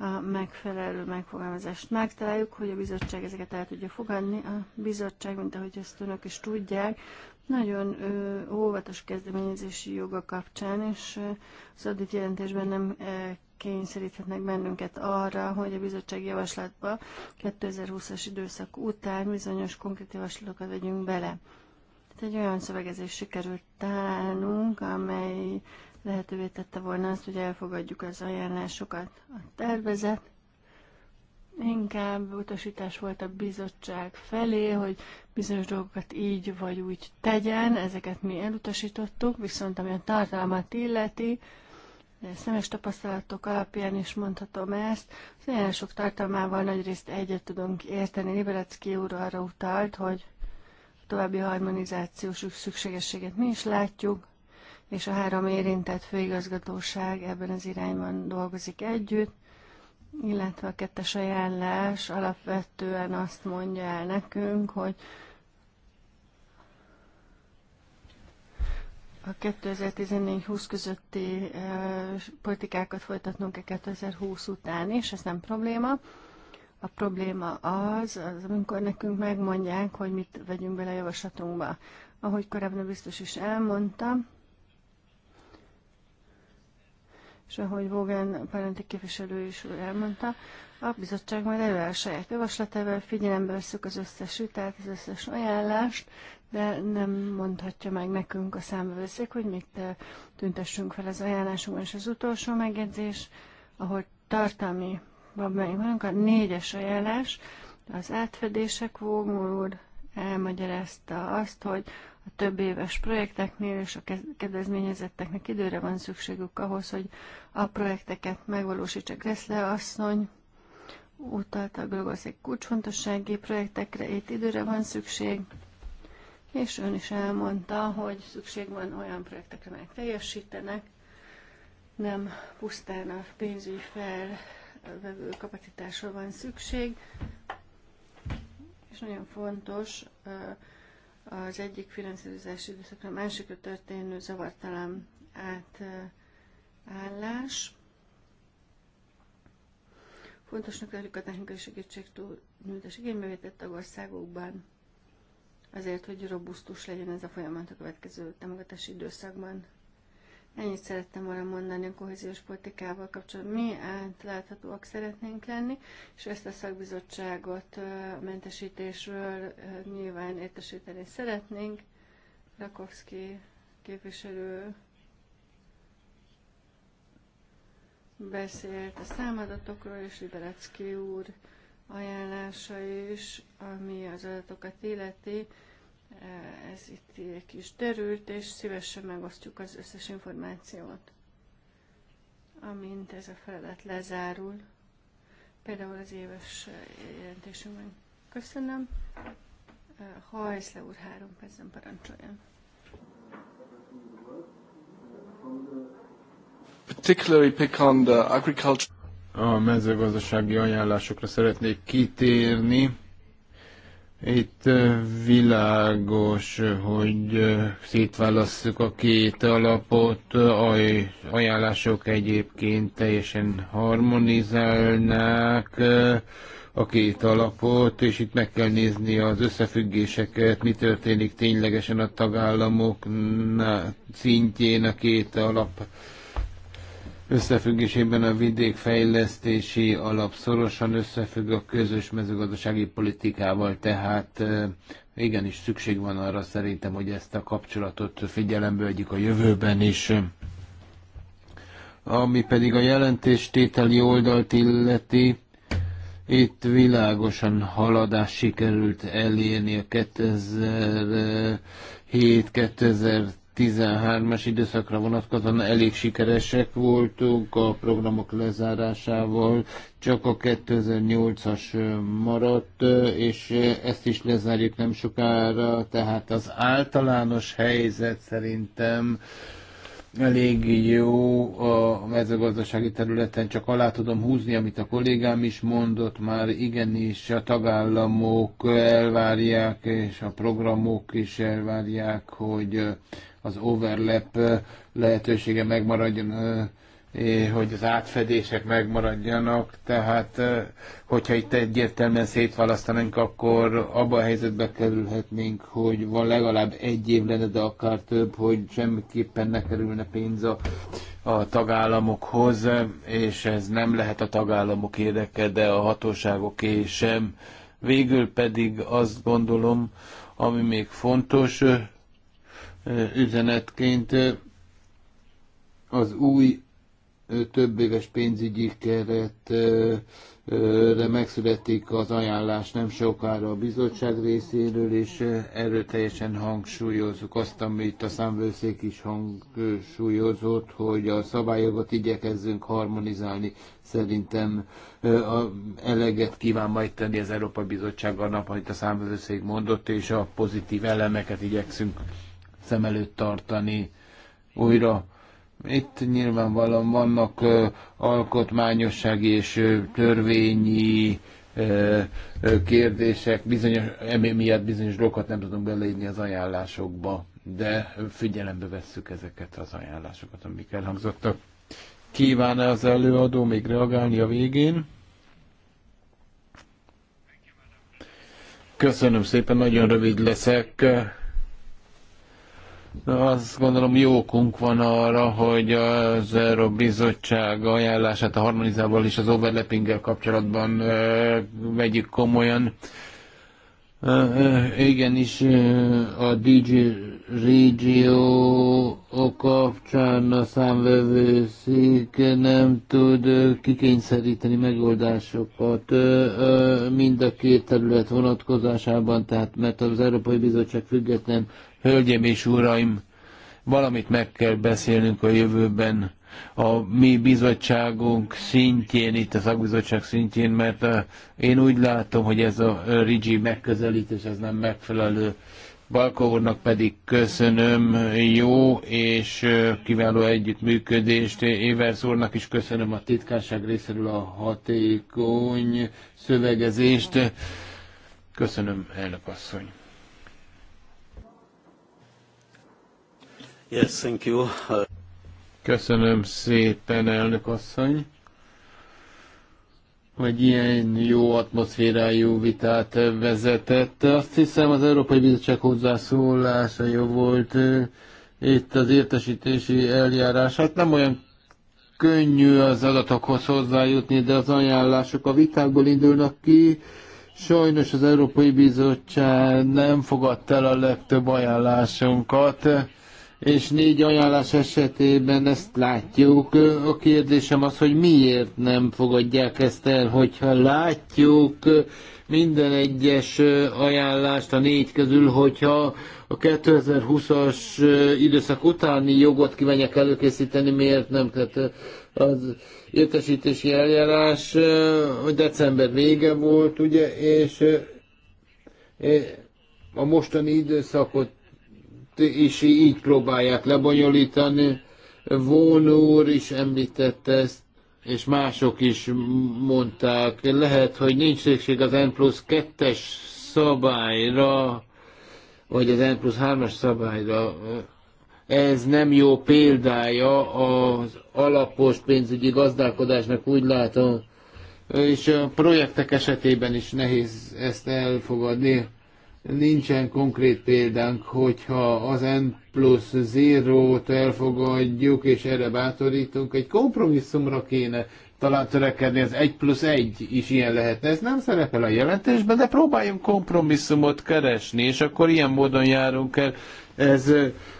a megfelelő megfogalmazást megtaláljuk, hogy a bizottság ezeket el tudja fogadni. A bizottság, mint ahogy ezt önök is tudják, nagyon ö, óvatos kezdeményezési joga kapcsán, és az adott jelentésben nem ö, kényszeríthetnek bennünket arra, hogy a bizottság javaslatba 2020-as időszak után bizonyos konkrét javaslatokat vegyünk bele. Tehát egy olyan szövegezés sikerült találnunk, amely lehetővé tette volna azt, hogy elfogadjuk az ajánlásokat. A tervezet inkább utasítás volt a bizottság felé, hogy bizonyos dolgokat így vagy úgy tegyen, ezeket mi elutasítottuk, viszont ami a tartalmat illeti, de szemes tapasztalatok alapján is mondhatom ezt, az ajánlások tartalmával nagyrészt egyet tudunk érteni. Liberecki úr arra utalt, hogy további harmonizációs szükségességet mi is látjuk, és a három érintett főigazgatóság ebben az irányban dolgozik együtt, illetve a kettes ajánlás alapvetően azt mondja el nekünk, hogy a 2014-20 közötti politikákat folytatnunk a 2020 után is, ez nem probléma. A probléma az, az, amikor nekünk megmondják, hogy mit vegyünk bele a javaslatunkba. Ahogy korábban biztos is elmondtam, és ahogy Vogán parlamenti képviselő is elmondta, a bizottság majd előáll a saját javaslatával, figyelembe veszük az összes vitát, az összes ajánlást, de nem mondhatja meg nekünk a számbevőszék, hogy mit eh, tüntessünk fel az ajánlásunkban. És az utolsó megjegyzés, ahol tartalmi babáink vannak, a négyes ajánlás, az átfedések, Vógmúl úr elmagyarázta azt, hogy a több éves projekteknél és a kedvezményezetteknek időre van szükségük ahhoz, hogy a projekteket megvalósítsák. Kreszle asszony utalta a Globország kulcsfontossági projektekre, itt időre van szükség, és ön is elmondta, hogy szükség van olyan projektekre, amelyek teljesítenek, nem pusztán a pénzügyi felvevő kapacitásra van szükség, és nagyon fontos az egyik finanszírozási időszakra a másikra történő zavartalan átállás. Fontosnak tartjuk a technikai segítség túlnyújtás igénybevétett tagországokban, azért, hogy robusztus legyen ez a folyamat a következő támogatási időszakban. Ennyit szerettem volna mondani a kohéziós politikával kapcsolatban. Mi átláthatóak szeretnénk lenni, és ezt a szakbizottságot a mentesítésről nyilván értesíteni szeretnénk. Rakowski képviselő beszélt a számadatokról, és Liberecki úr ajánlása is, ami az adatokat illeti. Eh, ez itt egy is derült, és szívesen megosztjuk az összes információt, amint ez a feladat lezárul, például az éves eh, jelentésünkben. Köszönöm. Eh, Hajszle úr három percen parancsoljon. A mezőgazdasági ajánlásokra szeretnék kitérni itt világos, hogy szétválasztjuk a két alapot, a ajánlások egyébként teljesen harmonizálnák a két alapot, és itt meg kell nézni az összefüggéseket, mi történik ténylegesen a tagállamok szintjén a két alap összefüggésében a vidék fejlesztési alap szorosan összefügg a közös mezőgazdasági politikával, tehát igenis szükség van arra szerintem, hogy ezt a kapcsolatot figyelembe vegyük a jövőben is. Ami pedig a jelentéstételi oldalt illeti, itt világosan haladás sikerült elérni a 2007-2010 2013-as időszakra vonatkozóan elég sikeresek voltunk a programok lezárásával, csak a 2008-as maradt, és ezt is lezárjuk nem sokára, tehát az általános helyzet szerintem elég jó a mezőgazdasági területen, csak alá tudom húzni, amit a kollégám is mondott, már igenis a tagállamok elvárják, és a programok is elvárják, hogy az overlap lehetősége megmaradjon, hogy az átfedések megmaradjanak, tehát hogyha itt egyértelműen szétválasztanánk, akkor abba a helyzetbe kerülhetnénk, hogy van legalább egy év lenne, de akár több, hogy semmiképpen ne kerülne pénz a, a tagállamokhoz, és ez nem lehet a tagállamok érdeke, de a hatóságoké sem. Végül pedig azt gondolom, ami még fontos, üzenetként az új több éves pénzügyi keretre megszületik az ajánlás nem sokára a bizottság részéről, és erőteljesen hangsúlyozzuk azt, amit a számvőszék is hangsúlyozott, hogy a szabályokat igyekezzünk harmonizálni. Szerintem a eleget kíván majd tenni az Európa Bizottság annak, amit a számvőszék mondott, és a pozitív elemeket igyekszünk szem előtt tartani újra. Itt nyilvánvalóan vannak ö, alkotmányossági és ö, törvényi ö, ö, kérdések, bizonyos, miatt bizonyos dolgokat nem tudunk beleírni az ajánlásokba, de figyelembe vesszük ezeket az ajánlásokat, amik elhangzottak. Kíván-e az előadó még reagálni a végén? Köszönöm szépen, nagyon rövid leszek. Azt gondolom jókunk van arra, hogy az Euró Bizottság ajánlását a harmonizával és az overlappinggel kapcsolatban ö, vegyük komolyan. Igen is igenis, a DG Régió kapcsán a számvevőszék nem tud kikényszeríteni megoldásokat mind a két terület vonatkozásában, tehát mert az Európai Bizottság független Hölgyem és uraim, valamit meg kell beszélnünk a jövőben a mi bizottságunk szintjén, itt a szakbizottság szintjén, mert a, eh, én úgy látom, hogy ez a eh, Rigi megközelítés ez nem megfelelő. Balka úrnak pedig köszönöm jó és eh, kiváló együttműködést. Évers úrnak is köszönöm a titkárság részéről a hatékony szövegezést. Köszönöm, elnök asszony. Yes, thank you. Köszönöm szépen, elnök asszony, hogy ilyen jó atmoszférájú vitát vezetett. Azt hiszem az Európai Bizottság hozzászólása jó volt itt az értesítési eljárás. Hát nem olyan könnyű az adatokhoz hozzájutni, de az ajánlások a vitákból indulnak ki. Sajnos az Európai Bizottság nem fogadta el a legtöbb ajánlásunkat és négy ajánlás esetében ezt látjuk. A kérdésem az, hogy miért nem fogadják ezt el, hogyha látjuk minden egyes ajánlást a négy közül, hogyha a 2020-as időszak utáni jogot kívánják előkészíteni, miért nem? Tehát az értesítési eljárás december vége volt, ugye, és a mostani időszakot és így próbálják lebonyolítani. Von úr is említette ezt, és mások is mondták, lehet, hogy nincs szükség az N plusz 2-es szabályra, vagy az N plusz 3-as szabályra. Ez nem jó példája az alapos pénzügyi gazdálkodásnak, úgy látom, és a projektek esetében is nehéz ezt elfogadni Nincsen konkrét példánk, hogyha az N plusz zérót elfogadjuk, és erre bátorítunk, egy kompromisszumra kéne talán törekedni, az 1 plusz 1 is ilyen lehetne. Ez nem szerepel a jelentésben, de próbáljunk kompromisszumot keresni, és akkor ilyen módon járunk el. Ez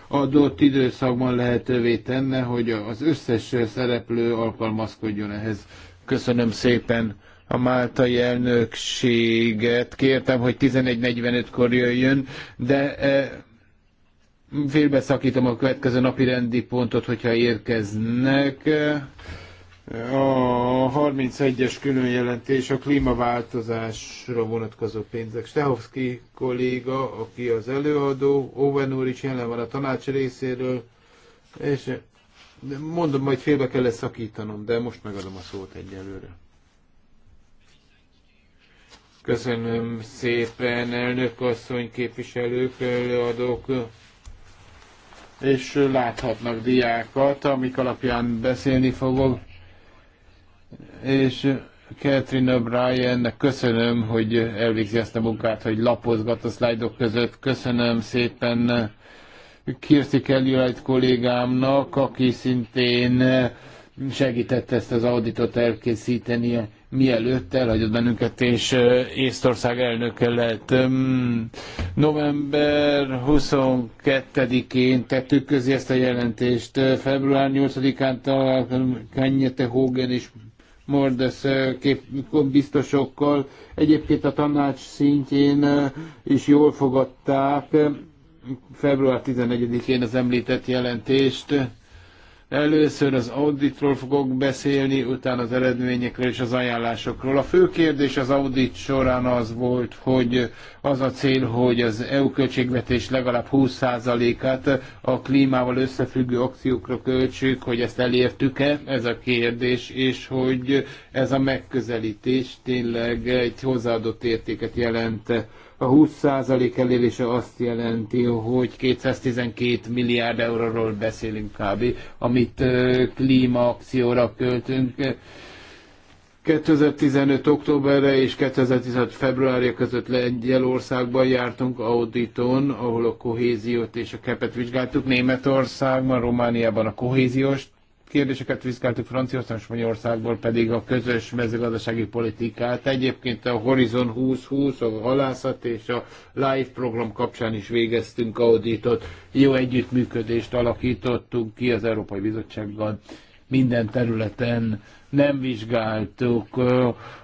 adott időszakban lehetővé tenne, hogy az összes szereplő alkalmazkodjon ehhez. Köszönöm szépen! a máltai elnökséget. Kértem, hogy 11.45-kor jöjjön, de e, félbeszakítom a következő napi rendi pontot, hogyha érkeznek. A 31-es különjelentés a klímaváltozásra vonatkozó pénzek. Stehovski kolléga, aki az előadó, Owen úr is jelen van a tanács részéről, és mondom, majd félbe kell szakítanom, de most megadom a szót egyelőre. Köszönöm szépen, elnök asszony, képviselők, előadók, és láthatnak diákat, amik alapján beszélni fogok. És Catherine O'Brien, köszönöm, hogy elvégzi ezt a munkát, hogy lapozgat a szlájdok között. Köszönöm szépen Kirti Kellyolajt kollégámnak, aki szintén segített ezt az auditot elkészíteni mielőtt elhagyott bennünket, és eh, Észtország elnöke lett. November 22-én tettük közé ezt a jelentést. Eh, február 8-án találkozunk Kenyete Hogan és Mordesz eh, biztosokkal. Egyébként a tanács szintjén is jól fogadták február 11-én az említett jelentést Először az auditról fogok beszélni, utána az eredményekről és az ajánlásokról. A fő kérdés az audit során az volt, hogy az a cél, hogy az EU költségvetés legalább 20%-át a klímával összefüggő akciókra költsük, hogy ezt elértük-e, ez a kérdés, és hogy ez a megközelítés tényleg egy hozzáadott értéket jelent a 20% elérése azt jelenti, hogy 212 milliárd euróról beszélünk kb., amit klímaakcióra költünk. 2015. októberre és 2016. februárja között Lengyelországban jártunk auditon, ahol a kohéziót és a kepet vizsgáltuk, Németországban, Romániában a kohéziós kérdéseket vizsgáltuk Franciaország és Magyarországból, pedig a közös mezőgazdasági politikát. Egyébként a Horizon 2020, a halászat és a Live program kapcsán is végeztünk auditot. Jó együttműködést alakítottunk ki az Európai Bizottságban minden területen. Nem vizsgáltuk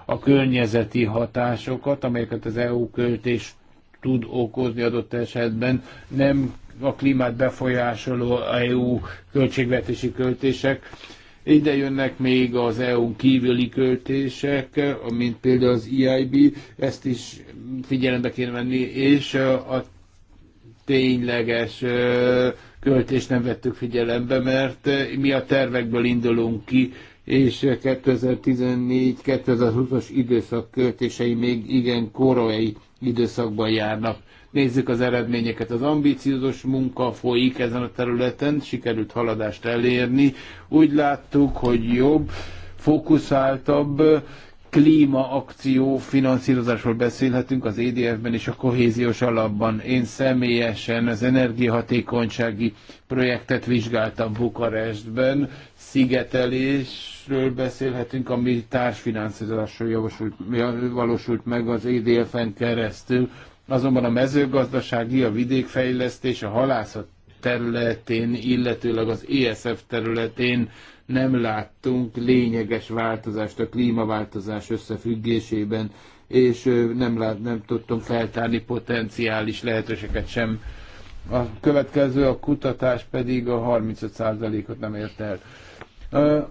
a környezeti hatásokat, amelyeket az EU költés tud okozni adott esetben. Nem a klímát befolyásoló EU költségvetési költések. Ide jönnek még az EU kívüli költések, mint például az EIB, ezt is figyelembe kéne venni, és a tényleges költést nem vettük figyelembe, mert mi a tervekből indulunk ki, és 2014-2020-as időszak költései még igen korai időszakban járnak. Nézzük az eredményeket. Az ambíciózus munka folyik ezen a területen, sikerült haladást elérni. Úgy láttuk, hogy jobb, fókuszáltabb klímaakció finanszírozásról beszélhetünk az EDF-ben és a kohéziós alapban. Én személyesen az energiahatékonysági projektet vizsgáltam Bukarestben, szigetelésről beszélhetünk, ami társfinanszírozásról javasult, valósult meg az EDF-en keresztül. Azonban a mezőgazdasági, a vidékfejlesztés, a halászat területén, illetőleg az ESF területén nem láttunk lényeges változást a klímaváltozás összefüggésében, és nem, lát, nem tudtunk feltárni potenciális lehetőséget sem. A következő a kutatás pedig a 35%-ot nem ért el.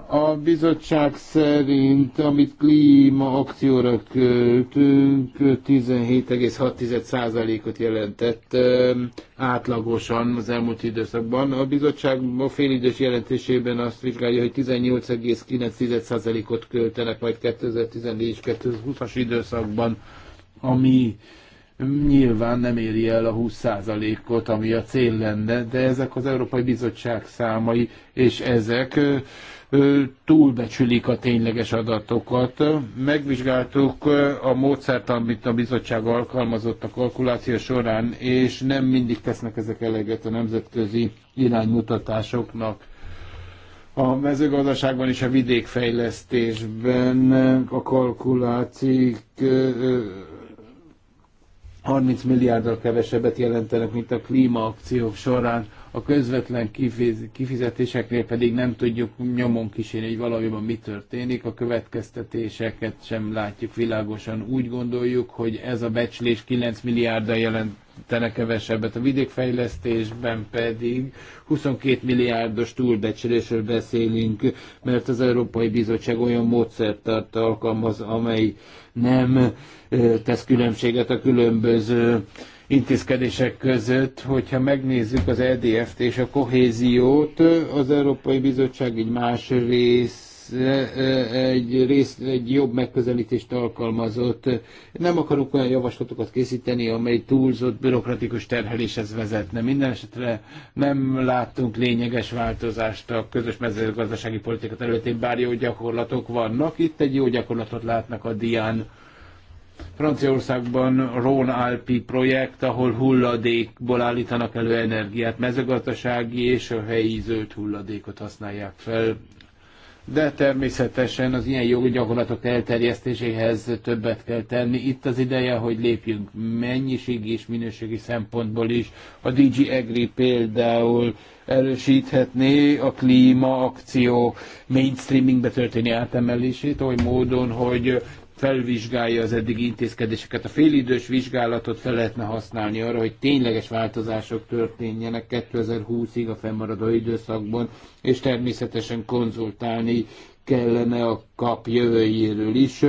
A bizottság szerint, amit akcióra költünk, 17,6%-ot jelentett átlagosan az elmúlt időszakban. A bizottság a félidős jelentésében azt vizsgálja, hogy 18,9%-ot költenek majd 2014 2020-as időszakban, ami nyilván nem éri el a 20%-ot, ami a cél lenne, de ezek az Európai Bizottság számai, és ezek túlbecsülik a tényleges adatokat. Megvizsgáltuk a módszert, amit a bizottság alkalmazott a kalkuláció során, és nem mindig tesznek ezek eleget a nemzetközi iránymutatásoknak. A mezőgazdaságban és a vidékfejlesztésben a kalkulációk 30 milliárdal kevesebbet jelentenek, mint a klímaakciók során a közvetlen kifizetéseknél pedig nem tudjuk nyomon kísérni, hogy valójában mi történik, a következtetéseket sem látjuk világosan. Úgy gondoljuk, hogy ez a becslés 9 milliárda jelentene kevesebbet, a vidékfejlesztésben pedig 22 milliárdos túlbecslésről beszélünk, mert az Európai Bizottság olyan módszertart alkalmaz, amely nem tesz különbséget a különböző intézkedések között, hogyha megnézzük az EDF-t és a kohéziót, az Európai Bizottság egy más rész, egy, rész, egy jobb megközelítést alkalmazott. Nem akarunk olyan javaslatokat készíteni, amely túlzott bürokratikus terheléshez vezetne. Minden esetre nem láttunk lényeges változást a közös mezőgazdasági politika területén, bár jó gyakorlatok vannak. Itt egy jó gyakorlatot látnak a dián Franciaországban Rhône Alpi projekt, ahol hulladékból állítanak elő energiát, mezőgazdasági és a helyi zöld hulladékot használják fel. De természetesen az ilyen jogi gyakorlatok elterjesztéséhez többet kell tenni. Itt az ideje, hogy lépjünk mennyiségi és minőségi szempontból is. A DG Agri például erősíthetné a klímaakció mainstreamingbe történő átemelését oly módon, hogy felvizsgálja az eddigi intézkedéseket. A félidős vizsgálatot fel lehetne használni arra, hogy tényleges változások történjenek 2020-ig a fennmaradó időszakban, és természetesen konzultálni kellene a kap jövőjéről is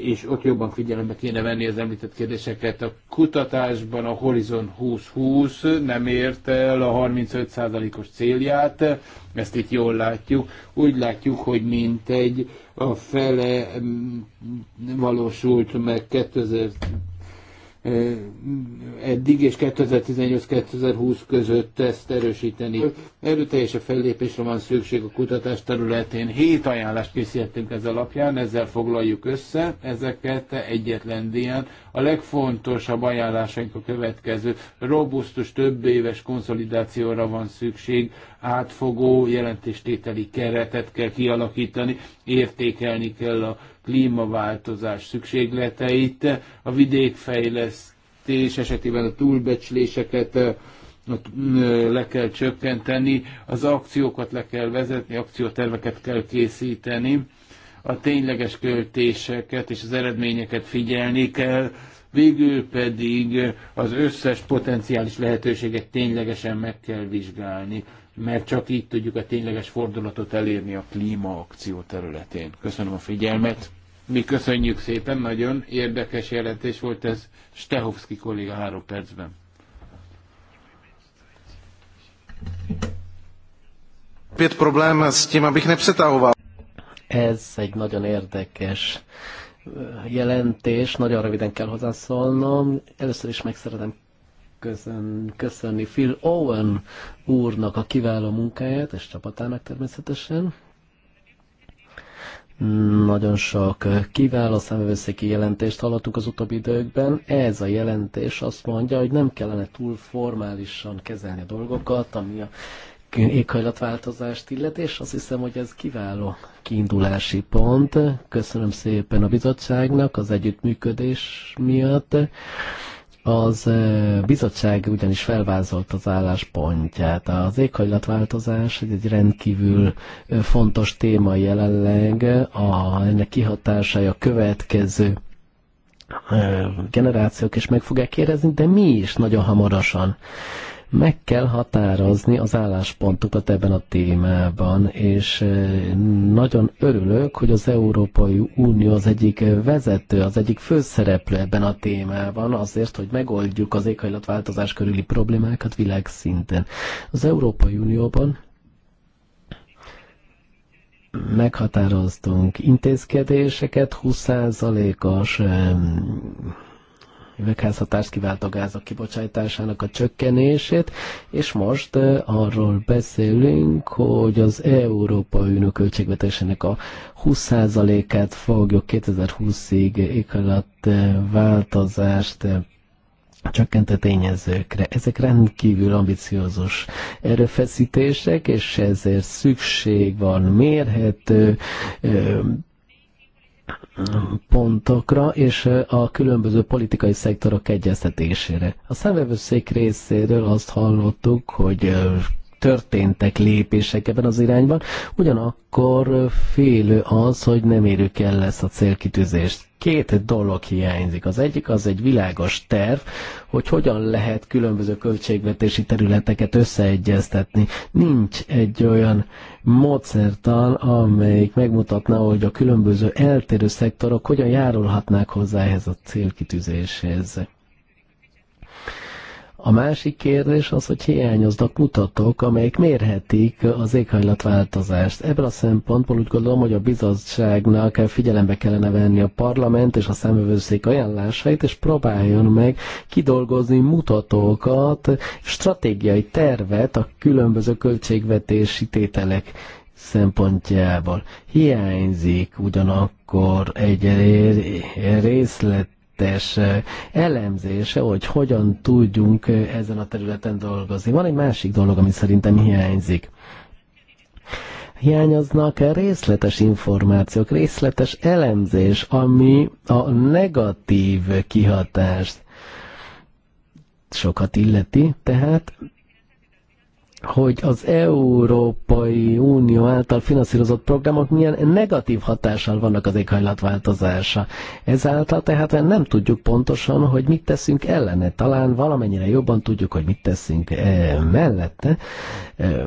és ott jobban figyelembe kéne venni az említett kérdéseket. A kutatásban a Horizon 2020 nem ért el a 35%-os célját, ezt itt jól látjuk. Úgy látjuk, hogy egy a fele valósult meg 2000 eddig és 2018-2020 között ezt erősíteni. a fellépésre van szükség a kutatás területén. Hét ajánlást készítettünk ez alapján, ezzel foglaljuk össze ezeket egyetlen dián. A legfontosabb ajánlásaink a következő. Robusztus több éves konszolidációra van szükség, átfogó jelentéstételi keretet kell kialakítani, értékelni kell a klímaváltozás szükségleteit, a vidékfejlesztés esetében a túlbecsléseket le kell csökkenteni, az akciókat le kell vezetni, akcióterveket kell készíteni, a tényleges költéseket és az eredményeket figyelni kell, végül pedig az összes potenciális lehetőséget ténylegesen meg kell vizsgálni mert csak így tudjuk a tényleges fordulatot elérni a klímaakció területén. Köszönöm a figyelmet. Mi köszönjük szépen, nagyon érdekes jelentés volt ez. Stehovski kolléga három percben. Pět problém s tím, abych nepřetahoval. Ez egy nagyon érdekes jelentés, nagyon röviden kell hozzászólnom. Először is meg szeretném köszön, köszönni Phil Owen úrnak a kiváló munkáját, és csapatának természetesen. Nagyon sok kiváló szemvőszéki jelentést hallottuk az utóbbi időkben. Ez a jelentés azt mondja, hogy nem kellene túl formálisan kezelni a dolgokat, ami a éghajlatváltozást illet, és azt hiszem, hogy ez kiváló kiindulási pont. Köszönöm szépen a bizottságnak az együttműködés miatt. Az bizottság ugyanis felvázolt az álláspontját. Az éghajlatváltozás egy rendkívül fontos téma jelenleg, a, ennek kihatásai a következő generációk is meg fogják kérdezni, de mi is nagyon hamarosan. Meg kell határozni az álláspontokat ebben a témában, és eh, nagyon örülök, hogy az Európai Unió az egyik vezető, az egyik főszereplő ebben a témában, azért, hogy megoldjuk az éghajlatváltozás körüli problémákat világszinten. Az Európai Unióban meghatároztunk intézkedéseket, 20%-os üvegházhatást kiváltó gázok kibocsátásának a csökkenését, és most arról beszélünk, hogy az Európa Unió költségvetésének a 20%-át fogjuk 2020-ig éghajlat változást csökkentő tényezőkre. Ezek rendkívül ambiciózus erőfeszítések, és ezért szükség van mérhető, pontokra és a különböző politikai szektorok egyeztetésére. A szemvevőszék részéről azt hallottuk, hogy történtek lépések ebben az irányban, ugyanakkor félő az, hogy nem érjük el ezt a célkitűzést. Két dolog hiányzik. Az egyik az egy világos terv, hogy hogyan lehet különböző költségvetési területeket összeegyeztetni. Nincs egy olyan módszertan, amelyik megmutatná, hogy a különböző eltérő szektorok hogyan járulhatnák hozzá ehhez a célkitűzéshez. A másik kérdés az, hogy hiányoznak mutatók, amelyek mérhetik az éghajlatváltozást. Ebből a szempontból úgy gondolom, hogy a bizottságnak figyelembe kellene venni a parlament és a szemövőszék ajánlásait, és próbáljon meg kidolgozni mutatókat, stratégiai tervet a különböző költségvetési tételek szempontjából. Hiányzik ugyanakkor egy részlet kettes elemzése, hogy hogyan tudjunk ezen a területen dolgozni. Van egy másik dolog, ami szerintem hiányzik hiányoznak részletes információk, részletes elemzés, ami a negatív kihatást sokat illeti, tehát hogy az Európai Unió által finanszírozott programok milyen negatív hatással vannak az éghajlatváltozásra. Ezáltal tehát nem tudjuk pontosan, hogy mit teszünk ellene. Talán valamennyire jobban tudjuk, hogy mit teszünk e, mellette. E,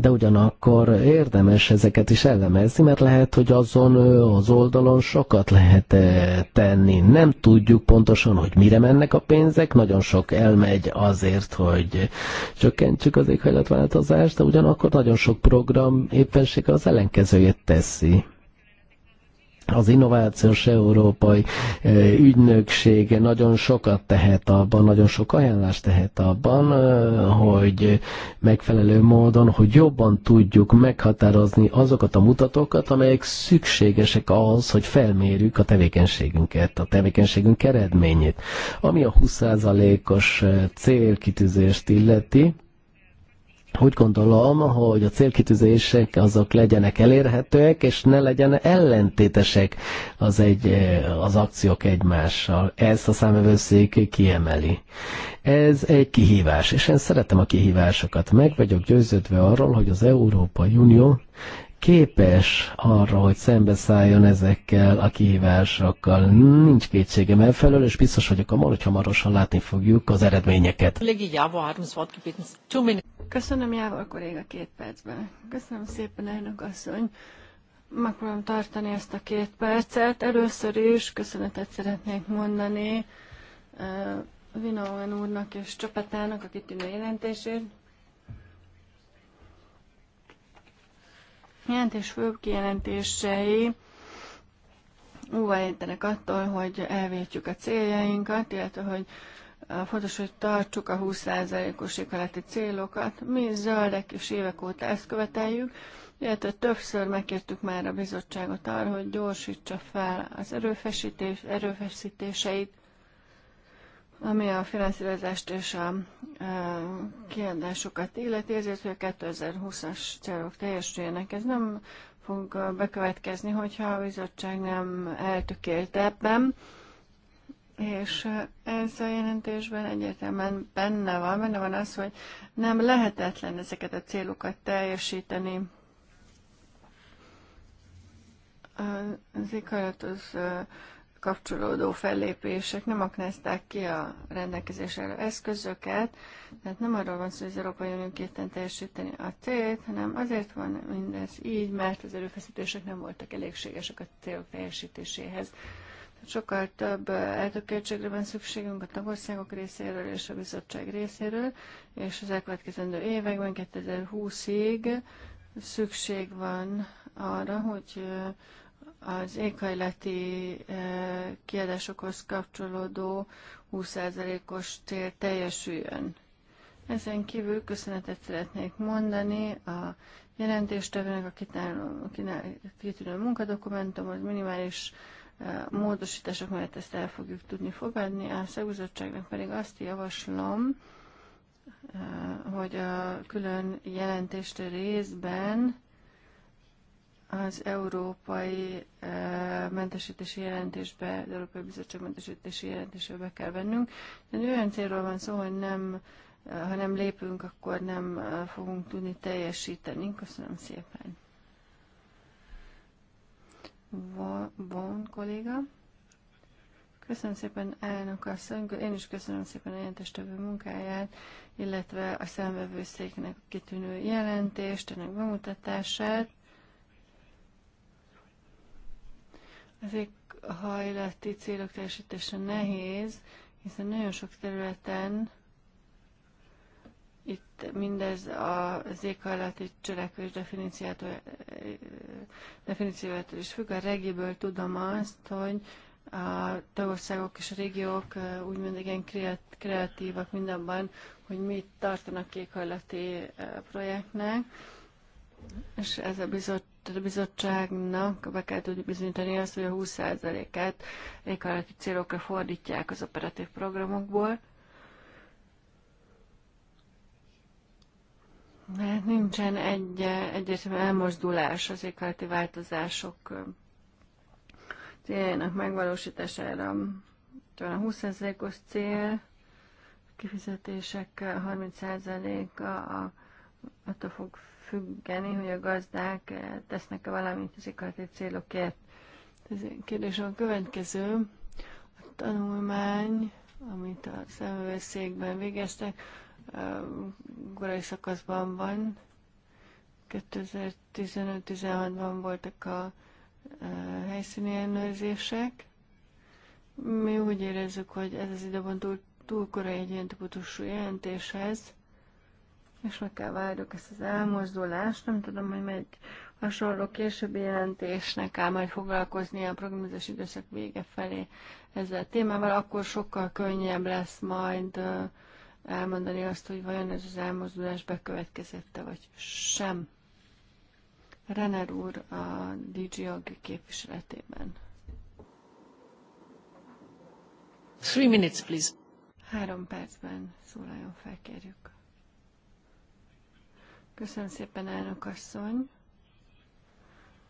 de ugyanakkor érdemes ezeket is elemezni, mert lehet, hogy azon az oldalon sokat lehet tenni. Nem tudjuk pontosan, hogy mire mennek a pénzek, nagyon sok elmegy azért, hogy csökkentsük az éghajlatváltozást, de ugyanakkor nagyon sok program éppenséggel az ellenkezőjét teszi az Innovációs Európai e, Ügynöksége nagyon sokat tehet abban, nagyon sok ajánlást tehet abban, e, hogy megfelelő módon, hogy jobban tudjuk meghatározni azokat a mutatókat, amelyek szükségesek ahhoz, hogy felmérjük a tevékenységünket, a tevékenységünk eredményét. Ami a 20%-os e, célkitűzést illeti, úgy gondolom, hogy a célkitűzések azok legyenek elérhetőek, és ne legyen ellentétesek az, egy, eh, az akciók egymással. Ezt a számövőszék kiemeli. Ez egy kihívás, és én szeretem a kihívásokat. Meg vagyok győződve arról, hogy az Európai Unió képes arra, hogy szembeszálljon ezekkel a kihívásokkal. Nincs kétségem elfelől, és biztos vagyok a hogy hamarosan látni fogjuk az eredményeket. Köszönöm, Jávor kolléga, két percben. Köszönöm szépen, elnök asszony. Megpróbálom tartani ezt a két percet. Először is köszönetet szeretnék mondani eh, Vinóan úrnak és csapatának a kitűnő jelentését. jelentés főbb kijelentései óvájétenek attól, hogy elvétjük a céljainkat, illetve hogy fontos, hogy tartsuk a 20%-os éveleti célokat. Mi zöldek és évek óta ezt követeljük, illetve többször megkértük már a bizottságot arra, hogy gyorsítsa fel az erőfeszítés, erőfeszítéseit, ami a finanszírozást és a kiadásokat illeti, ezért, hogy a 2020-as célok teljesüljenek. Ez nem fog bekövetkezni, hogyha a bizottság nem eltökélt ebben, és ez a jelentésben egyértelműen benne van, benne van az, hogy nem lehetetlen ezeket a célokat teljesíteni. Az az kapcsolódó fellépések nem aknázták ki a rendelkezésre eszközöket, tehát nem arról van szó, hogy az Európai Unió kéten teljesíteni a célt, hanem azért van mindez így, mert az erőfeszítések nem voltak elégségesek a cél teljesítéséhez. Tehát sokkal több eltökéltségre van szükségünk a tagországok részéről és a bizottság részéről, és az elkövetkezendő években, 2020-ig szükség van arra, hogy az éghajlati eh, kiadásokhoz kapcsolódó 20%-os cél teljesüljön. Ezen kívül köszönetet szeretnék mondani a jelentéstevőnek, a kitűnő munkadokumentum, az minimális eh, módosítások mellett ezt el fogjuk tudni fogadni. A szegúzottságnak pedig azt javaslom, eh, hogy a külön jelentést részben az európai mentesítési jelentésbe, az Európai Bizottság mentesítési jelentésébe kell vennünk. De olyan célról van szó, hogy nem, ha nem lépünk, akkor nem fogunk tudni teljesíteni. Köszönöm szépen. Bon, kolléga. Köszönöm szépen elnök asszony, én is köszönöm szépen a jelentéstevő munkáját, illetve a számvevőszéknek kitűnő jelentést, ennek bemutatását. Az hajlati célok teljesítése nehéz, hiszen nagyon sok területen itt mindez az éghajlati cselekvés eh, definíciójától is függ. A regiből tudom azt, hogy a tagországok és a régiók eh, úgymond igen kreatívak mindabban, hogy mit tartanak éghajlati eh, projektnek és ez a bizott, a bizottságnak be kell tudni bizonyítani azt, hogy a 20%-át éghajlati célokra fordítják az operatív programokból. Mert nincsen egy, egyértelmű elmozdulás az éghajlati változások céljának megvalósítására. a 20%-os cél, kifizetések 30%-a attól fog függeni, hogy a gazdák eh, tesznek-e valamit az ikarti célokért. Ez kérdés a következő. A tanulmány, amit a szemüveszékben végeztek, korai szakaszban van. 2015-16-ban voltak a eh, helyszíni ellenőrzések. Mi úgy érezzük, hogy ez az időpont túl, túl korai egy ilyen típusú jelentéshez és meg kell várjuk ezt az elmozdulást. Nem tudom, hogy megy hasonló későbbi jelentésnek kell majd foglalkozni a programozási időszak vége felé ezzel a témával, akkor sokkal könnyebb lesz majd elmondani azt, hogy vajon ez az elmozdulás bekövetkezette, vagy sem. Renner úr a DJ Agri képviseletében. Three minutes, please. Három percben szólaljon fel, kérjük. Köszönöm szépen, elnök asszony.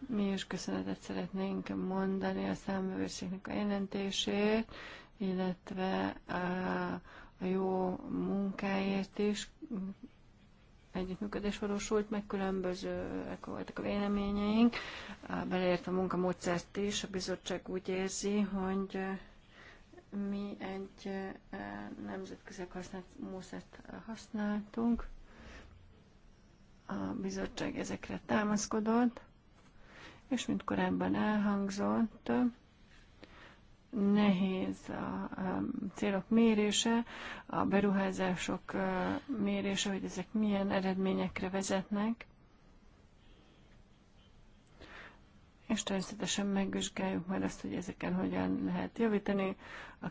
Mi is köszönetet szeretnénk mondani a számvevőségnek a jelentését, illetve a, a jó munkáért is. Együttműködés valósult meg, különbözőek voltak a véleményeink, beleértve a munkamódszert is. A bizottság úgy érzi, hogy mi egy nemzetközi használt módszert használtunk, a bizottság ezekre támaszkodott, és mint korábban elhangzott, nehéz a, célok mérése, a beruházások mérése, hogy ezek milyen eredményekre vezetnek. És természetesen megvizsgáljuk majd azt, hogy ezeken hogyan lehet javítani a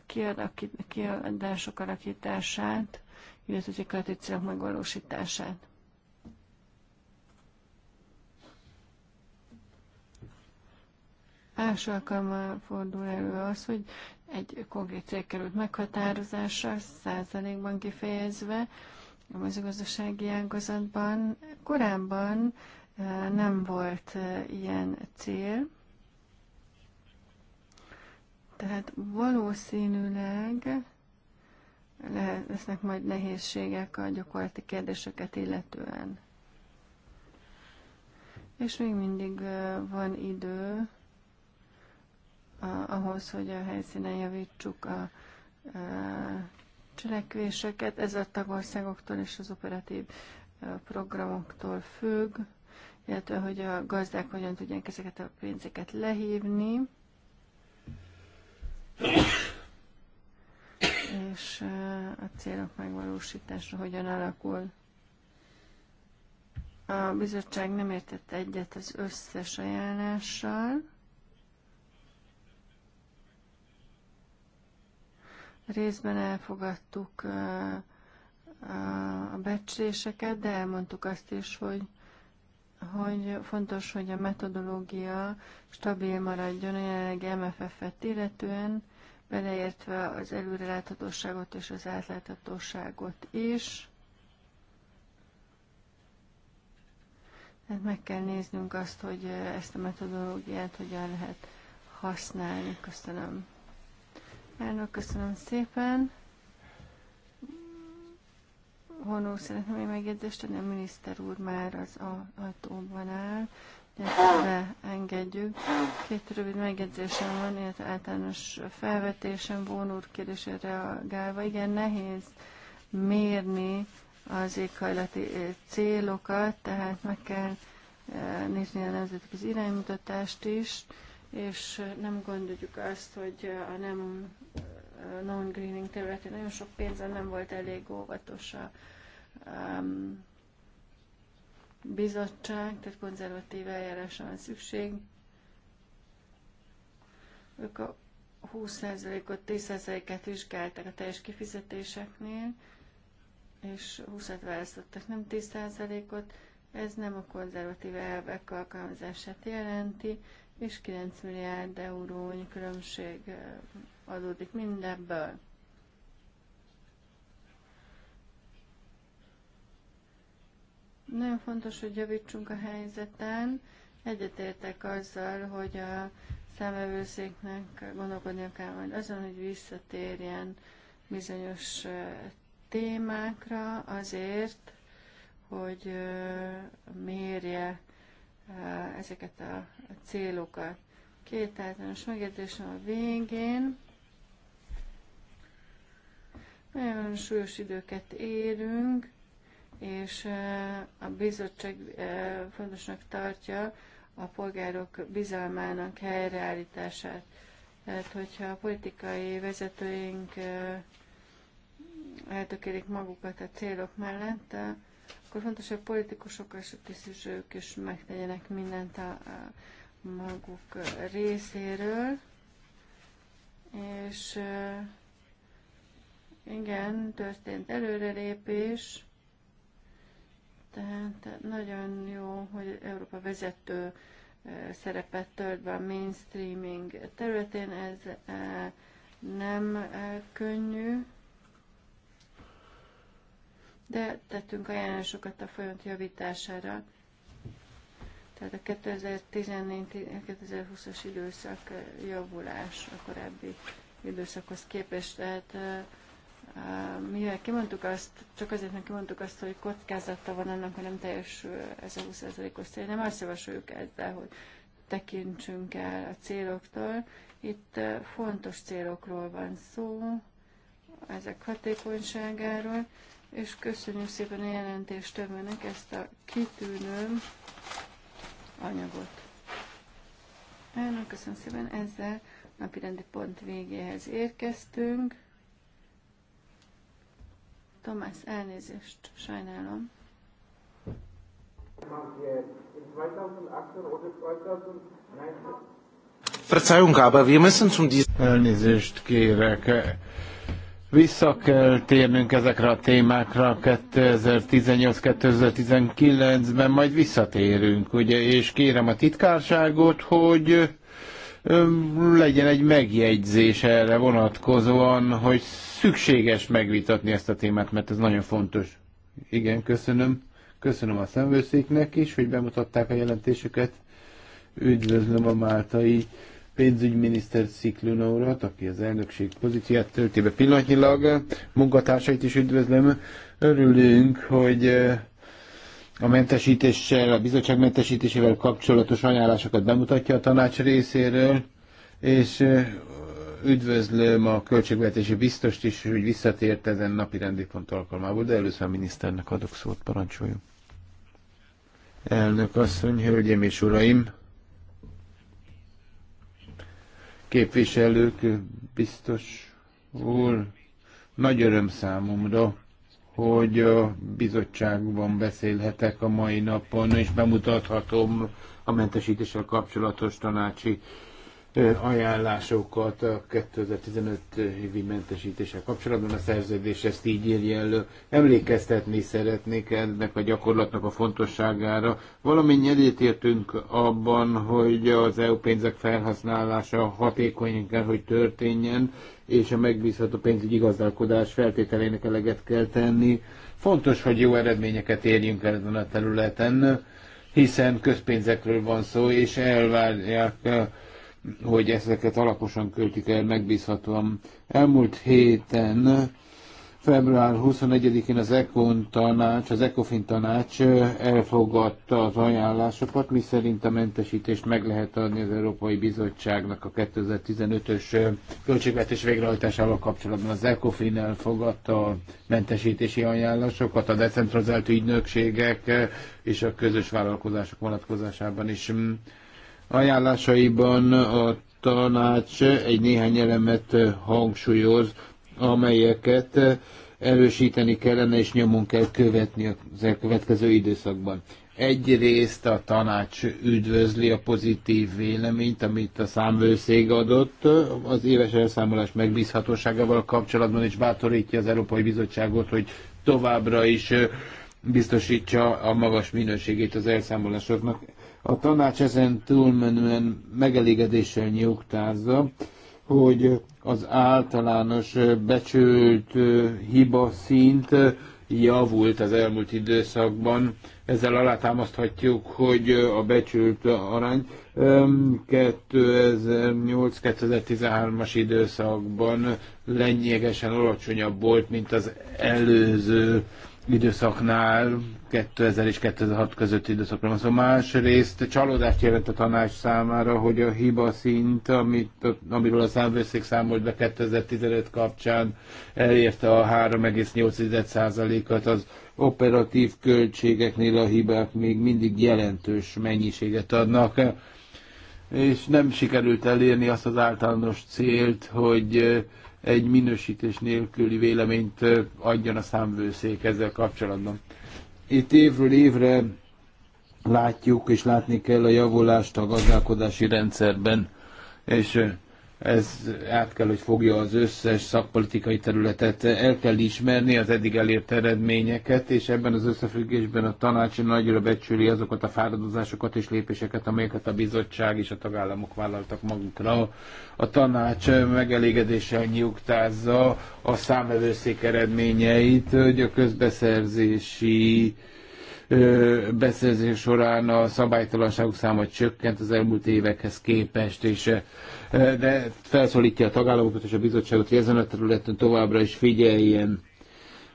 kiadások alakítását, illetve a célok megvalósítását. Első alkalommal fordul elő az, hogy egy konkrét cég került meghatározásra, százalékban kifejezve, a mezőgazdasági ágazatban. Korábban eh, nem volt eh, ilyen cél, tehát valószínűleg lesznek majd nehézségek a gyakorlati kérdéseket illetően. És még mindig eh, van idő ahhoz, hogy a helyszínen javítsuk a, a cselekvéseket. Ez a tagországoktól és az operatív programoktól függ, illetve hogy a gazdák hogyan tudják ezeket a pénzeket lehívni. és a célok megvalósítása hogyan alakul. A bizottság nem értett egyet az összes ajánlással, Részben elfogadtuk a becsléseket, de elmondtuk azt is, hogy hogy fontos, hogy a metodológia stabil maradjon a jelenlegi MFF-et illetően, beleértve az előreláthatóságot és az átláthatóságot is. Tehát meg kell néznünk azt, hogy ezt a metodológiát hogyan lehet használni. Köszönöm. Elnök, köszönöm szépen. Honó, szeretném egy megjegyzést tenni, a miniszter úr már az ajtóban áll, ezt engedjük. Két rövid megjegyzésem van, illetve általános felvetésem, vonúr kérdésére reagálva. Igen, nehéz mérni az éghajlati eh, célokat, tehát meg kell eh, nézni a nemzetközi iránymutatást is, és nem gondoljuk azt, hogy a nem non-greening területén nagyon sok pénzen nem volt elég óvatos a um, bizottság, tehát konzervatív eljárásra van szükség. Ők a 20%-ot, 10%-et vizsgáltak a teljes kifizetéseknél, és 20-at választottak, nem 10%-ot. Ez nem a konzervatív elvek alkalmazását jelenti, és 9 milliárd eurónyi különbség adódik mindebből. Nagyon fontos, hogy javítsunk a helyzeten. Egyetértek azzal, hogy a számövőszéknek gondolkodni kell majd azon, hogy visszatérjen bizonyos témákra azért, hogy mérje Eh, ezeket a célokat. Két általános megjegyzésem a végén. Nagyon súlyos időket élünk, és eh, a bizottság eh, fontosnak tartja a polgárok bizalmának helyreállítását. Tehát, hogyha a politikai vezetőink eltökélik magukat a célok mellett, akkor fontos, hogy a politikusok és a tisztviselők is megtegyenek mindent a, a maguk részéről. És igen, történt előrelépés, tehát nagyon jó, hogy Európa vezető szerepet tölt be a mainstreaming területén, ez nem könnyű, de tettünk ajánlásokat a folyamat javítására. Tehát a 2014-2020-as időszak eh, javulás a korábbi időszakhoz képest. Tehát eh, eh, mivel kimondtuk azt, csak azért, mert kimondtuk azt, hogy kockázata van annak, hogy nem teljesül ez a 20%-os cél, nem azt javasoljuk ezzel, hogy tekintsünk el a céloktól. Itt fontos célokról van szó, ezek hatékonyságáról, és köszönjük szépen a jelentéstevőnek ezt a kitűnő anyagot. Elnök, köszönöm szépen, ezzel rendi pont végéhez érkeztünk. Tomás, elnézést, sajnálom. Verzeihung, aber wir müssen zum Elnézést kérek. Vissza kell térnünk ezekre a témákra 2018-2019-ben, majd visszatérünk, ugye, és kérem a titkárságot, hogy legyen egy megjegyzés erre vonatkozóan, hogy szükséges megvitatni ezt a témát, mert ez nagyon fontos. Igen, köszönöm. Köszönöm a szemvőszéknek is, hogy bemutatták a jelentésüket. Üdvözlöm a máltai pénzügyminiszter Sziklőna urat, aki az elnökség pozíciát tölti be pillanatnyilag. Munkatársait is üdvözlöm. Örülünk, hogy eh, a mentesítéssel, a bizottság mentesítésével kapcsolatos ajánlásokat bemutatja a tanács részéről, és eh, üdvözlöm a költségvetési biztost is, hogy visszatért ezen napi rendi pont alkalmából, de először a miniszternek adok szót, parancsoljon. Elnök asszony, hölgyeim és uraim! képviselők, biztos úr, nagy öröm számomra, hogy a bizottságban beszélhetek a mai napon, és bemutathatom a mentesítéssel kapcsolatos tanácsi ajánlásokat a 2015 évi mentesítéssel kapcsolatban. A szerződés ezt így írja elő. Emlékeztetni szeretnék ennek a gyakorlatnak a fontosságára. nyedét értünk abban, hogy az EU pénzek felhasználása hatékony kell, hogy történjen, és a megbízható pénzügyi gazdálkodás feltételének eleget kell tenni. Fontos, hogy jó eredményeket érjünk el ezen a területen, hiszen közpénzekről van szó, és elvárják hogy ezeket alaposan költik el megbízhatóan. Elmúlt héten, február 21-én az ECON tanács, az ECOFIN tanács elfogadta az ajánlásokat, mi szerint a mentesítést meg lehet adni az Európai Bizottságnak a 2015-ös költségvetés végrehajtásával kapcsolatban. Az ECOFIN elfogadta a mentesítési ajánlásokat, a decentralizált ügynökségek és a közös vállalkozások vonatkozásában is. Ajánlásaiban a tanács egy néhány elemet hangsúlyoz, amelyeket erősíteni kellene és nyomon kell követni az elkövetkező időszakban. Egyrészt a tanács üdvözli a pozitív véleményt, amit a számvőszég adott az éves elszámolás megbízhatóságával kapcsolatban, és bátorítja az Európai Bizottságot, hogy továbbra is biztosítsa a magas minőségét az elszámolásoknak. A tanács ezen túlmenően megelégedéssel nyugtázza, hogy az általános becsült hiba szint javult az elmúlt időszakban. Ezzel alátámaszthatjuk, hogy a becsült arány 2008-2013-as időszakban lenyegesen alacsonyabb volt, mint az előző időszaknál, 2000 és 2006 közötti időszakra van szó. Szóval másrészt csalódást jelent a tanács számára, hogy a hiba szint, amit, amiről a számvőszék számolt be 2015 kapcsán, elérte a 3,8%-at, az operatív költségeknél a hibák még mindig jelentős mennyiséget adnak, és nem sikerült elérni azt az általános célt, hogy egy minősítés nélküli véleményt adjon a számvőszék ezzel kapcsolatban. Itt évről évre látjuk és látni kell a javulást a gazdálkodási rendszerben, és ez át kell, hogy fogja az összes szakpolitikai területet, el kell ismerni az eddig elért eredményeket, és ebben az összefüggésben a tanács nagyra becsüli azokat a fáradozásokat és lépéseket, amelyeket a bizottság és a tagállamok vállaltak magukra. A tanács megelégedéssel nyugtázza a számvevőszék eredményeit, hogy a közbeszerzési beszerzés során a szabálytalanságok száma csökkent az elmúlt évekhez képest, és de felszólítja a tagállamokat és a bizottságot, hogy ezen a területen továbbra is figyeljen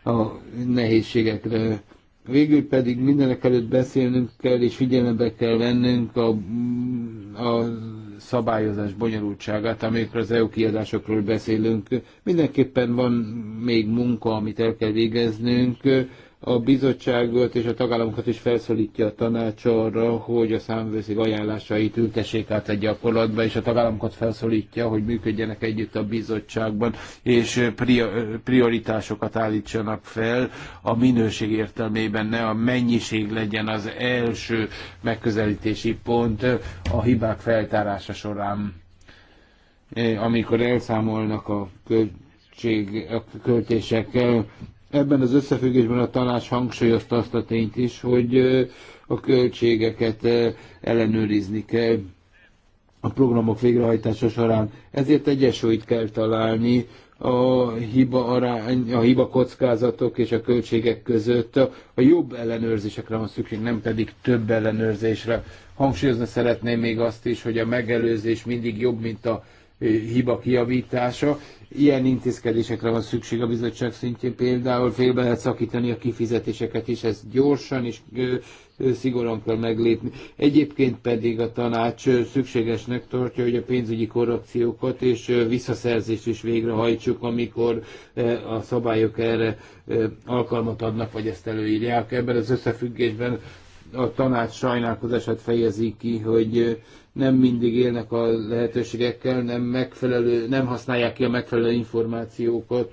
a nehézségekre. Végül pedig mindenek előtt beszélnünk kell és figyelembe kell vennünk a, a szabályozás bonyolultságát, amikor az EU kiadásokról beszélünk. Mindenképpen van még munka, amit el kell végeznünk a bizottságot és a tagállamokat is felszólítja a tanács arra, hogy a számvőszék ajánlásait ültessék át egy gyakorlatba, és a tagállamokat felszólítja, hogy működjenek együtt a bizottságban, és prioritásokat állítsanak fel a minőség értelmében, ne a mennyiség legyen az első megközelítési pont a hibák feltárása során. Eh, amikor elszámolnak a költség, a költésekkel, Ebben az összefüggésben a tanács hangsúlyozta azt a tényt is, hogy a költségeket ellenőrizni kell a programok végrehajtása során. Ezért egyesült kell találni a hiba, arány, a hiba kockázatok és a költségek között a jobb ellenőrzésekre van szükség, nem pedig több ellenőrzésre. Hangsúlyozni szeretném még azt is, hogy a megelőzés mindig jobb, mint a hiba kiavítása, Ilyen intézkedésekre van szükség a bizottság szintjén, például félbe lehet szakítani a kifizetéseket, és ezt gyorsan és szigorúan kell meglépni. Egyébként pedig a tanács szükségesnek tartja, hogy a pénzügyi korrupciókat és visszaszerzést is végrehajtsuk, amikor a szabályok erre alkalmat adnak, vagy ezt előírják. Ebben az összefüggésben a tanács sajnálkozását fejezi ki, hogy nem mindig élnek a lehetőségekkel, nem, megfelelő, nem használják ki a megfelelő információkat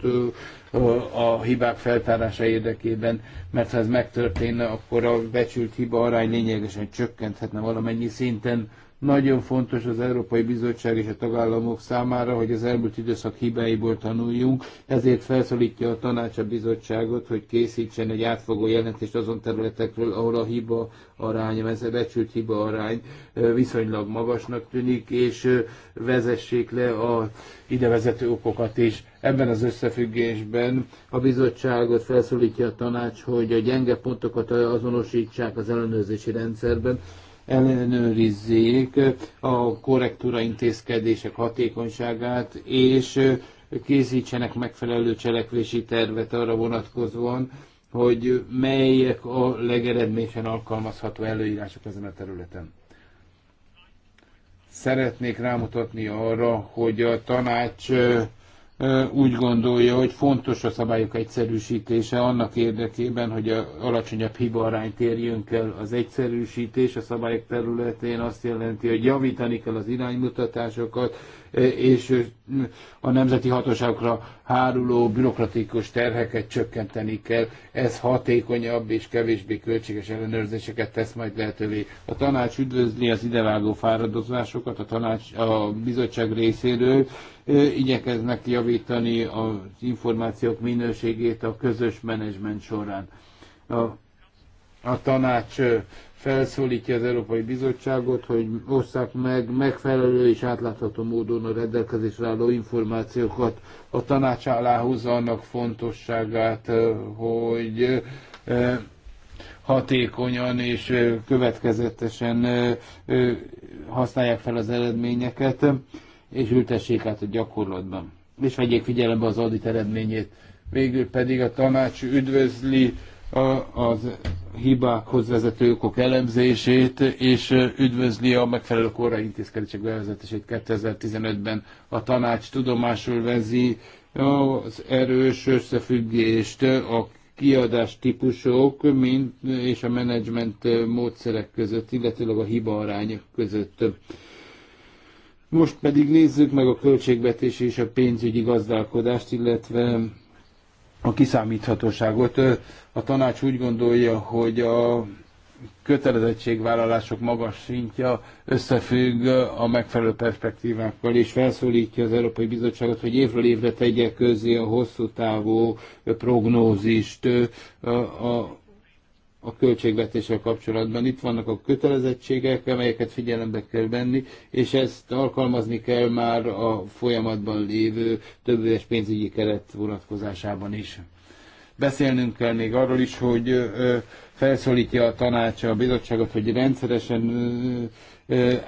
a hibák feltárása érdekében, mert ha ez megtörténne, akkor a becsült hiba arány lényegesen csökkenthetne valamennyi szinten. Nagyon fontos az Európai Bizottság és a tagállamok számára, hogy az elmúlt időszak hibáiból tanuljunk, ezért felszólítja a tanács a bizottságot, hogy készítsen egy átfogó jelentést azon területekről, ahol a hiba arány, ez a becsült hiba arány viszonylag magasnak tűnik, és vezessék le a idevezető okokat is. Ebben az összefüggésben a bizottságot felszólítja a tanács, hogy a gyenge pontokat azonosítsák az ellenőrzési rendszerben, ellenőrizzék a korrektúra intézkedések hatékonyságát, és készítsenek megfelelő cselekvési tervet arra vonatkozóan, hogy melyek a legeredményesen alkalmazható előírások ezen a területen. Szeretnék rámutatni arra, hogy a tanács úgy gondolja, hogy fontos a szabályok egyszerűsítése annak érdekében, hogy a alacsonyabb arányt érjünk el. Az egyszerűsítés a szabályok területén azt jelenti, hogy javítani kell az iránymutatásokat, és a nemzeti hatóságokra háruló bürokratikus terheket csökkenteni kell. Ez hatékonyabb és kevésbé költséges ellenőrzéseket tesz majd lehetővé. A tanács üdvözli az idevágó fáradozásokat a, tanács, a bizottság részéről, igyekeznek javítani az információk minőségét a közös menedzsment során. A a tanács felszólítja az Európai Bizottságot, hogy osszák meg megfelelő és átlátható módon a rendelkezésre álló információkat. A tanács aláhúzza annak fontosságát, hogy hatékonyan és következetesen használják fel az eredményeket, és ültessék át a gyakorlatban. És vegyék figyelembe az audit eredményét. Végül pedig a tanács üdvözli az hibákhoz vezető okok elemzését, és üdvözli a megfelelő korra intézkedések bevezetését 2015-ben. A tanács tudomásul vezi az erős összefüggést a kiadás típusok mint, és a menedzsment módszerek között, illetőleg a hiba arány között. Most pedig nézzük meg a költségvetési és a pénzügyi gazdálkodást, illetve a kiszámíthatóságot. A tanács úgy gondolja, hogy a kötelezettségvállalások magas szintje összefügg a megfelelő perspektívákkal, és felszólítja az Európai Bizottságot, hogy évről évre tegye közé a hosszú távú prognózist a a költségvetéssel kapcsolatban. Itt vannak a kötelezettségek, amelyeket figyelembe kell venni, és ezt alkalmazni kell már a folyamatban lévő többéves pénzügyi keret vonatkozásában is. Beszélnünk kell még arról is, hogy felszólítja a tanács a bizottságot, hogy rendszeresen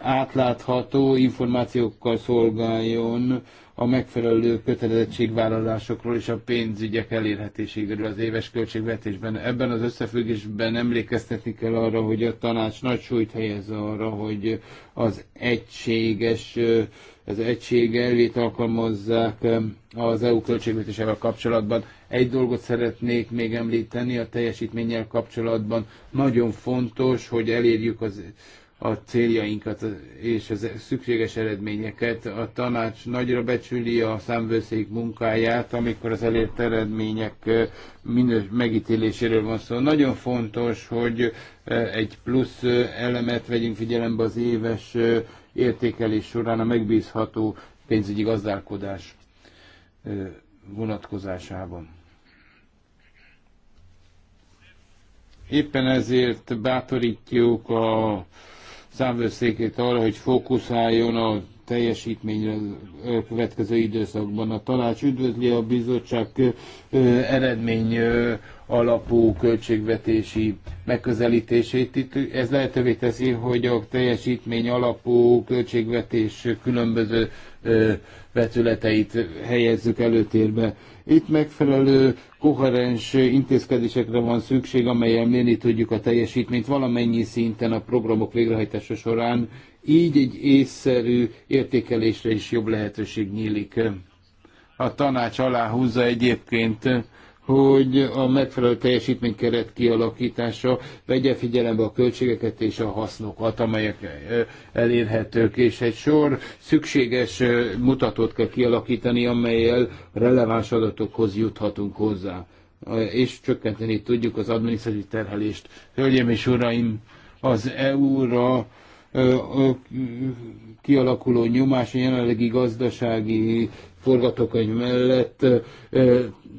átlátható információkkal szolgáljon a megfelelő kötelezettségvállalásokról és a pénzügyek elérhetéséről az éves költségvetésben. Ebben az összefüggésben emlékeztetni kell arra, hogy a tanács nagy súlyt helyez arra, hogy az egységes az egység elvét alkalmazzák az EU költségvetésével kapcsolatban. Egy dolgot szeretnék még említeni a teljesítménnyel kapcsolatban. Nagyon fontos, hogy elérjük az a céljainkat és az szükséges eredményeket. A tanács nagyra becsüli a számvőszék munkáját, amikor az elért eredmények minős megítéléséről van szó. Nagyon fontos, hogy egy plusz elemet vegyünk figyelembe az éves értékelés során a megbízható pénzügyi gazdálkodás vonatkozásában. Éppen ezért bátorítjuk a számvőszékét arra, hogy fókuszáljon a teljesítményre a következő időszakban. A tanács üdvözli a bizottság eredmény alapú költségvetési megközelítését. Itt ez lehetővé teszi, hogy a teljesítmény alapú költségvetés különböző vetületeit helyezzük előtérbe. Itt megfelelő koherens intézkedésekre van szükség, amelyen mérni tudjuk a teljesítményt valamennyi szinten a programok végrehajtása során. Így egy észszerű értékelésre is jobb lehetőség nyílik. A tanács alá húzza egyébként hogy a megfelelő teljesítménykeret kialakítása vegye figyelembe a költségeket és a hasznokat, amelyek eh, elérhetők, és egy sor szükséges eh, mutatót kell kialakítani, amelyel releváns adatokhoz juthatunk hozzá, eh, és csökkenteni tudjuk az adminisztratív terhelést. Hölgyeim és uraim, az EU-ra kialakuló nyomás a jelenlegi gazdasági forgatókönyv mellett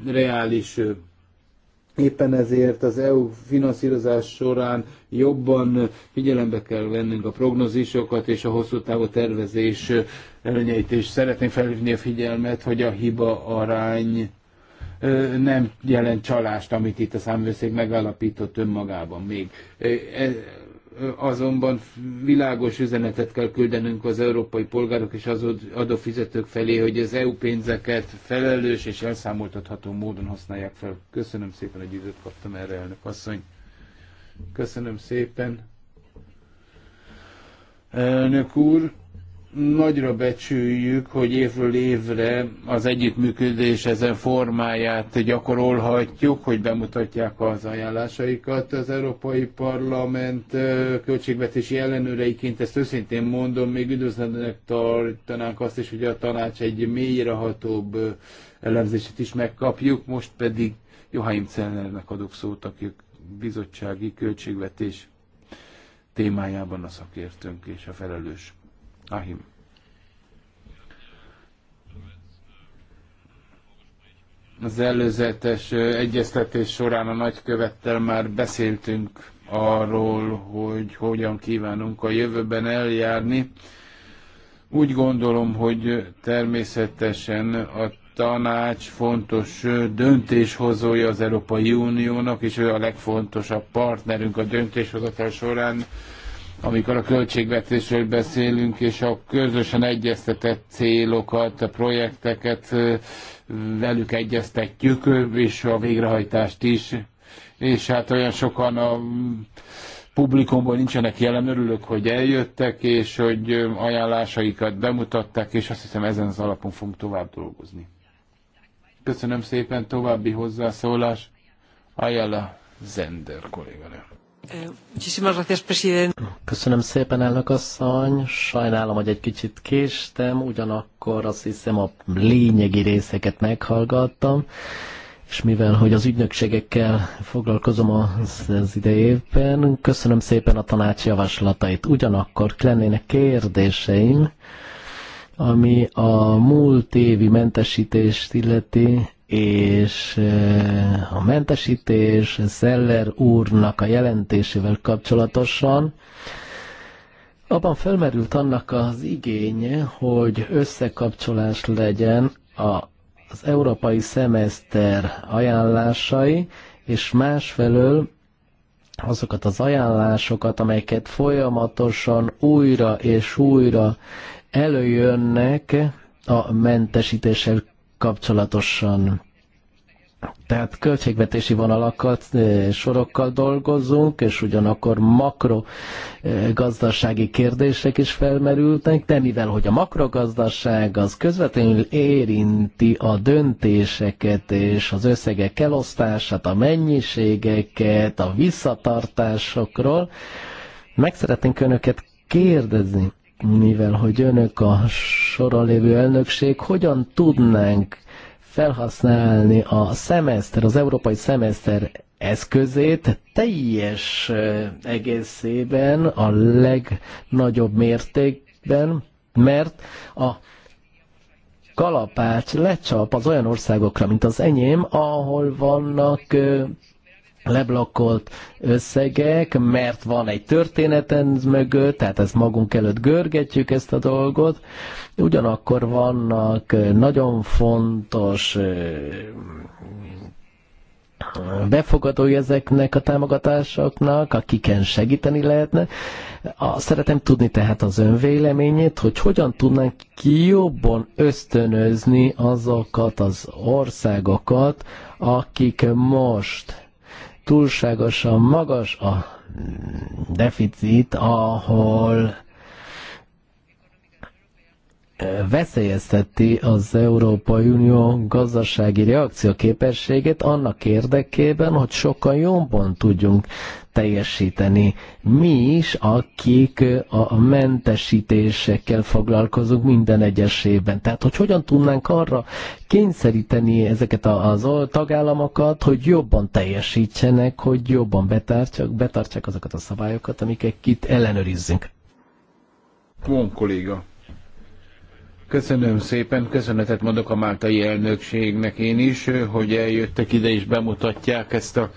reális. Éppen ezért az EU finanszírozás során jobban figyelembe kell vennünk a prognózisokat és a hosszú távú tervezés előnyeit, és szeretném felhívni a figyelmet, hogy a hiba arány nem jelent csalást, amit itt a számvőszék megállapított önmagában még. E, azonban világos üzenetet kell küldenünk az európai polgárok és az adófizetők felé, hogy az EU pénzeket felelős és elszámoltatható módon használják fel. Köszönöm szépen, hogy időt kaptam erre, elnök asszony. Köszönöm szépen. Elnök úr, Nagyra becsüljük, hogy évről évre az együttműködés ezen formáját gyakorolhatjuk, hogy bemutatják az ajánlásaikat. Az Európai Parlament költségvetési ellenőreiként ezt őszintén mondom, még üdvözlendőnek tartanánk azt is, hogy a tanács egy mélyrehatóbb elemzését is megkapjuk, most pedig Johaim Cellernek adok szót, aki a bizottsági költségvetés témájában a szakértőnk és a felelős. Ahim. Az előzetes egyeztetés során a nagykövettel már beszéltünk arról, hogy hogyan kívánunk a jövőben eljárni. Úgy gondolom, hogy természetesen a tanács fontos döntéshozója az Európai Uniónak, és ő a legfontosabb partnerünk a döntéshozatal során amikor a költségvetésről beszélünk, és a közösen egyeztetett célokat, a projekteket velük egyeztetjük, és a végrehajtást is. És hát olyan sokan a publikumból nincsenek jelen, örülök, hogy eljöttek, és hogy ajánlásaikat bemutatták, és azt hiszem ezen az alapon fogunk tovább dolgozni. Köszönöm szépen, további hozzászólás. Ajala Zender kolléganő. Köszönöm szépen, elnök asszony. Sajnálom, hogy egy kicsit késtem, ugyanakkor azt hiszem a lényegi részeket meghallgattam, és mivel, hogy az ügynökségekkel foglalkozom az, az idejében, köszönöm szépen a tanács javaslatait. Ugyanakkor lennének kérdéseim, ami a múlt évi mentesítést illeti, és eh, a mentesítés Zeller úrnak a jelentésével kapcsolatosan abban felmerült annak az igénye, hogy összekapcsolás legyen az európai szemeszter ajánlásai, és másfelől azokat az ajánlásokat, amelyeket folyamatosan újra és újra előjönnek a mentesítéssel kapcsolatosan. Tehát költségvetési vonalakkal, e, sorokkal dolgozunk, és ugyanakkor makro e, gazdasági kérdések is felmerültek, de mivel hogy a makrogazdaság az közvetlenül érinti a döntéseket és az összegek elosztását, a mennyiségeket, a visszatartásokról, meg szeretnénk önöket kérdezni, mivel hogy önök a soron lévő elnökség, hogyan tudnánk felhasználni a szemeszter, az európai szemeszter eszközét teljes egészében, a legnagyobb mértékben, mert a kalapács lecsap az olyan országokra, mint az enyém, ahol vannak leblokkolt összegek, mert van egy történeten mögött, tehát ezt magunk előtt görgetjük ezt a dolgot. Ugyanakkor vannak nagyon fontos befogadói ezeknek a támogatásoknak, akiken segíteni lehetne. A, szeretem tudni tehát az véleményét, hogy hogyan tudnánk jobban ösztönözni azokat az országokat, akik most túlságosan magas a deficit, ahol veszélyezteti az Európai Unió gazdasági reakcióképességét annak érdekében, hogy sokkal jobban tudjunk teljesíteni. Mi is, akik a mentesítésekkel foglalkozunk minden egyes évben. Tehát, hogy hogyan tudnánk arra kényszeríteni ezeket az tagállamokat, hogy jobban teljesítsenek, hogy jobban betartják, betartják azokat a szabályokat, amiket itt ellenőrizzünk. Von kolléga. Köszönöm szépen, köszönetet mondok a Máltai elnökségnek én is, hogy eljöttek ide és bemutatják ezt a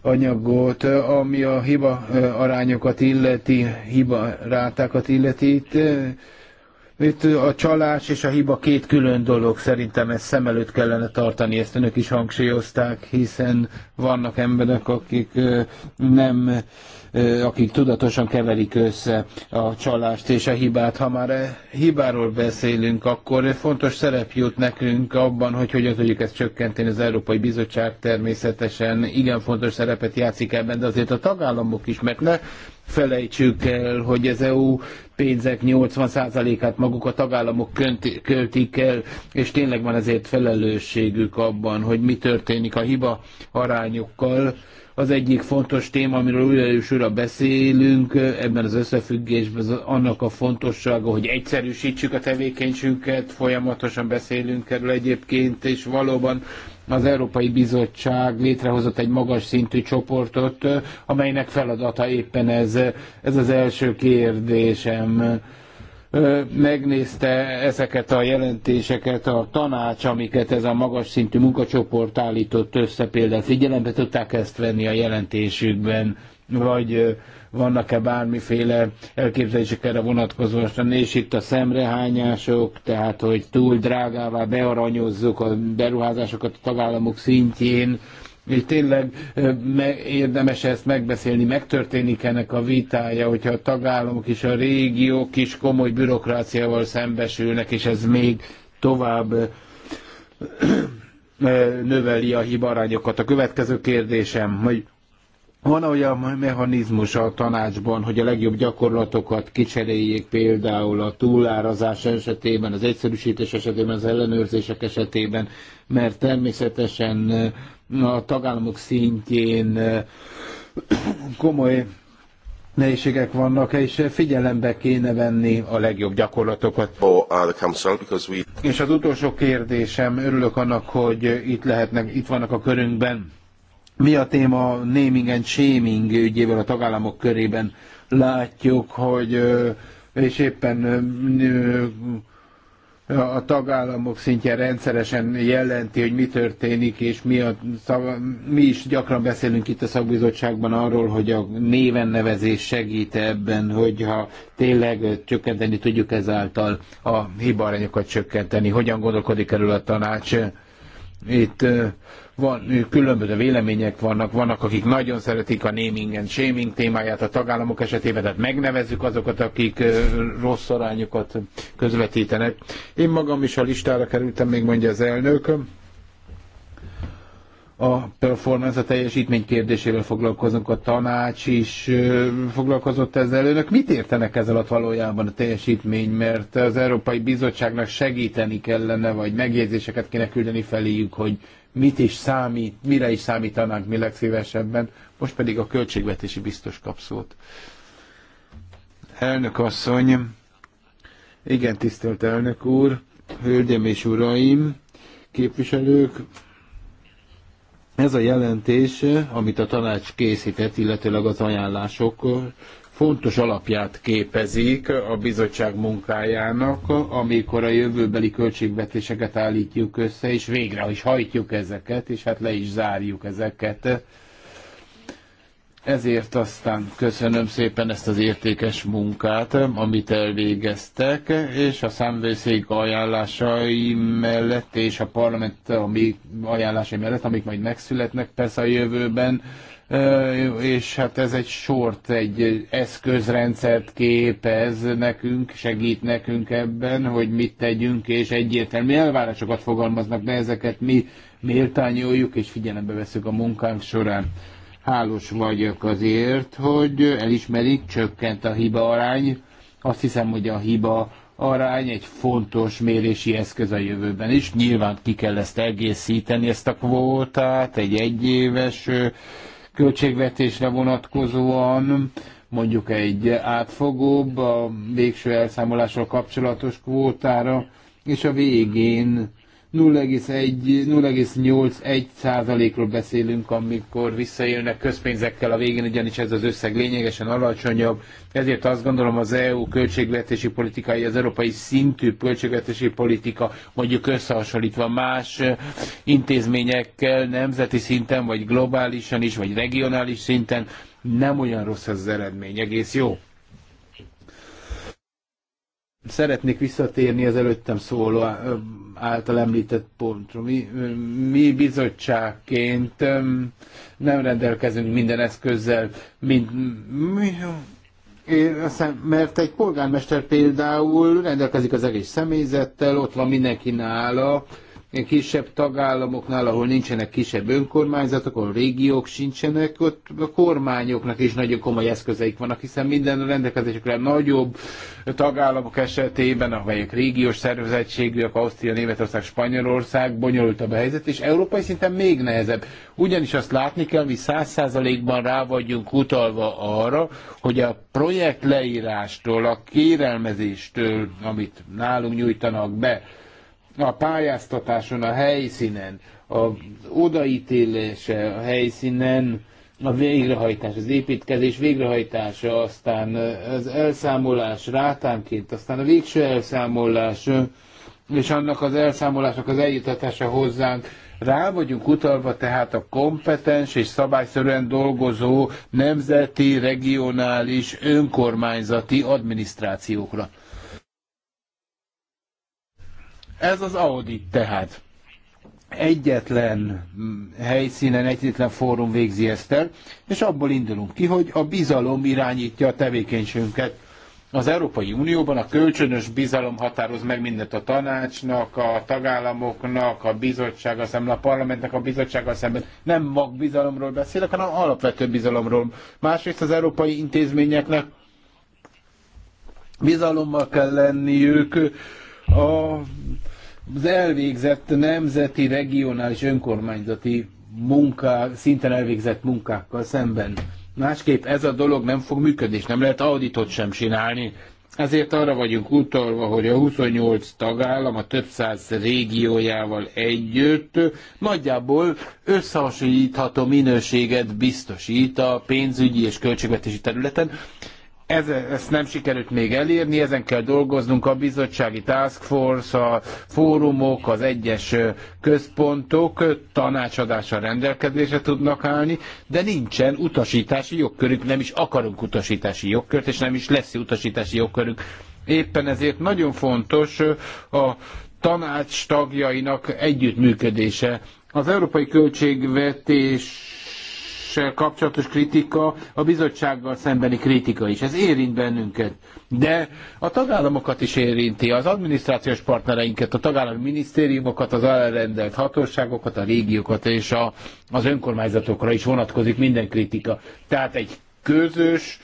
anyagot, ami a hiba arányokat illeti, hiba rátákat illeti. Itt itt a csalás és a hiba két külön dolog, szerintem ezt szem előtt kellene tartani, ezt önök is hangsúlyozták, hiszen vannak emberek, akik nem, akik tudatosan keverik össze a csalást és a hibát. Ha már e hibáról beszélünk, akkor fontos szerep jut nekünk abban, hogy hogyan tudjuk ezt csökkenteni. Az Európai Bizottság természetesen igen fontos szerepet játszik ebben, de azért a tagállamok is, mert ne felejtsük el, hogy az EU pénzek 80%-át maguk a tagállamok költik el, és tényleg van ezért felelősségük abban, hogy mi történik a hiba arányokkal. Az egyik fontos téma, amiről újra és újra beszélünk ebben az összefüggésben, az annak a fontossága, hogy egyszerűsítsük a tevékenységünket, folyamatosan beszélünk erről egyébként, és valóban az Európai Bizottság létrehozott egy magas szintű csoportot, amelynek feladata éppen ez. Ez az első kérdésem megnézte ezeket a jelentéseket a tanács, amiket ez a magas szintű munkacsoport állított össze, például figyelembe tudták ezt venni a jelentésükben, vagy vannak-e bármiféle elképzelések erre vonatkozóan, és itt a szemrehányások, tehát hogy túl drágává bearanyozzuk a beruházásokat a tagállamok szintjén, és tényleg érdemes ezt megbeszélni, megtörténik ennek a vitája, hogyha a tagállamok és a régiók is komoly bürokráciával szembesülnek, és ez még tovább növeli a hibarányokat. A következő kérdésem, hogy van olyan mechanizmus a tanácsban, hogy a legjobb gyakorlatokat kicseréljék például a túlárazás esetében, az egyszerűsítés esetében, az ellenőrzések esetében, mert természetesen a tagállamok szintjén komoly nehézségek vannak, és figyelembe kéne venni a legjobb gyakorlatokat. Uh, és az utolsó kérdésem, örülök annak, hogy itt, lehetnek, itt vannak a körünkben mi a téma naming and shaming ügyével a tagállamok körében látjuk, hogy és éppen a tagállamok szintje rendszeresen jelenti, hogy mi történik, és mi, a, mi is gyakran beszélünk itt a szakbizottságban arról, hogy a néven nevezés segít ebben, hogyha tényleg csökkenteni tudjuk ezáltal a hibaarányokat csökkenteni. Hogyan gondolkodik erről a tanács? Itt van, különböző vélemények vannak, vannak, akik nagyon szeretik a naming and shaming témáját a tagállamok esetében, tehát megnevezzük azokat, akik rossz arányokat közvetítenek. Én magam is a listára kerültem, még mondja az elnök a performance, a teljesítmény kérdésével foglalkozunk, a tanács is foglalkozott ezzel. Önök mit értenek ezzel alatt valójában a teljesítmény, mert az Európai Bizottságnak segíteni kellene, vagy megjegyzéseket kéne küldeni feléjük, hogy mit is számít, mire is számítanánk mi legszívesebben, most pedig a költségvetési biztos kap szót. Elnök asszony, igen, tisztelt elnök úr, hölgyem és uraim, képviselők, ez a jelentés, amit a tanács készített, illetőleg az ajánlások fontos alapját képezik a bizottság munkájának, amikor a jövőbeli költségvetéseket állítjuk össze, és végre is hajtjuk ezeket, és hát le is zárjuk ezeket. Ezért aztán köszönöm szépen ezt az értékes munkát, amit elvégeztek, és a számvőszék ajánlásai mellett, és a parlament ami ajánlásai mellett, amik majd megszületnek persze a jövőben, és hát ez egy sort, egy eszközrendszert képez nekünk, segít nekünk ebben, hogy mit tegyünk, és egyértelmű elvárásokat fogalmaznak, de ezeket mi méltányoljuk, és figyelembe veszük a munkánk során. Hálós vagyok azért, hogy elismerik, csökkent a hiba arány. Azt hiszem, hogy a hiba arány egy fontos mérési eszköz a jövőben is. Nyilván ki kell ezt egészíteni, ezt a kvótát, egy egyéves költségvetésre vonatkozóan, mondjuk egy átfogóbb, a végső elszámolással kapcsolatos kvótára, és a végén 0,8-1%-ról beszélünk, amikor visszaélnek közpénzekkel a végén, ugyanis ez az összeg lényegesen alacsonyabb. Ezért azt gondolom az EU költségvetési politikai, az európai szintű költségvetési politika mondjuk összehasonlítva más intézményekkel nemzeti szinten, vagy globálisan is, vagy regionális szinten nem olyan rossz az eredmény, egész jó. Szeretnék visszatérni az előttem szóló által említett pontra. Mi, mi bizottságként nem rendelkezünk minden eszközzel, mint, mi, aztán, mert egy polgármester például rendelkezik az egész személyzettel, ott van mindenki nála, kisebb tagállamoknál, ahol nincsenek kisebb önkormányzatok, ahol régiók sincsenek, ott a kormányoknak is nagyon komoly eszközeik vannak, hiszen minden rendelkezésükre nagyobb tagállamok esetében, amelyek régiós szervezettségűek, Ausztria, Németország, Spanyolország, bonyolultabb a helyzet, és európai szinten még nehezebb. Ugyanis azt látni kell, mi száz százalékban rá vagyunk utalva arra, hogy a projekt leírástól, a kérelmezéstől, amit nálunk nyújtanak be, a pályáztatáson, a helyszínen, a odaítélése a helyszínen, a végrehajtás, az építkezés végrehajtása, aztán az elszámolás rátánként, aztán a végső elszámolás, és annak az elszámolásnak az eljutatása hozzánk. Rá vagyunk utalva tehát a kompetens és szabályszerűen dolgozó nemzeti, regionális, önkormányzati adminisztrációkra. Ez az audit tehát. Egyetlen helyszínen, egyetlen fórum végzi ezt el, és abból indulunk ki, hogy a bizalom irányítja a tevékenységünket. Az Európai Unióban a kölcsönös bizalom határoz meg mindent a tanácsnak, a tagállamoknak, a bizottsága szemben, a parlamentnek, a bizottsága szemben. Nem magbizalomról beszélek, hanem alapvető bizalomról. Másrészt az európai intézményeknek bizalommal kell lenniük a az elvégzett nemzeti, regionális, önkormányzati munká, szinten elvégzett munkákkal szemben. Másképp ez a dolog nem fog működni, és nem lehet auditot sem csinálni. Ezért arra vagyunk utalva, hogy a 28 tagállam a több száz régiójával együtt nagyjából összehasonlítható minőséget biztosít a pénzügyi és költségvetési területen, ez, ezt nem sikerült még elérni, ezen kell dolgoznunk a bizottsági task force, a fórumok, az egyes központok tanácsadása rendelkezésre tudnak állni, de nincsen utasítási jogkörük, nem is akarunk utasítási jogkört, és nem is lesz utasítási jogkörük. Éppen ezért nagyon fontos a tanács tagjainak együttműködése. Az európai költségvetés kapcsolatos kritika a bizottsággal szembeni kritika is. Ez érint bennünket. De a tagállamokat is érinti, az adminisztrációs partnereinket, a tagállami minisztériumokat, az alárendelt hatóságokat, a régiókat és a, az önkormányzatokra is vonatkozik minden kritika. Tehát egy közös,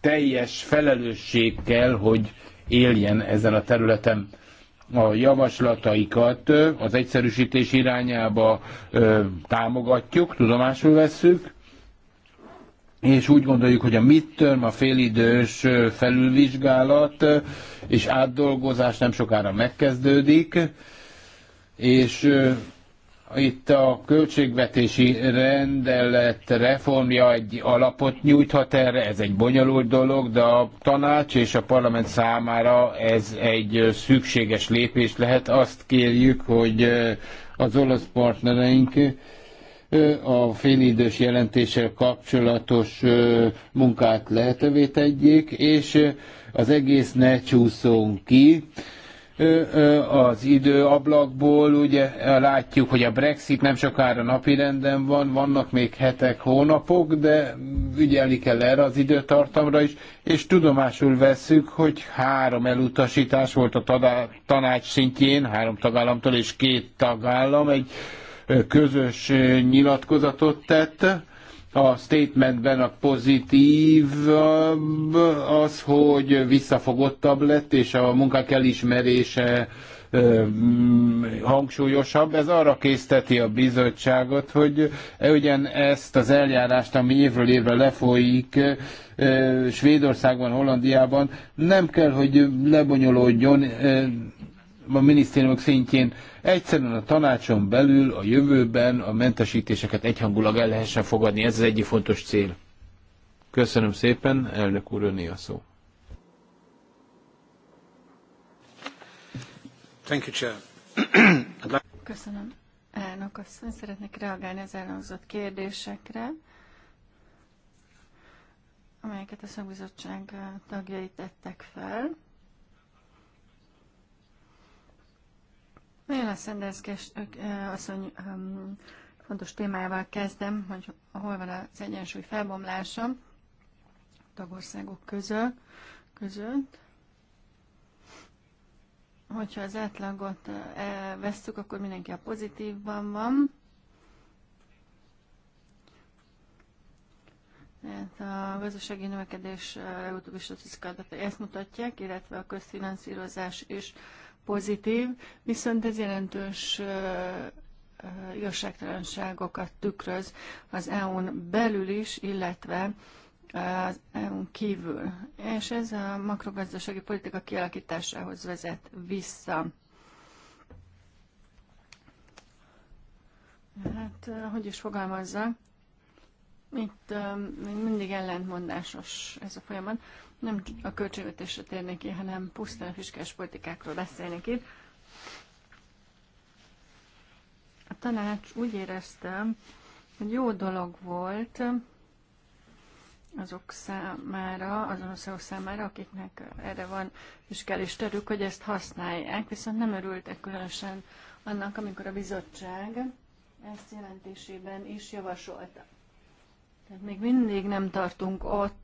teljes felelősség kell, hogy éljen ezen a területen a javaslataikat az egyszerűsítés irányába ö, támogatjuk, tudomásul vesszük, és úgy gondoljuk, hogy a midterm, a félidős felülvizsgálat és átdolgozás nem sokára megkezdődik, és itt a költségvetési rendelet reformja egy alapot nyújthat erre, ez egy bonyolult dolog, de a tanács és a parlament számára ez egy szükséges lépés lehet. Azt kérjük, hogy az olasz partnereink a félidős jelentéssel kapcsolatos munkát lehetővé tegyék, és az egész ne csúszunk ki az időablakból. Ugye látjuk, hogy a Brexit nem sokára napirenden van, vannak még hetek, hónapok, de ügyelni kell erre az időtartamra is, és tudomásul vesszük, hogy három elutasítás volt a tanács szintjén, három tagállamtól és két tagállam, egy közös nyilatkozatot tett. A statementben a pozitív az, hogy visszafogottabb lett, és a munkák elismerése hangsúlyosabb. Ez arra készteti a bizottságot, hogy ugyan ezt az eljárást, ami évről évre lefolyik Svédországban, Hollandiában, nem kell, hogy lebonyolódjon a minisztériumok szintjén egyszerűen a tanácson belül a jövőben a mentesítéseket egyhangulag el lehessen fogadni. Ez az egyik fontos cél. Köszönöm szépen, elnök úr, öné a szó. Thank you, Chair. Köszönöm. Elnök asszony, szeretnék reagálni az elhangzott kérdésekre, amelyeket a szakbizottság tagjai tettek fel. Nagyon a Szenderszkes asszony fontos témájával kezdem, hogy hol van az egyensúly felbomlása a tagországok közül, között. Hogyha az átlagot vesztük, akkor mindenki a pozitívban van. Tehát a gazdasági növekedés legutóbbi statisztikai adatai ezt mutatják, illetve a közfinanszírozás is pozitív, viszont ez jelentős igazságtalanságokat tükröz az EU-n belül is, illetve az EU-n kívül. És ez a makrogazdasági politika kialakításához vezet vissza. Hát, hogy is fogalmazza, itt mindig ellentmondásos ez a folyamat nem a költségvetésre térnék ki, hanem pusztán a fiskális politikákról beszélnék itt. A tanács úgy éreztem, hogy jó dolog volt azok számára, azon országok számára, akiknek erre van fiskális terük, hogy ezt használják, viszont nem örültek különösen annak, amikor a bizottság ezt jelentésében is javasolta. Tehát még mindig nem tartunk ott,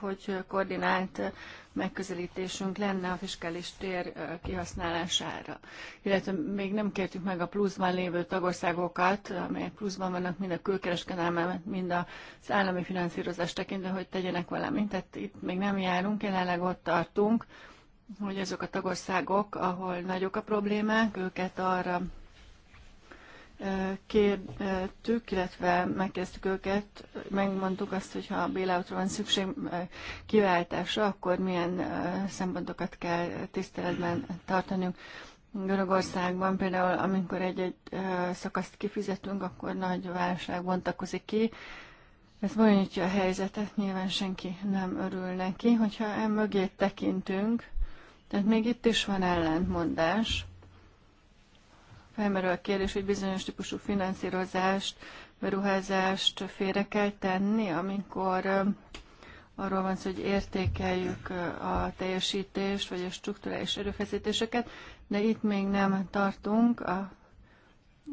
hogy koordinált megközelítésünk lenne a fiskális tér kihasználására. Illetve még nem kértük meg a pluszban lévő tagországokat, amelyek pluszban vannak mind a külkereskedelmet, mind az állami finanszírozást tekintve, hogy tegyenek valamit. Tehát itt még nem járunk, jelenleg ott tartunk, hogy azok a tagországok, ahol nagyok a problémák, őket arra kértük, illetve megkezdtük őket, megmondtuk azt, hogy ha a bailoutra van szükség kiváltásra, akkor milyen szempontokat kell tiszteletben tartanunk. Görögországban például, amikor egy-egy szakaszt kifizetünk, akkor nagy válság bontakozik ki. Ez bonyolítja a helyzetet, nyilván senki nem örül neki, hogyha emögé tekintünk. Tehát még itt is van ellentmondás felmerül a kérdés, hogy bizonyos típusú finanszírozást, beruházást félre kell tenni, amikor arról van szó, hogy értékeljük a teljesítést, vagy a struktúrális erőfeszítéseket, de itt még nem tartunk. A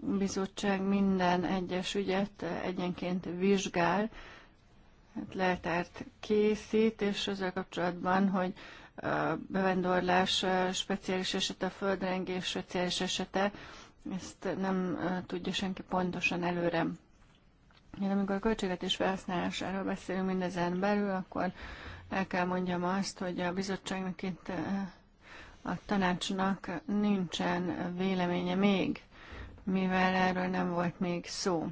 bizottság minden egyes ügyet egyenként vizsgál, hát lehetárt készít, és ezzel kapcsolatban, hogy a bevendorlás speciális esete, a földrengés speciális esete, ezt nem tudja senki pontosan előre. Én amikor a költségvetés felhasználásáról beszélünk mindezen belül, akkor el kell mondjam azt, hogy a bizottságnak itt a tanácsnak nincsen véleménye még, mivel erről nem volt még szó.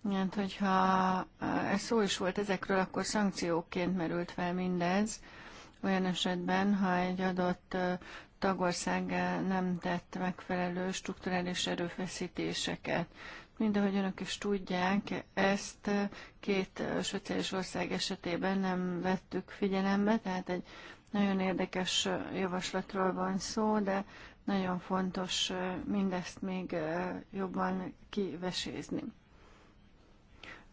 Mert hát, hogyha ez szó is volt ezekről, akkor szankcióként merült fel mindez, olyan esetben, ha egy adott tagország nem tett megfelelő strukturális erőfeszítéseket. Mind ahogy önök is tudják, ezt két speciális ország esetében nem vettük figyelembe, tehát egy nagyon érdekes javaslatról van szó, de nagyon fontos mindezt még jobban kivesézni.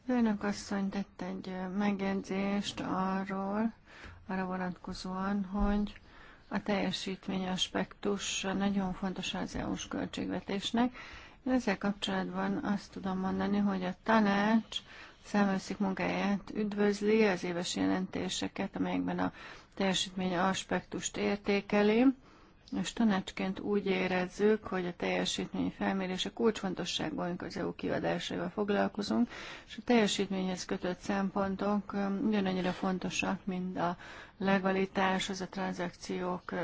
Az önök asszony tett egy megjegyzést arról, arra vonatkozóan, hogy a teljesítmény aspektus nagyon fontos az EU-s költségvetésnek. Ezzel kapcsolatban azt tudom mondani, hogy a tanács számőszik munkáját üdvözli, az éves jelentéseket, amelyekben a teljesítmény aspektust értékeli. És tanácsként úgy érezzük, hogy a teljesítmény felmérése kulcsfontosságú, amikor az EU kiadásaival foglalkozunk, és a teljesítményhez kötött szempontok um, ugyanannyira fontosak, mint a legalitás, az a tranzakciók uh,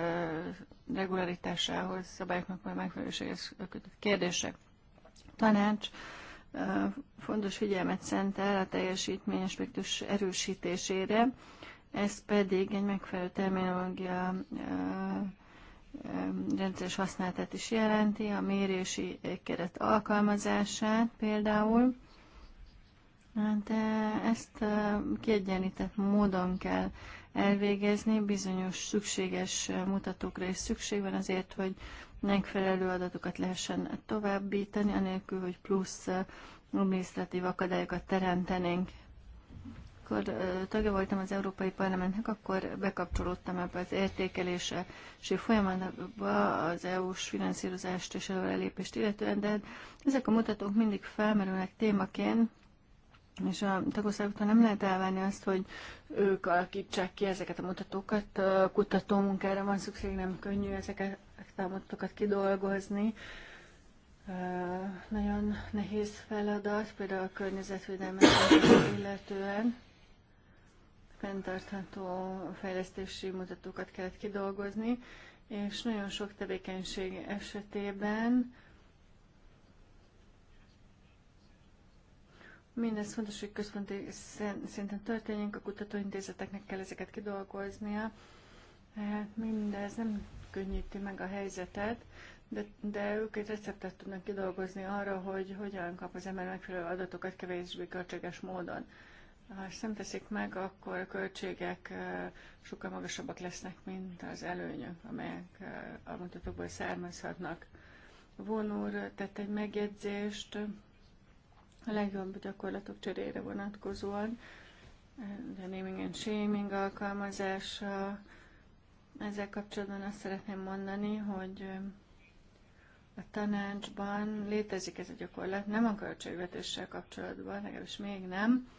regularitásához, szabályoknak vagy megfelelőséghez kötött kérdések. Tanács uh, fontos figyelmet szentel a teljesítmény aspektus erősítésére, ez pedig egy megfelelő terminológia uh, rendszeres használatát is jelenti, a mérési keret alkalmazását például. De hát, ezt e, kiegyenlített módon kell elvégezni, bizonyos szükséges mutatókra is szükség van azért, hogy megfelelő adatokat lehessen továbbítani, anélkül, hogy plusz administratív akadályokat teremtenénk amikor tagja voltam az Európai Parlamentnek, akkor bekapcsolódtam ebbe az értékelési folyamatba az EU-s finanszírozást és előrelépést illetően, de ezek a mutatók mindig felmerülnek témaként, és a tagországoktól nem lehet elvárni azt, hogy ők alakítsák ki ezeket a mutatókat. A kutató munkára van szükség, nem könnyű ezeket a mutatókat kidolgozni. Nagyon nehéz feladat, például a környezetvédelmet illetően fenntartható fejlesztési mutatókat kellett kidolgozni, és nagyon sok tevékenység esetében Mindez fontos, hogy központi szinten történjünk, a kutatóintézeteknek kell ezeket kidolgoznia. Hát mindez nem könnyíti meg a helyzetet, de, de ők egy receptet tudnak kidolgozni arra, hogy hogyan kap az ember megfelelő adatokat kevésbé költséges módon. Ha ezt nem teszik meg, akkor a költségek sokkal magasabbak lesznek, mint az előnyök, amelyek a mutatókból származhatnak. Von úr tett egy megjegyzést a legjobb gyakorlatok cserére vonatkozóan, de naming and shaming alkalmazása. Ezzel kapcsolatban azt szeretném mondani, hogy a tanácsban létezik ez a gyakorlat, nem a költségvetéssel kapcsolatban, legalábbis még nem,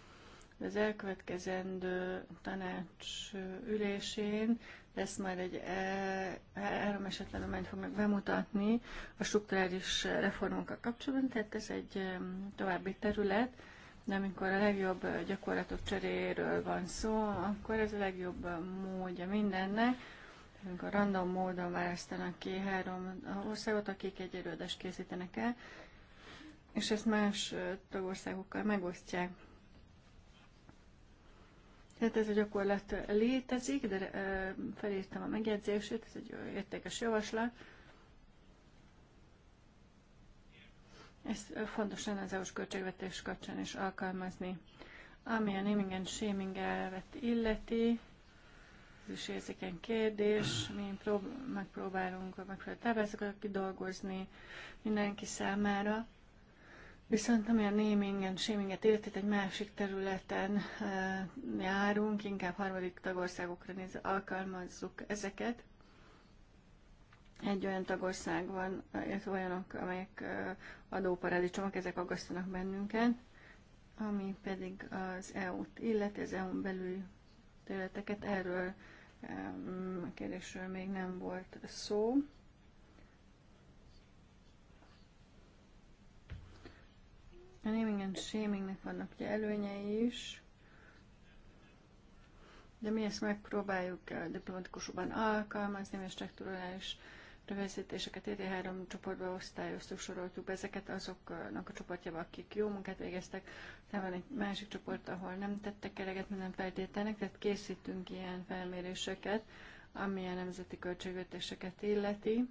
az elkövetkezendő tanács ülésén lesz majd egy e, három esetlen, amelyet fognak bemutatni a strukturális reformokkal kapcsolatban, tehát ez egy e, további terület, de amikor a legjobb gyakorlatok cseréről van szó, akkor ez a legjobb módja mindennek, amikor random módon választanak ki három országot, akik egy erőadást készítenek el, és ezt más tagországokkal megosztják. Tehát ez a gyakorlat létezik, de felírtam a megjegyzését, ez egy értékes javaslat. Ezt fontos lenne az EU-s költségvetés kapcsán is alkalmazni. Ami a naming and shaming elvet illeti, ez is érzékeny kérdés, mi prób- megpróbálunk a megfelelő táblázatokat kidolgozni mindenki számára. Viszont ami a namingen, shaminget illeti, egy másik területen eh, járunk, inkább harmadik tagországokra néz, alkalmazzuk ezeket. Egy olyan tagország van, illetve olyanok, amelyek eh, adóparadicsomok, ezek aggasztanak bennünket, ami pedig az EU-t illeti, az EU-n belül területeket. Erről eh, a kérdésről még nem volt szó. A naming and shamingnek vannak ugye előnyei is, de mi ezt megpróbáljuk diplomatikusokban alkalmazni, a strukturális rövezítéseket írja e három csoportba osztályoztuk, soroltuk be ezeket azoknak a csoportjába, akik jó munkát végeztek. De van egy másik csoport, ahol nem tettek eleget minden feltételnek, tehát készítünk ilyen felméréseket, ami a nemzeti költségvetéseket illeti,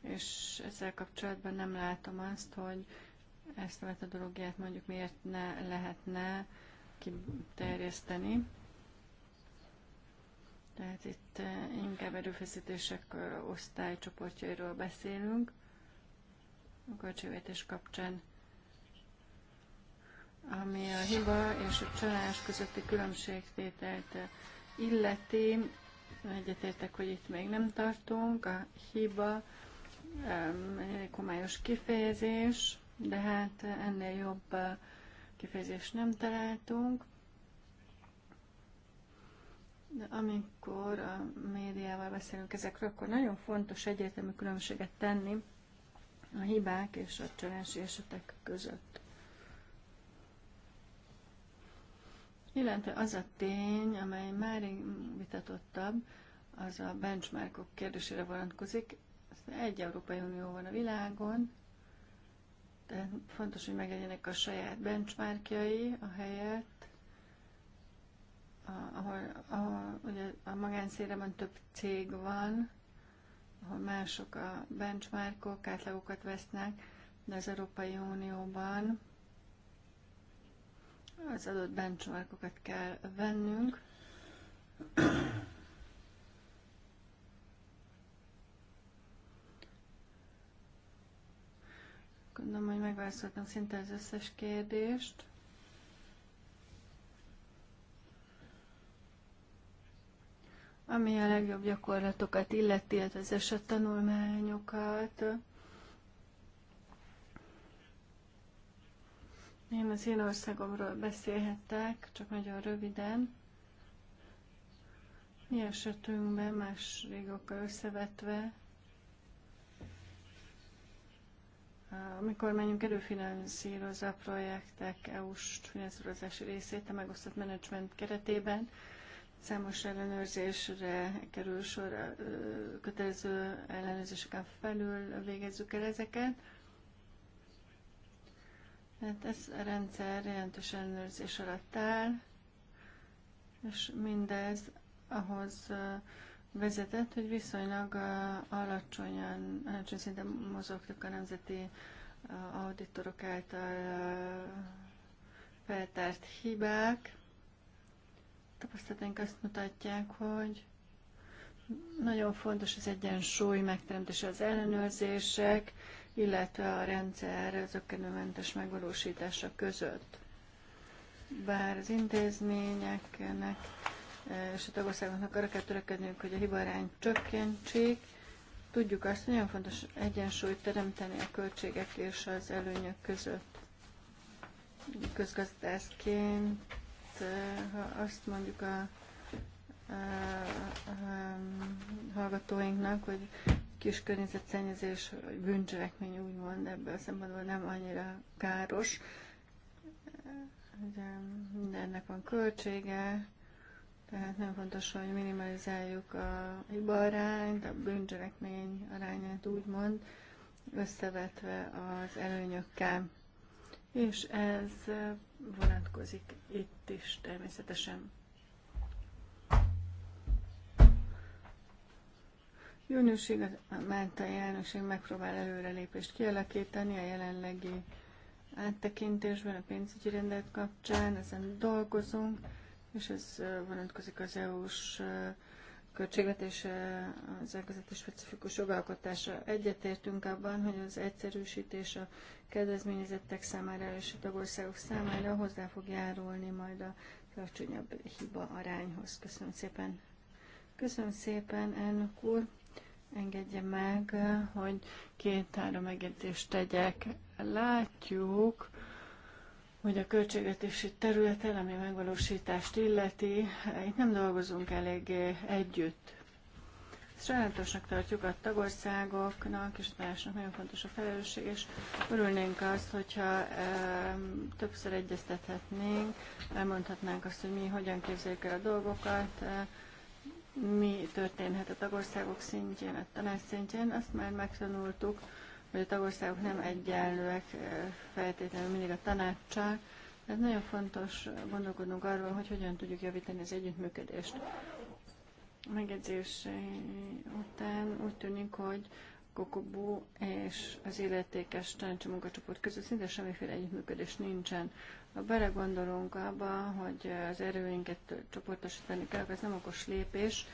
és ezzel kapcsolatban nem látom azt, hogy ezt a metodológiát mondjuk miért ne lehetne kiterjeszteni. Tehát itt eh, inkább erőfeszítések eh, osztálycsoportjairól beszélünk a költségvetés kapcsán. Ami a hiba és a csalás közötti különbségtételt eh, illeti, egyetértek, hogy itt még nem tartunk. A hiba egy komályos kifejezés, de hát ennél jobb kifejezést nem találtunk. De amikor a médiával beszélünk ezekről, akkor nagyon fontos egyértelmű különbséget tenni a hibák és a csalási esetek között. Illetve az a tény, amely már vitatottabb, az a benchmarkok kérdésére vonatkozik. Egy Európai Unió van a világon, tehát fontos, hogy meglegyenek a saját benchmarkjai a helyet, ahol, ahol ugye a magánszéreben több cég van, ahol mások a benchmarkok, átlagokat vesznek, de az Európai Unióban az adott benchmarkokat kell vennünk, Gondolom, hogy megválaszoltam szinte az összes kérdést. Ami a legjobb gyakorlatokat illeti, illetve az esettanulmányokat, Én az én országomról beszélhettek, csak nagyon röviden. Mi esetünkben más régokkal összevetve Amikor menjünk előfinanszírozza a projektek EU-s finanszírozási részét a megosztott menedzsment keretében. Számos ellenőrzésre kerül sor, kötelező ellenőrzéseken felül végezzük el ezeket. Hát ez a rendszer jelentős ellenőrzés alatt áll, és mindez ahhoz vezetett, hogy viszonylag alacsonyan, alacsony szinten mozogtak a nemzeti auditorok által feltárt hibák. Tapasztalataink azt mutatják, hogy nagyon fontos az egyensúly megteremtése az ellenőrzések, illetve a rendszer zökkenőmentes megvalósítása között. Bár az intézményeknek Eh, és a tagországoknak arra kell törekedniük, hogy a hibarány csökkentsék. Tudjuk azt, hogy nagyon fontos egyensúlyt teremteni a költségek és az előnyök között. Közgazdászként, eh, ha azt mondjuk a, a, a, a hallgatóinknak, hogy kis környezetszennyezés, vagy bűncselekmény úgymond ebből a szempontból nem annyira káros, de eh, mindennek van költsége, tehát nagyon fontos, hogy minimalizáljuk a arányt, a bűncselekmény arányát úgymond, összevetve az előnyökkel. És ez vonatkozik itt is természetesen. Júniusig a Máltai elnökség megpróbál előrelépést kialakítani a jelenlegi áttekintésben, a pénzügyi rendet kapcsán, ezen dolgozunk és ez vonatkozik az EU-s költségvetés az elközötti specifikus jogalkotása. Egyetértünk abban, hogy az egyszerűsítés a kedvezményezettek számára és a tagországok számára hozzá fog járulni majd a alacsonyabb hiba arányhoz. Köszönöm szépen. Köszönöm szépen, elnök úr. Engedje meg, hogy két-három megjegyzést tegyek. Látjuk, hogy a költségvetési területen, ami megvalósítást illeti, itt nem dolgozunk elég együtt. Sajátosnak tartjuk a tagországoknak és másnak nagyon fontos a felelősség, és örülnénk azt, hogyha e, többször egyeztethetnénk, elmondhatnánk azt, hogy mi hogyan képzeljük el a dolgokat, e, mi történhet a tagországok szintjén, a tanács szintjén, azt már megtanultuk, hogy a tagországok nem egyenlőek feltétlenül mindig a tanácssal, Ez nagyon fontos gondolkodnunk arról, hogy hogyan tudjuk javítani az együttműködést. A után úgy tűnik, hogy Kokobó és az illetékes tanácsi munkacsoport között szinte semmiféle együttműködés nincsen. Ha belegondolunk abba, hogy az erőinket csoportosítani kell, ez nem okos lépés,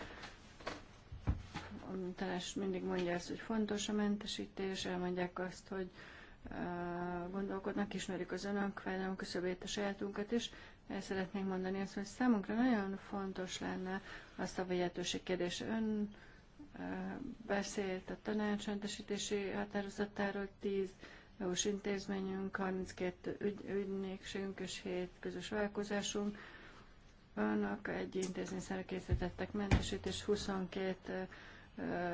Tanás mindig mondja ezt, hogy fontos a mentesítés, elmondják azt, hogy gondolkodnak, ismerik az önök fájdalom küszöbét, a sajátunkat is. El szeretnék mondani azt, hogy számunkra nagyon fontos lenne a szavahihetőség kérdés. Ön beszélt a tanácsmentesítési határozatáról 10 EU-s intézményünk, 32 ügy, ügynékségünk és 7 közös vállalkozásunk. Önök egy intézményszerre készítettek mentesítés 22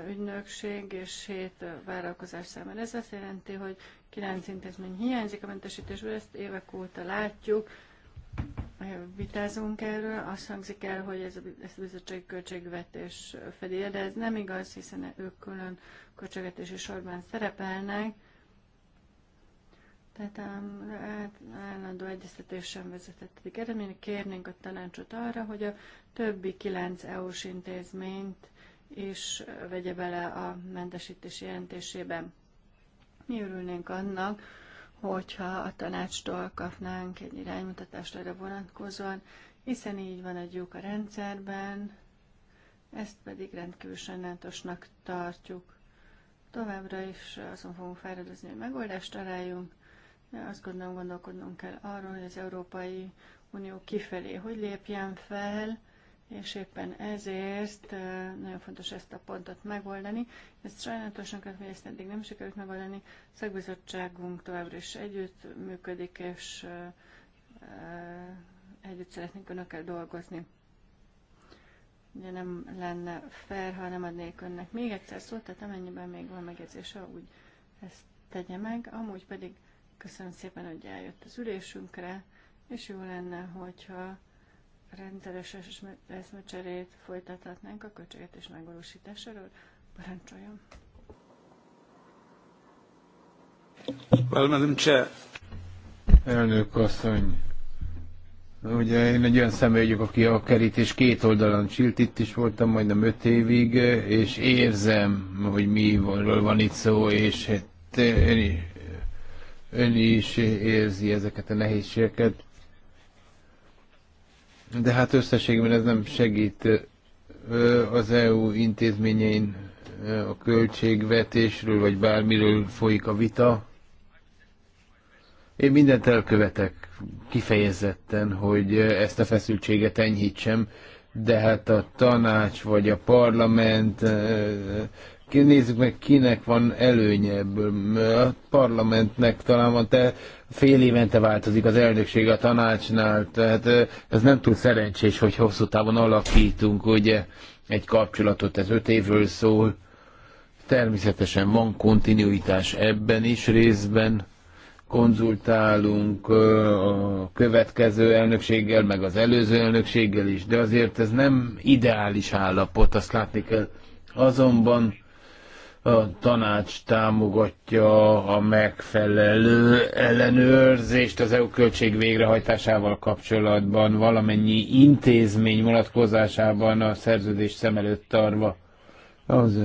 ügynökség és 7 vállalkozás számára. Ez azt jelenti, hogy 9 intézmény hiányzik a mentesítésből, ezt évek óta látjuk, vitázunk erről, azt hangzik el, hogy ez a, ez a bizottsági költségvetés fedi, de ez nem igaz, hiszen ők külön költségvetési sorban szerepelnek, tehát hát, állandó egyeztetés sem vezetett eddig eredményre. Kérnénk a tanácsot arra, hogy a többi kilenc EU-s intézményt és vegye bele a mentesítés jelentésébe. Mi örülnénk annak, hogyha a tanácstól kapnánk egy iránymutatást erre vonatkozóan, hiszen így van egy lyuk a rendszerben, ezt pedig rendkívül sajnálatosnak tartjuk. Továbbra is azon fogunk fáradozni, hogy megoldást találjunk, de azt gondolom gondolkodnunk kell arról, hogy az Európai Unió kifelé hogy lépjen fel, és éppen ezért nagyon fontos ezt a pontot megoldani. Ezt sajnálatosan kell, hogy ezt eddig nem sikerült megoldani. A szakbizottságunk továbbra is együtt működik, és együtt szeretnénk önökkel dolgozni. Ugye nem lenne fair, ha nem adnék önnek még egyszer szót, tehát amennyiben még van megjegyzése, úgy ezt tegye meg. Amúgy pedig köszönöm szépen, hogy eljött az ülésünkre, és jó lenne, hogyha rendszeres eszmecserét folytathatnánk a és megvalósításáról. Parancsoljon! Well, Madam Chair. Elnök asszony, ugye én egy olyan személy vagyok, aki a kerítés két oldalán csilt, itt is voltam majdnem öt évig, és érzem, hogy mi van, van itt szó, és hát ön is, ön is érzi ezeket a nehézségeket. De hát összességében ez nem segít az EU intézményein a költségvetésről, vagy bármiről folyik a vita. Én mindent elkövetek kifejezetten, hogy ezt a feszültséget enyhítsem, de hát a tanács vagy a parlament nézzük meg, kinek van előnye ebből. A parlamentnek talán van, te fél évente változik az elnökség a tanácsnál, tehát ez nem túl szerencsés, hogy hosszú távon alakítunk, ugye egy kapcsolatot, ez öt évről szól. Természetesen van kontinuitás ebben is részben, konzultálunk a következő elnökséggel, meg az előző elnökséggel is, de azért ez nem ideális állapot, azt látni kell. Azonban a tanács támogatja a megfelelő ellenőrzést az EU költség végrehajtásával kapcsolatban, valamennyi intézmény vonatkozásában a szerződés szem előtt tarva. Az,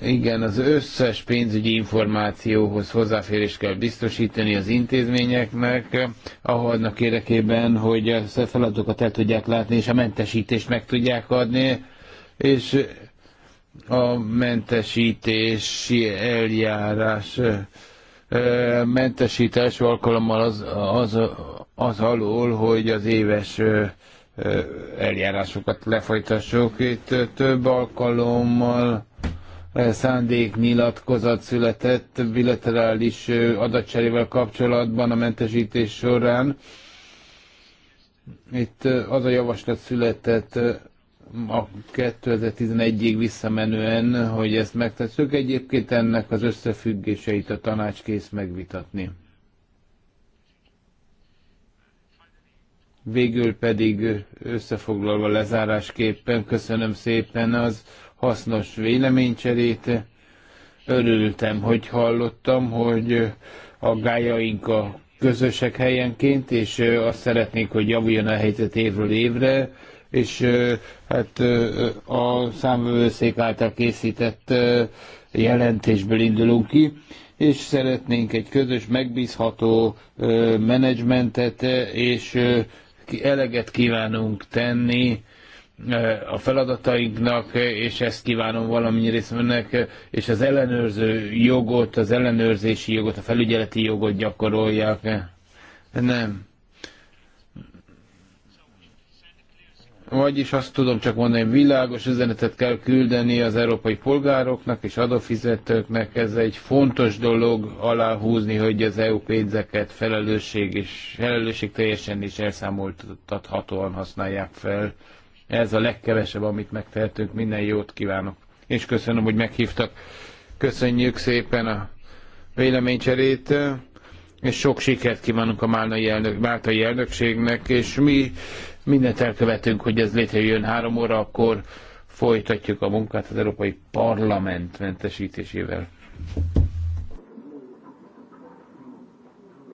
igen, az összes pénzügyi információhoz hozzáférést kell biztosítani az intézményeknek, annak érdekében, hogy a feladatokat el tudják látni, és a mentesítést meg tudják adni, és a mentesítési eljárás mentesítés alkalommal az, az, az alól, hogy az éves eljárásokat lefolytassuk. Itt több alkalommal szándéknyilatkozat született bilaterális adatcserével kapcsolatban a mentesítés során. Itt az a javaslat született, a 2011-ig visszamenően, hogy ezt megtesszük. Egyébként ennek az összefüggéseit a tanács kész megvitatni. Végül pedig összefoglalva lezárásképpen köszönöm szépen az hasznos véleménycserét. Örültem, hogy hallottam, hogy a gájaink a közösek helyenként, és azt szeretnék, hogy javuljon a helyzet évről évre és hát a számvőszék által készített jelentésből indulunk ki, és szeretnénk egy közös, megbízható menedzsmentet, és eleget kívánunk tenni a feladatainknak, és ezt kívánom valamennyi részvőnek, és az ellenőrző jogot, az ellenőrzési jogot, a felügyeleti jogot gyakorolják. Nem. Vagyis azt tudom csak mondani, hogy világos üzenetet kell küldeni az európai polgároknak és adófizetőknek. Ez egy fontos dolog aláhúzni, hogy az EU pénzeket felelősség és felelősség teljesen és elszámoltathatóan használják fel. Ez a legkevesebb, amit megtehetünk. Minden jót kívánok. És köszönöm, hogy meghívtak. Köszönjük szépen a véleménycserét és sok sikert kívánunk a Málnai elnök, Máltai elnökségnek, és mi mindent elkövetünk, hogy ez létrejön három óra, akkor folytatjuk a munkát az Európai Parlament mentesítésével.